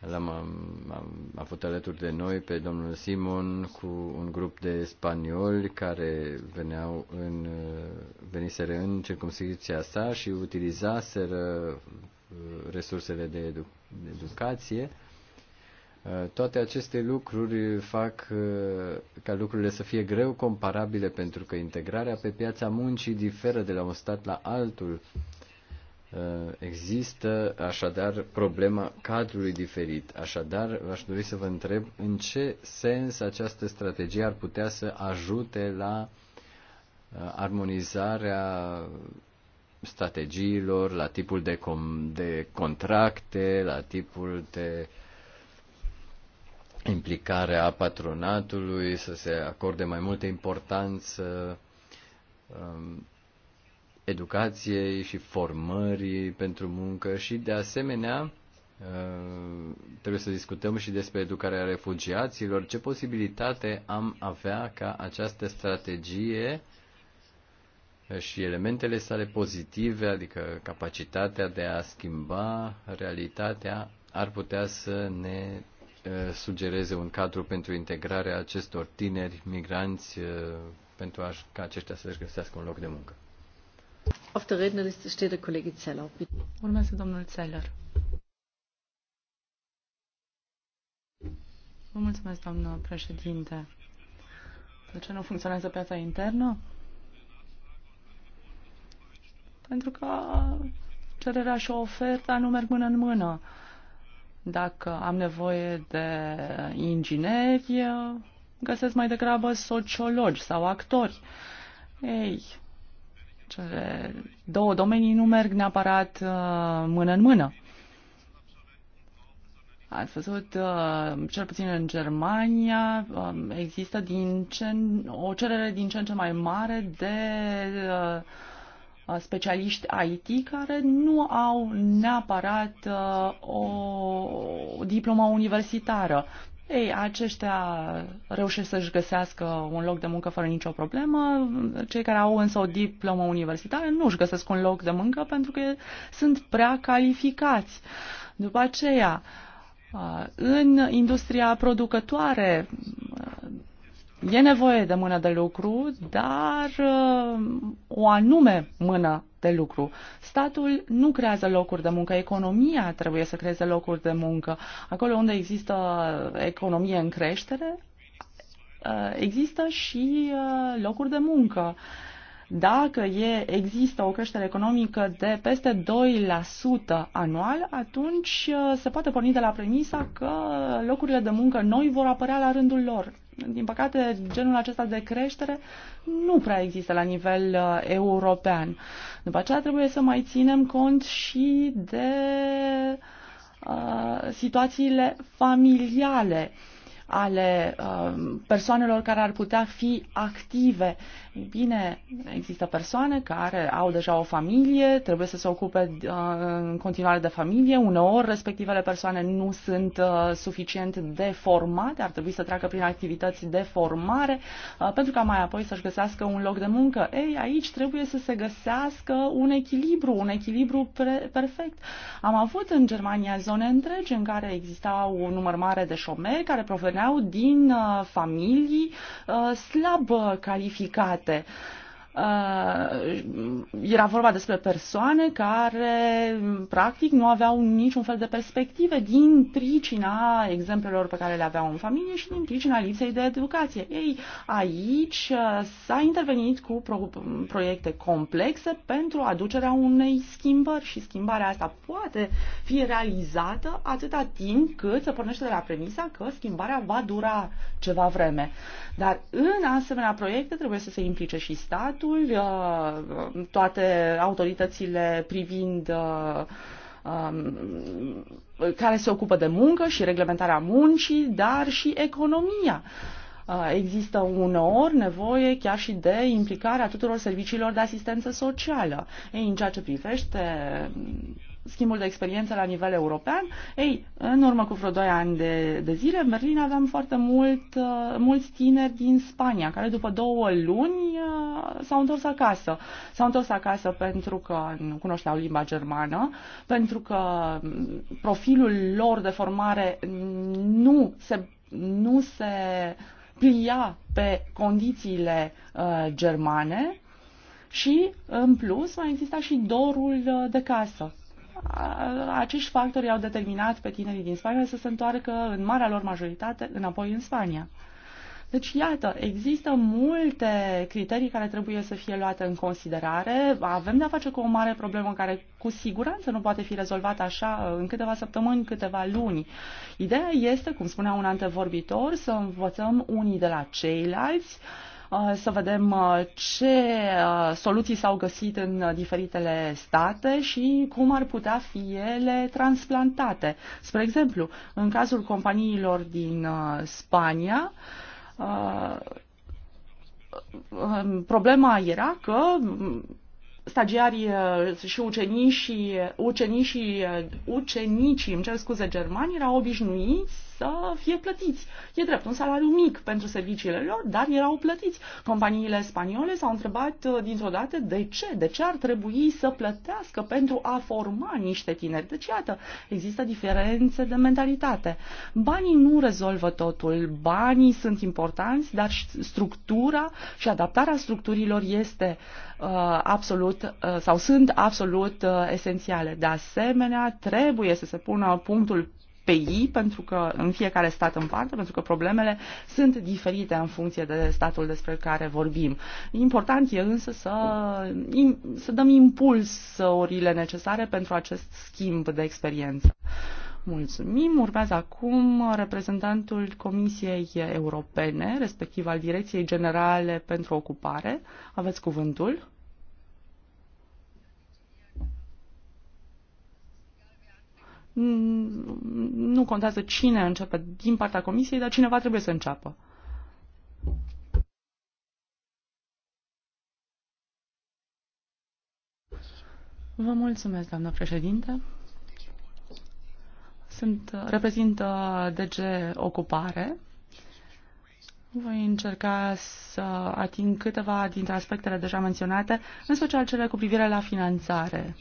L-am am avut alături de noi pe domnul Simon cu un grup de spanioli care veneau în, veniseră în circumscripția sa și utilizaseră uh, resursele de, edu, de educație. Uh, toate aceste lucruri fac uh, ca lucrurile să fie greu comparabile pentru că integrarea pe piața muncii diferă de la un stat la altul Uh, există așadar problema cadrului diferit. Așadar, aș dori să vă întreb în ce sens această strategie ar putea să ajute la uh, armonizarea strategiilor, la tipul de, com- de contracte, la tipul de implicare a patronatului, să se acorde mai multă importanță um, educației și formării pentru muncă și, de asemenea, uh, trebuie să discutăm și despre educarea refugiaților. Ce posibilitate am avea ca această strategie și elementele sale pozitive, adică capacitatea de a schimba realitatea, ar putea să ne uh, sugereze un cadru pentru integrarea acestor tineri migranți uh, pentru a, ca aceștia să-și găsească un loc de muncă. Auf der Rednerliste steht der Kollege Zeller. Urmează domnul Zeller. Vă mulțumesc, doamnă președinte. De ce nu funcționează piața internă? Pentru că cererea și oferta nu merg mână în mână. Dacă am nevoie de ingineri, găsesc mai degrabă sociologi sau actori. Ei, cele două domenii nu merg neapărat uh, mână în mână. Ați văzut, uh, cel puțin în Germania, um, există din ce, o cerere din ce în ce mai mare de uh, specialiști IT care nu au neapărat o diplomă universitară. Ei, aceștia reușesc să-și găsească un loc de muncă fără nicio problemă. Cei care au însă o diplomă universitară nu își găsesc un loc de muncă pentru că sunt prea calificați. După aceea, în industria producătoare, E nevoie de mână de lucru, dar uh, o anume mână de lucru. Statul nu creează locuri de muncă, economia trebuie să creeze locuri de muncă. Acolo unde există economie în creștere, uh, există și uh, locuri de muncă. Dacă e, există o creștere economică de peste 2% anual, atunci se poate porni de la premisa că locurile de muncă noi vor apărea la rândul lor. Din păcate, genul acesta de creștere nu prea există la nivel uh, european. După aceea trebuie să mai ținem cont și de uh, situațiile familiale ale uh, persoanelor care ar putea fi active bine, există persoane care au deja o familie, trebuie să se ocupe uh, în continuare de familie, uneori respectivele persoane nu sunt uh, suficient de formate, ar trebui să treacă prin activități de formare uh, pentru ca mai apoi să-și găsească un loc de muncă. Ei, aici trebuie să se găsească un echilibru, un echilibru perfect. Am avut în Germania zone întregi în care exista un număr mare de șomeri care proveneau din familii slab calificate proiecte. Uh, era vorba despre persoane care practic nu aveau niciun fel de perspective din pricina exemplelor pe care le aveau în familie și din pricina lipsei de educație. Ei, aici uh, s-a intervenit cu pro- proiecte complexe pentru aducerea unei schimbări și schimbarea asta poate fi realizată atâta timp cât se pornește de la premisa că schimbarea va dura ceva vreme. Dar în asemenea proiecte trebuie să se implice și statul, statul, uh, toate autoritățile privind uh, um, care se ocupă de muncă și reglementarea muncii, dar și economia uh, există uneori nevoie chiar și de implicarea tuturor serviciilor de asistență socială. Ei, în ceea ce privește schimbul de experiență la nivel european. Ei, în urmă cu vreo 2 ani de, de zile, în Berlin aveam foarte mult, uh, mulți tineri din Spania, care după două luni uh, s-au întors acasă. S-au întors acasă pentru că nu cunoșteau limba germană, pentru că mm, profilul lor de formare nu se, nu se plia pe condițiile uh, germane și, în plus, mai exista și dorul uh, de casă acești factori au determinat pe tinerii din Spania să se întoarcă în marea lor majoritate înapoi în Spania. Deci, iată, există multe criterii care trebuie să fie luate în considerare. Avem de-a face cu o mare problemă care cu siguranță nu poate fi rezolvată așa în câteva săptămâni, câteva luni. Ideea este, cum spunea un antevorbitor, să învățăm unii de la ceilalți, uh, Uh, să vedem uh, ce uh, soluții s-au găsit în diferitele state și cum ar putea fi ele transplantate. Spre exemplu, în cazul companiilor din Spania, um, problema era că um, stagiarii și ucenicii, ucenicii, ucenicii, îmi cer scuze, germani erau obișnuiți să fie plătiți. E drept, un salariu mic pentru serviciile lor, dar erau plătiți. Companiile spaniole s-au întrebat uh, dintr-o dată de ce, de ce ar trebui să plătească pentru a forma niște tineri. Deci, iată, există diferențe de mentalitate. Banii nu rezolvă totul, banii sunt importanți, dar structura și adaptarea structurilor este uh, absolut uh, sau sunt absolut uh, esențiale. De asemenea, trebuie să se pună punctul ei, pentru că în fiecare stat în parte, pentru că problemele sunt diferite în funcție de statul despre care vorbim. Important e însă să, să dăm orile necesare pentru acest schimb de experiență. Mulțumim. Urmează acum reprezentantul Comisiei Europene, respectiv al Direcției Generale pentru Ocupare. Aveți cuvântul. nu contează cine începe din partea comisiei, dar cineva trebuie să înceapă. Vă mulțumesc, doamnă președinte. Sunt, reprezint DG Ocupare. Voi încerca să ating câteva dintre aspectele deja menționate, în special cele cu privire la finanțare.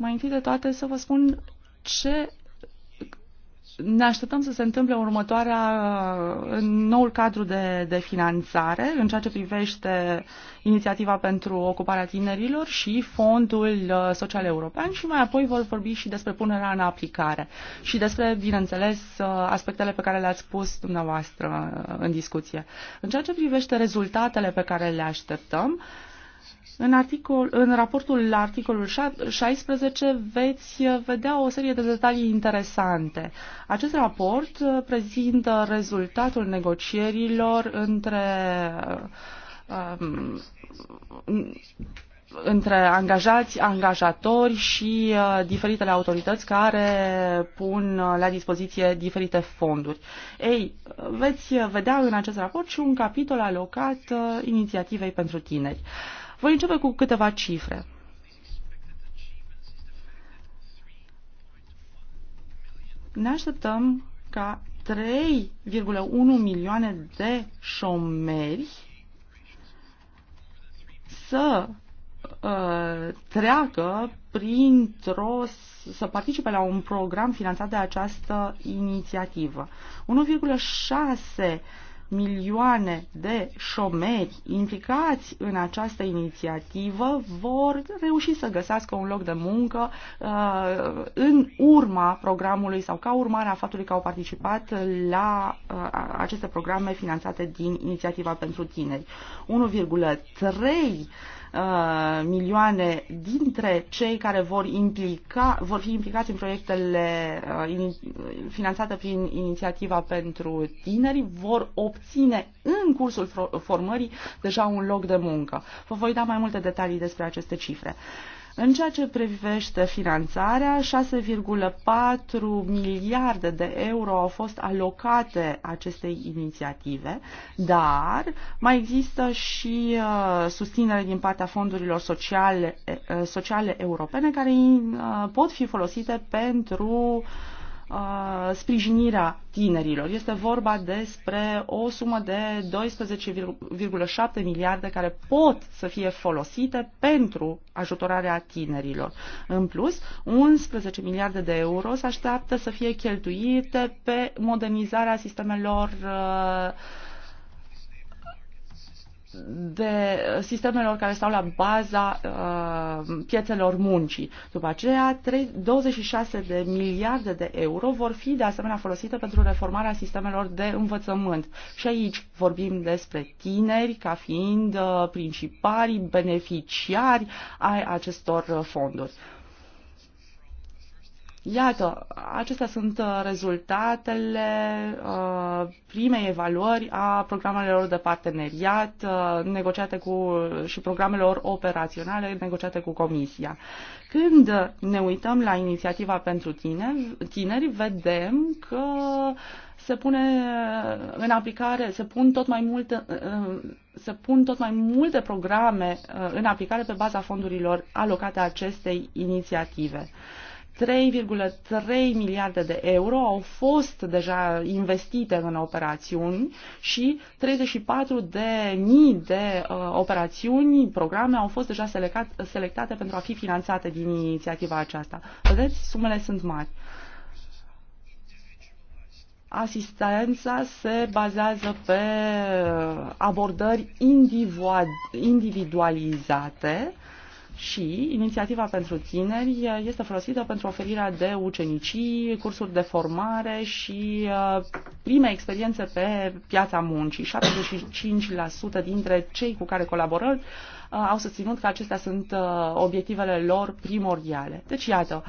Mai întâi de toate să vă spun ce ne așteptăm să se întâmple următoarea, în noul cadru de, de finanțare în ceea ce privește inițiativa pentru ocuparea tinerilor și fondul uh, social european și mai apoi vor vorbi și despre punerea în aplicare și despre, bineînțeles, uh, aspectele pe care le-ați spus dumneavoastră uh, în discuție. În ceea ce privește rezultatele pe care le așteptăm, uh, în, articol, în raportul la articolul 16 veți uh, vedea o serie de detalii interesante. Acest raport uh, prezintă rezultatul negocierilor între, uh, um, între angajați, angajatori și diferitele autorități care pun la dispoziție diferite fonduri. Ei, veți vedea în acest raport și un capitol alocat inițiativei pentru tineri. Voi începe cu câteva cifre. Ne așteptăm ca 3,1 milioane de șomeri să uh, treacă printr-o, să participe la un program finanțat de această inițiativă. 1,6 milioane de șomeri implicați în această inițiativă vor reuși să găsească un loc de muncă uh, în urma programului sau ca urmare a faptului că au participat la uh, aceste programe finanțate din inițiativa pentru tineri. 1,3 Uh, milioane dintre cei care vor, implica, vor fi implicați în proiectele uh, in, finanțate prin inițiativa pentru tineri vor obține în cursul formării deja un loc de muncă. Vă voi da mai multe detalii despre aceste cifre. Uh, în ceea ce privește finanțarea, 6,4 miliarde de euro au fost alocate acestei inițiative, dar mai există și uh, susținere din partea fondurilor sociale, uh, sociale europene care uh, pot fi folosite pentru uh, sprijinirea tinerilor. Este vorba despre o sumă de 12,7 miliarde care pot să fie folosite pentru ajutorarea tinerilor. În plus, 11 miliarde de euro se așteaptă să fie cheltuite pe modernizarea sistemelor uh, de sistemelor care stau la baza uh, piețelor muncii. După aceea, 3, 26 de miliarde de euro vor fi de asemenea folosite pentru reformarea sistemelor de învățământ. Și aici vorbim despre tineri ca fiind uh, principalii beneficiari ai acestor uh, fonduri. Iată, acestea sunt uh, rezultatele uh, primei evaluări a programelor de parteneriat uh, negociate cu, și programelor operaționale negociate cu Comisia. Când ne uităm la inițiativa pentru tine, tineri vedem că se pune în aplicare, se pun tot mai multe, se pun tot mai multe programe în aplicare pe baza fondurilor alocate acestei inițiative. 3,3 miliarde de euro au fost deja investite în operațiuni și 34 de mii de uh, operațiuni, programe au fost deja selectat, selectate pentru a fi finanțate din inițiativa aceasta. Vedeți, sumele sunt mari. Asistența se bazează pe abordări individualizate uh, și inițiativa pentru tineri este folosită pentru oferirea de ucenicii, cursuri de formare și uh, prime experiențe pe piața muncii. 75% dintre cei cu care colaborăm uh, au susținut că acestea sunt uh, obiectivele lor primordiale. Deci, iată,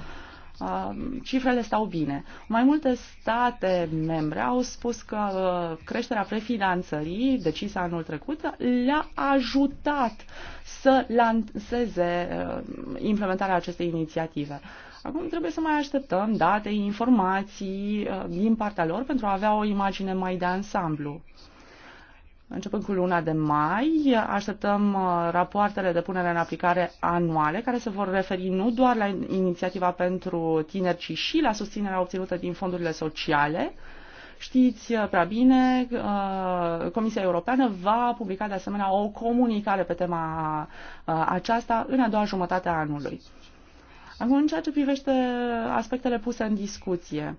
Um, cifrele stau bine. Mai multe state membre au spus că uh, creșterea prefinanțării decisă anul trecut le-a ajutat să lanseze uh, implementarea acestei inițiative. Acum trebuie să mai așteptăm date, informații uh, din partea lor pentru a avea o imagine mai de ansamblu. Începând cu luna de mai, așteptăm uh, rapoartele de punere în aplicare anuale, care se vor referi nu doar la inițiativa pentru tineri, ci și la susținerea obținută din fondurile sociale. Știți uh, prea bine, uh, Comisia Europeană va publica de asemenea o comunicare pe tema aceasta în a doua jumătate a anului. Acum, în ceea ce privește aspectele puse în discuție,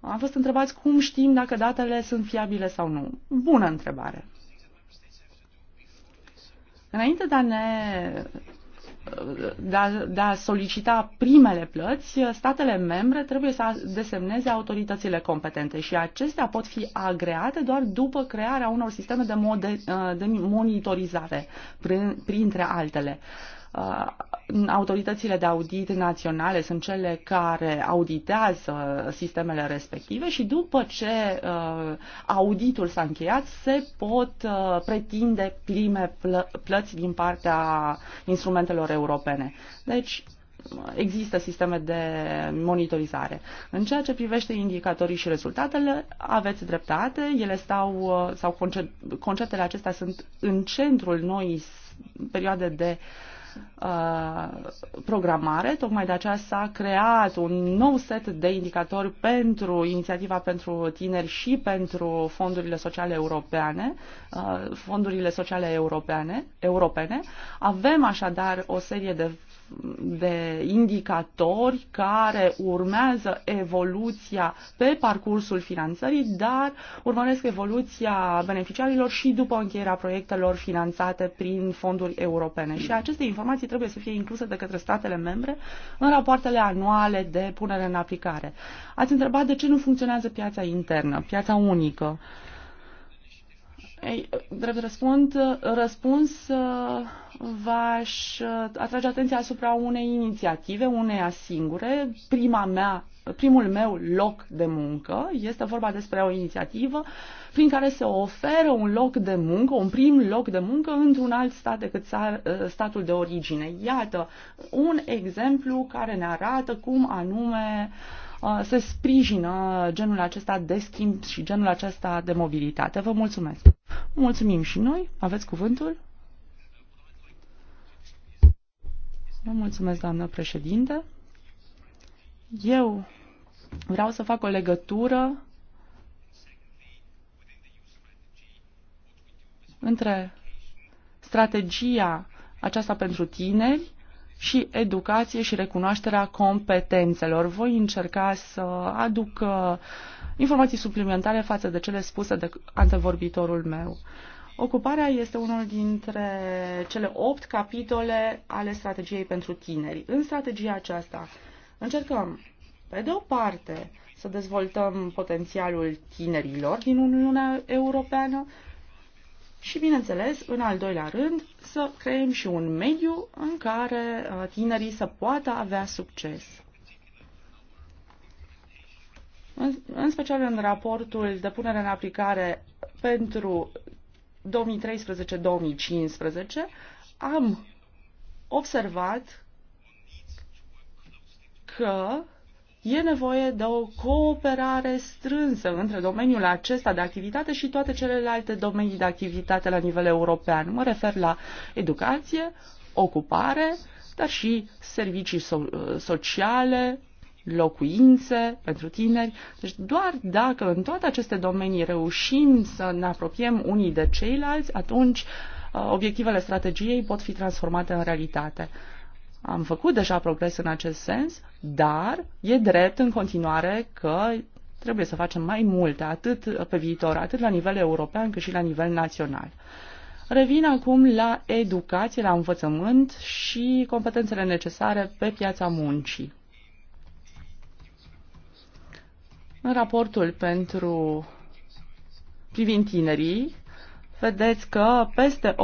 am fost întrebați cum știm dacă datele sunt fiabile sau nu. Bună întrebare. Înainte de a ne de a, de a solicita primele plăți, statele membre trebuie să desemneze autoritățile competente și acestea pot fi agreate doar după crearea unor sisteme de, mode, de monitorizare, printre altele. Uh, autoritățile de audit naționale sunt cele care auditează sistemele respective și după ce uh, auditul s-a încheiat se pot uh, pretinde prime plăți din partea instrumentelor europene. Deci există sisteme de monitorizare. În ceea ce privește indicatorii și rezultatele, aveți dreptate, ele stau, sau conceptele acestea sunt în centrul noii perioade de uh, Uh, programare. Tocmai de aceea s-a creat un nou set de indicatori pentru inițiativa pentru tineri și pentru fondurile sociale europene, uh, fondurile sociale europeane, europene. Avem așadar o serie de de indicatori care urmează evoluția pe parcursul finanțării, dar urmăresc evoluția beneficiarilor și după încheierea proiectelor finanțate prin fonduri europene. Și aceste informații trebuie să fie incluse de către statele membre în rapoartele anuale de punere în aplicare. Ați întrebat de ce nu funcționează piața internă, piața unică. Ei, drept răspund, răspuns, v-aș atrage atenția asupra unei inițiative, uneia singure. Prima mea, primul meu loc de muncă este vorba despre o inițiativă prin care se oferă un loc de muncă, un prim loc de muncă într-un alt stat decât statul de origine. Iată un exemplu care ne arată cum anume uh, Uh, să sprijină genul acesta de schimb și genul acesta de mobilitate. Vă mulțumesc! Mulțumim și noi! Aveți cuvântul? Vă mulțumesc, doamnă președinte! Eu vreau să fac o legătură între strategia aceasta pentru tineri și educație și recunoașterea competențelor. Voi încerca să aduc uh, informații suplimentare față de cele spuse de antevorbitorul meu. Ocuparea este unul dintre cele opt capitole ale strategiei pentru tineri. În strategia aceasta încercăm, pe de o parte, să dezvoltăm potențialul tinerilor din Uniunea Europeană, și, bineînțeles, în al doilea rând, să creăm și un mediu în care uh, tinerii să poată avea succes. În, în special în raportul de punere în aplicare pentru 2013-2015, am observat că E nevoie de o cooperare strânsă între domeniul acesta de activitate și toate celelalte domenii de activitate la nivel european. Mă refer la educație, ocupare, dar și servicii so- uh, sociale, locuințe pentru tineri. Deci doar dacă în toate aceste domenii reușim să ne apropiem unii de ceilalți, atunci uh, obiectivele strategiei pot fi transformate în realitate. Am făcut deja progres în acest sens, dar e drept în continuare că trebuie să facem mai multe, atât pe viitor, atât la nivel european, cât și la nivel național. Revin acum la educație, la învățământ și competențele necesare pe piața muncii. În raportul pentru privind tinerii, vedeți că peste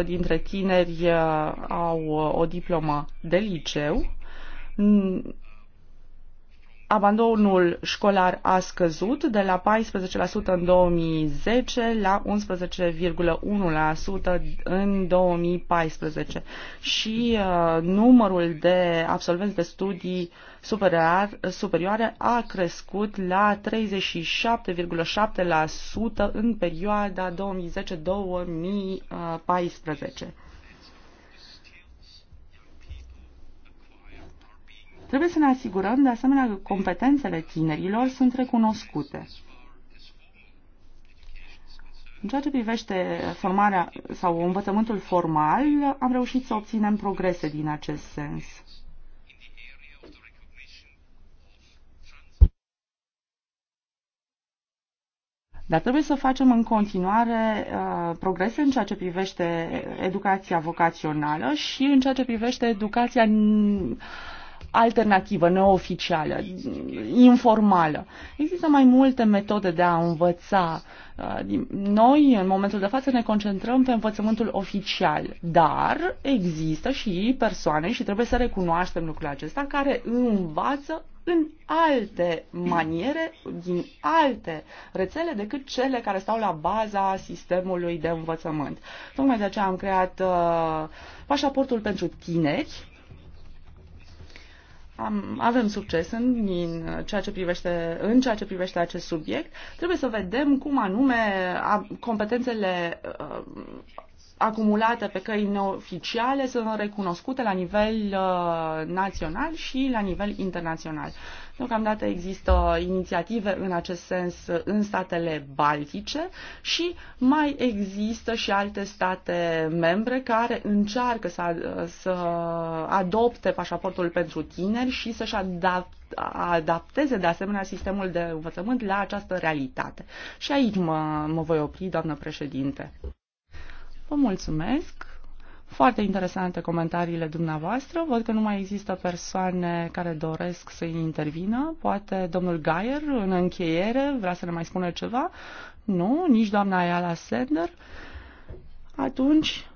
82% dintre tineri uh, au uh, o diplomă de liceu, abandonul școlar a scăzut de la 14% în 2010 la 11,1% în 2014 și uh, numărul de absolvenți de studii superior, superioare a crescut la 37,7% în perioada 2010-2014. Trebuie să ne asigurăm, de asemenea, că competențele tinerilor sunt recunoscute. În ceea ce privește formarea sau învățământul formal, am reușit să obținem progrese din acest sens. Dar trebuie să facem în continuare uh, progrese în ceea ce privește educația vocațională și în ceea ce privește educația mm, alternativă, neoficială, informală. Există mai multe metode de a învăța. Uh, noi, în momentul de față, ne concentrăm pe învățământul oficial, dar există și persoane, și trebuie să recunoaștem lucrul acesta, care învață în alte maniere, din alte rețele decât cele care stau la baza sistemului de învățământ. Tocmai de aceea am creat uh, pașaportul pentru tineri, am, avem succes în, în, ceea ce privește, în ceea ce privește acest subiect, trebuie să vedem cum anume a, competențele uh, acumulate pe căi neoficiale sunt recunoscute la nivel uh, național și la nivel internațional. Deocamdată există inițiative în acest sens în statele baltice și mai există și alte state membre care încearcă să, să adopte pașaportul pentru tineri și să-și adapteze de asemenea sistemul de învățământ la această realitate. Și aici mă, mă voi opri, doamnă președinte. Vă mulțumesc. Foarte interesante comentariile dumneavoastră. Văd că nu mai există persoane care doresc să intervină. Poate domnul Gaier, în încheiere, vrea să ne mai spună ceva? Nu, nici doamna Ayala Sender. Atunci,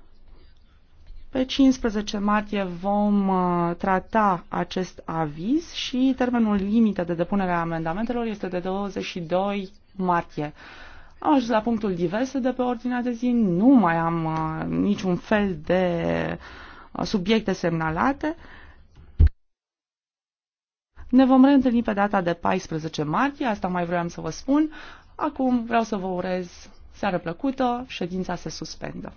pe 15 martie vom uh, trata acest aviz și termenul limită de depunere a amendamentelor este de 22 martie. Am ajuns la punctul diverse de pe ordinea de zi, nu mai am uh, niciun fel de uh, subiecte semnalate. Ne vom reîntâlni pe data de 14 martie, asta mai vreau să vă spun. Acum vreau să vă urez seară plăcută, ședința se suspendă.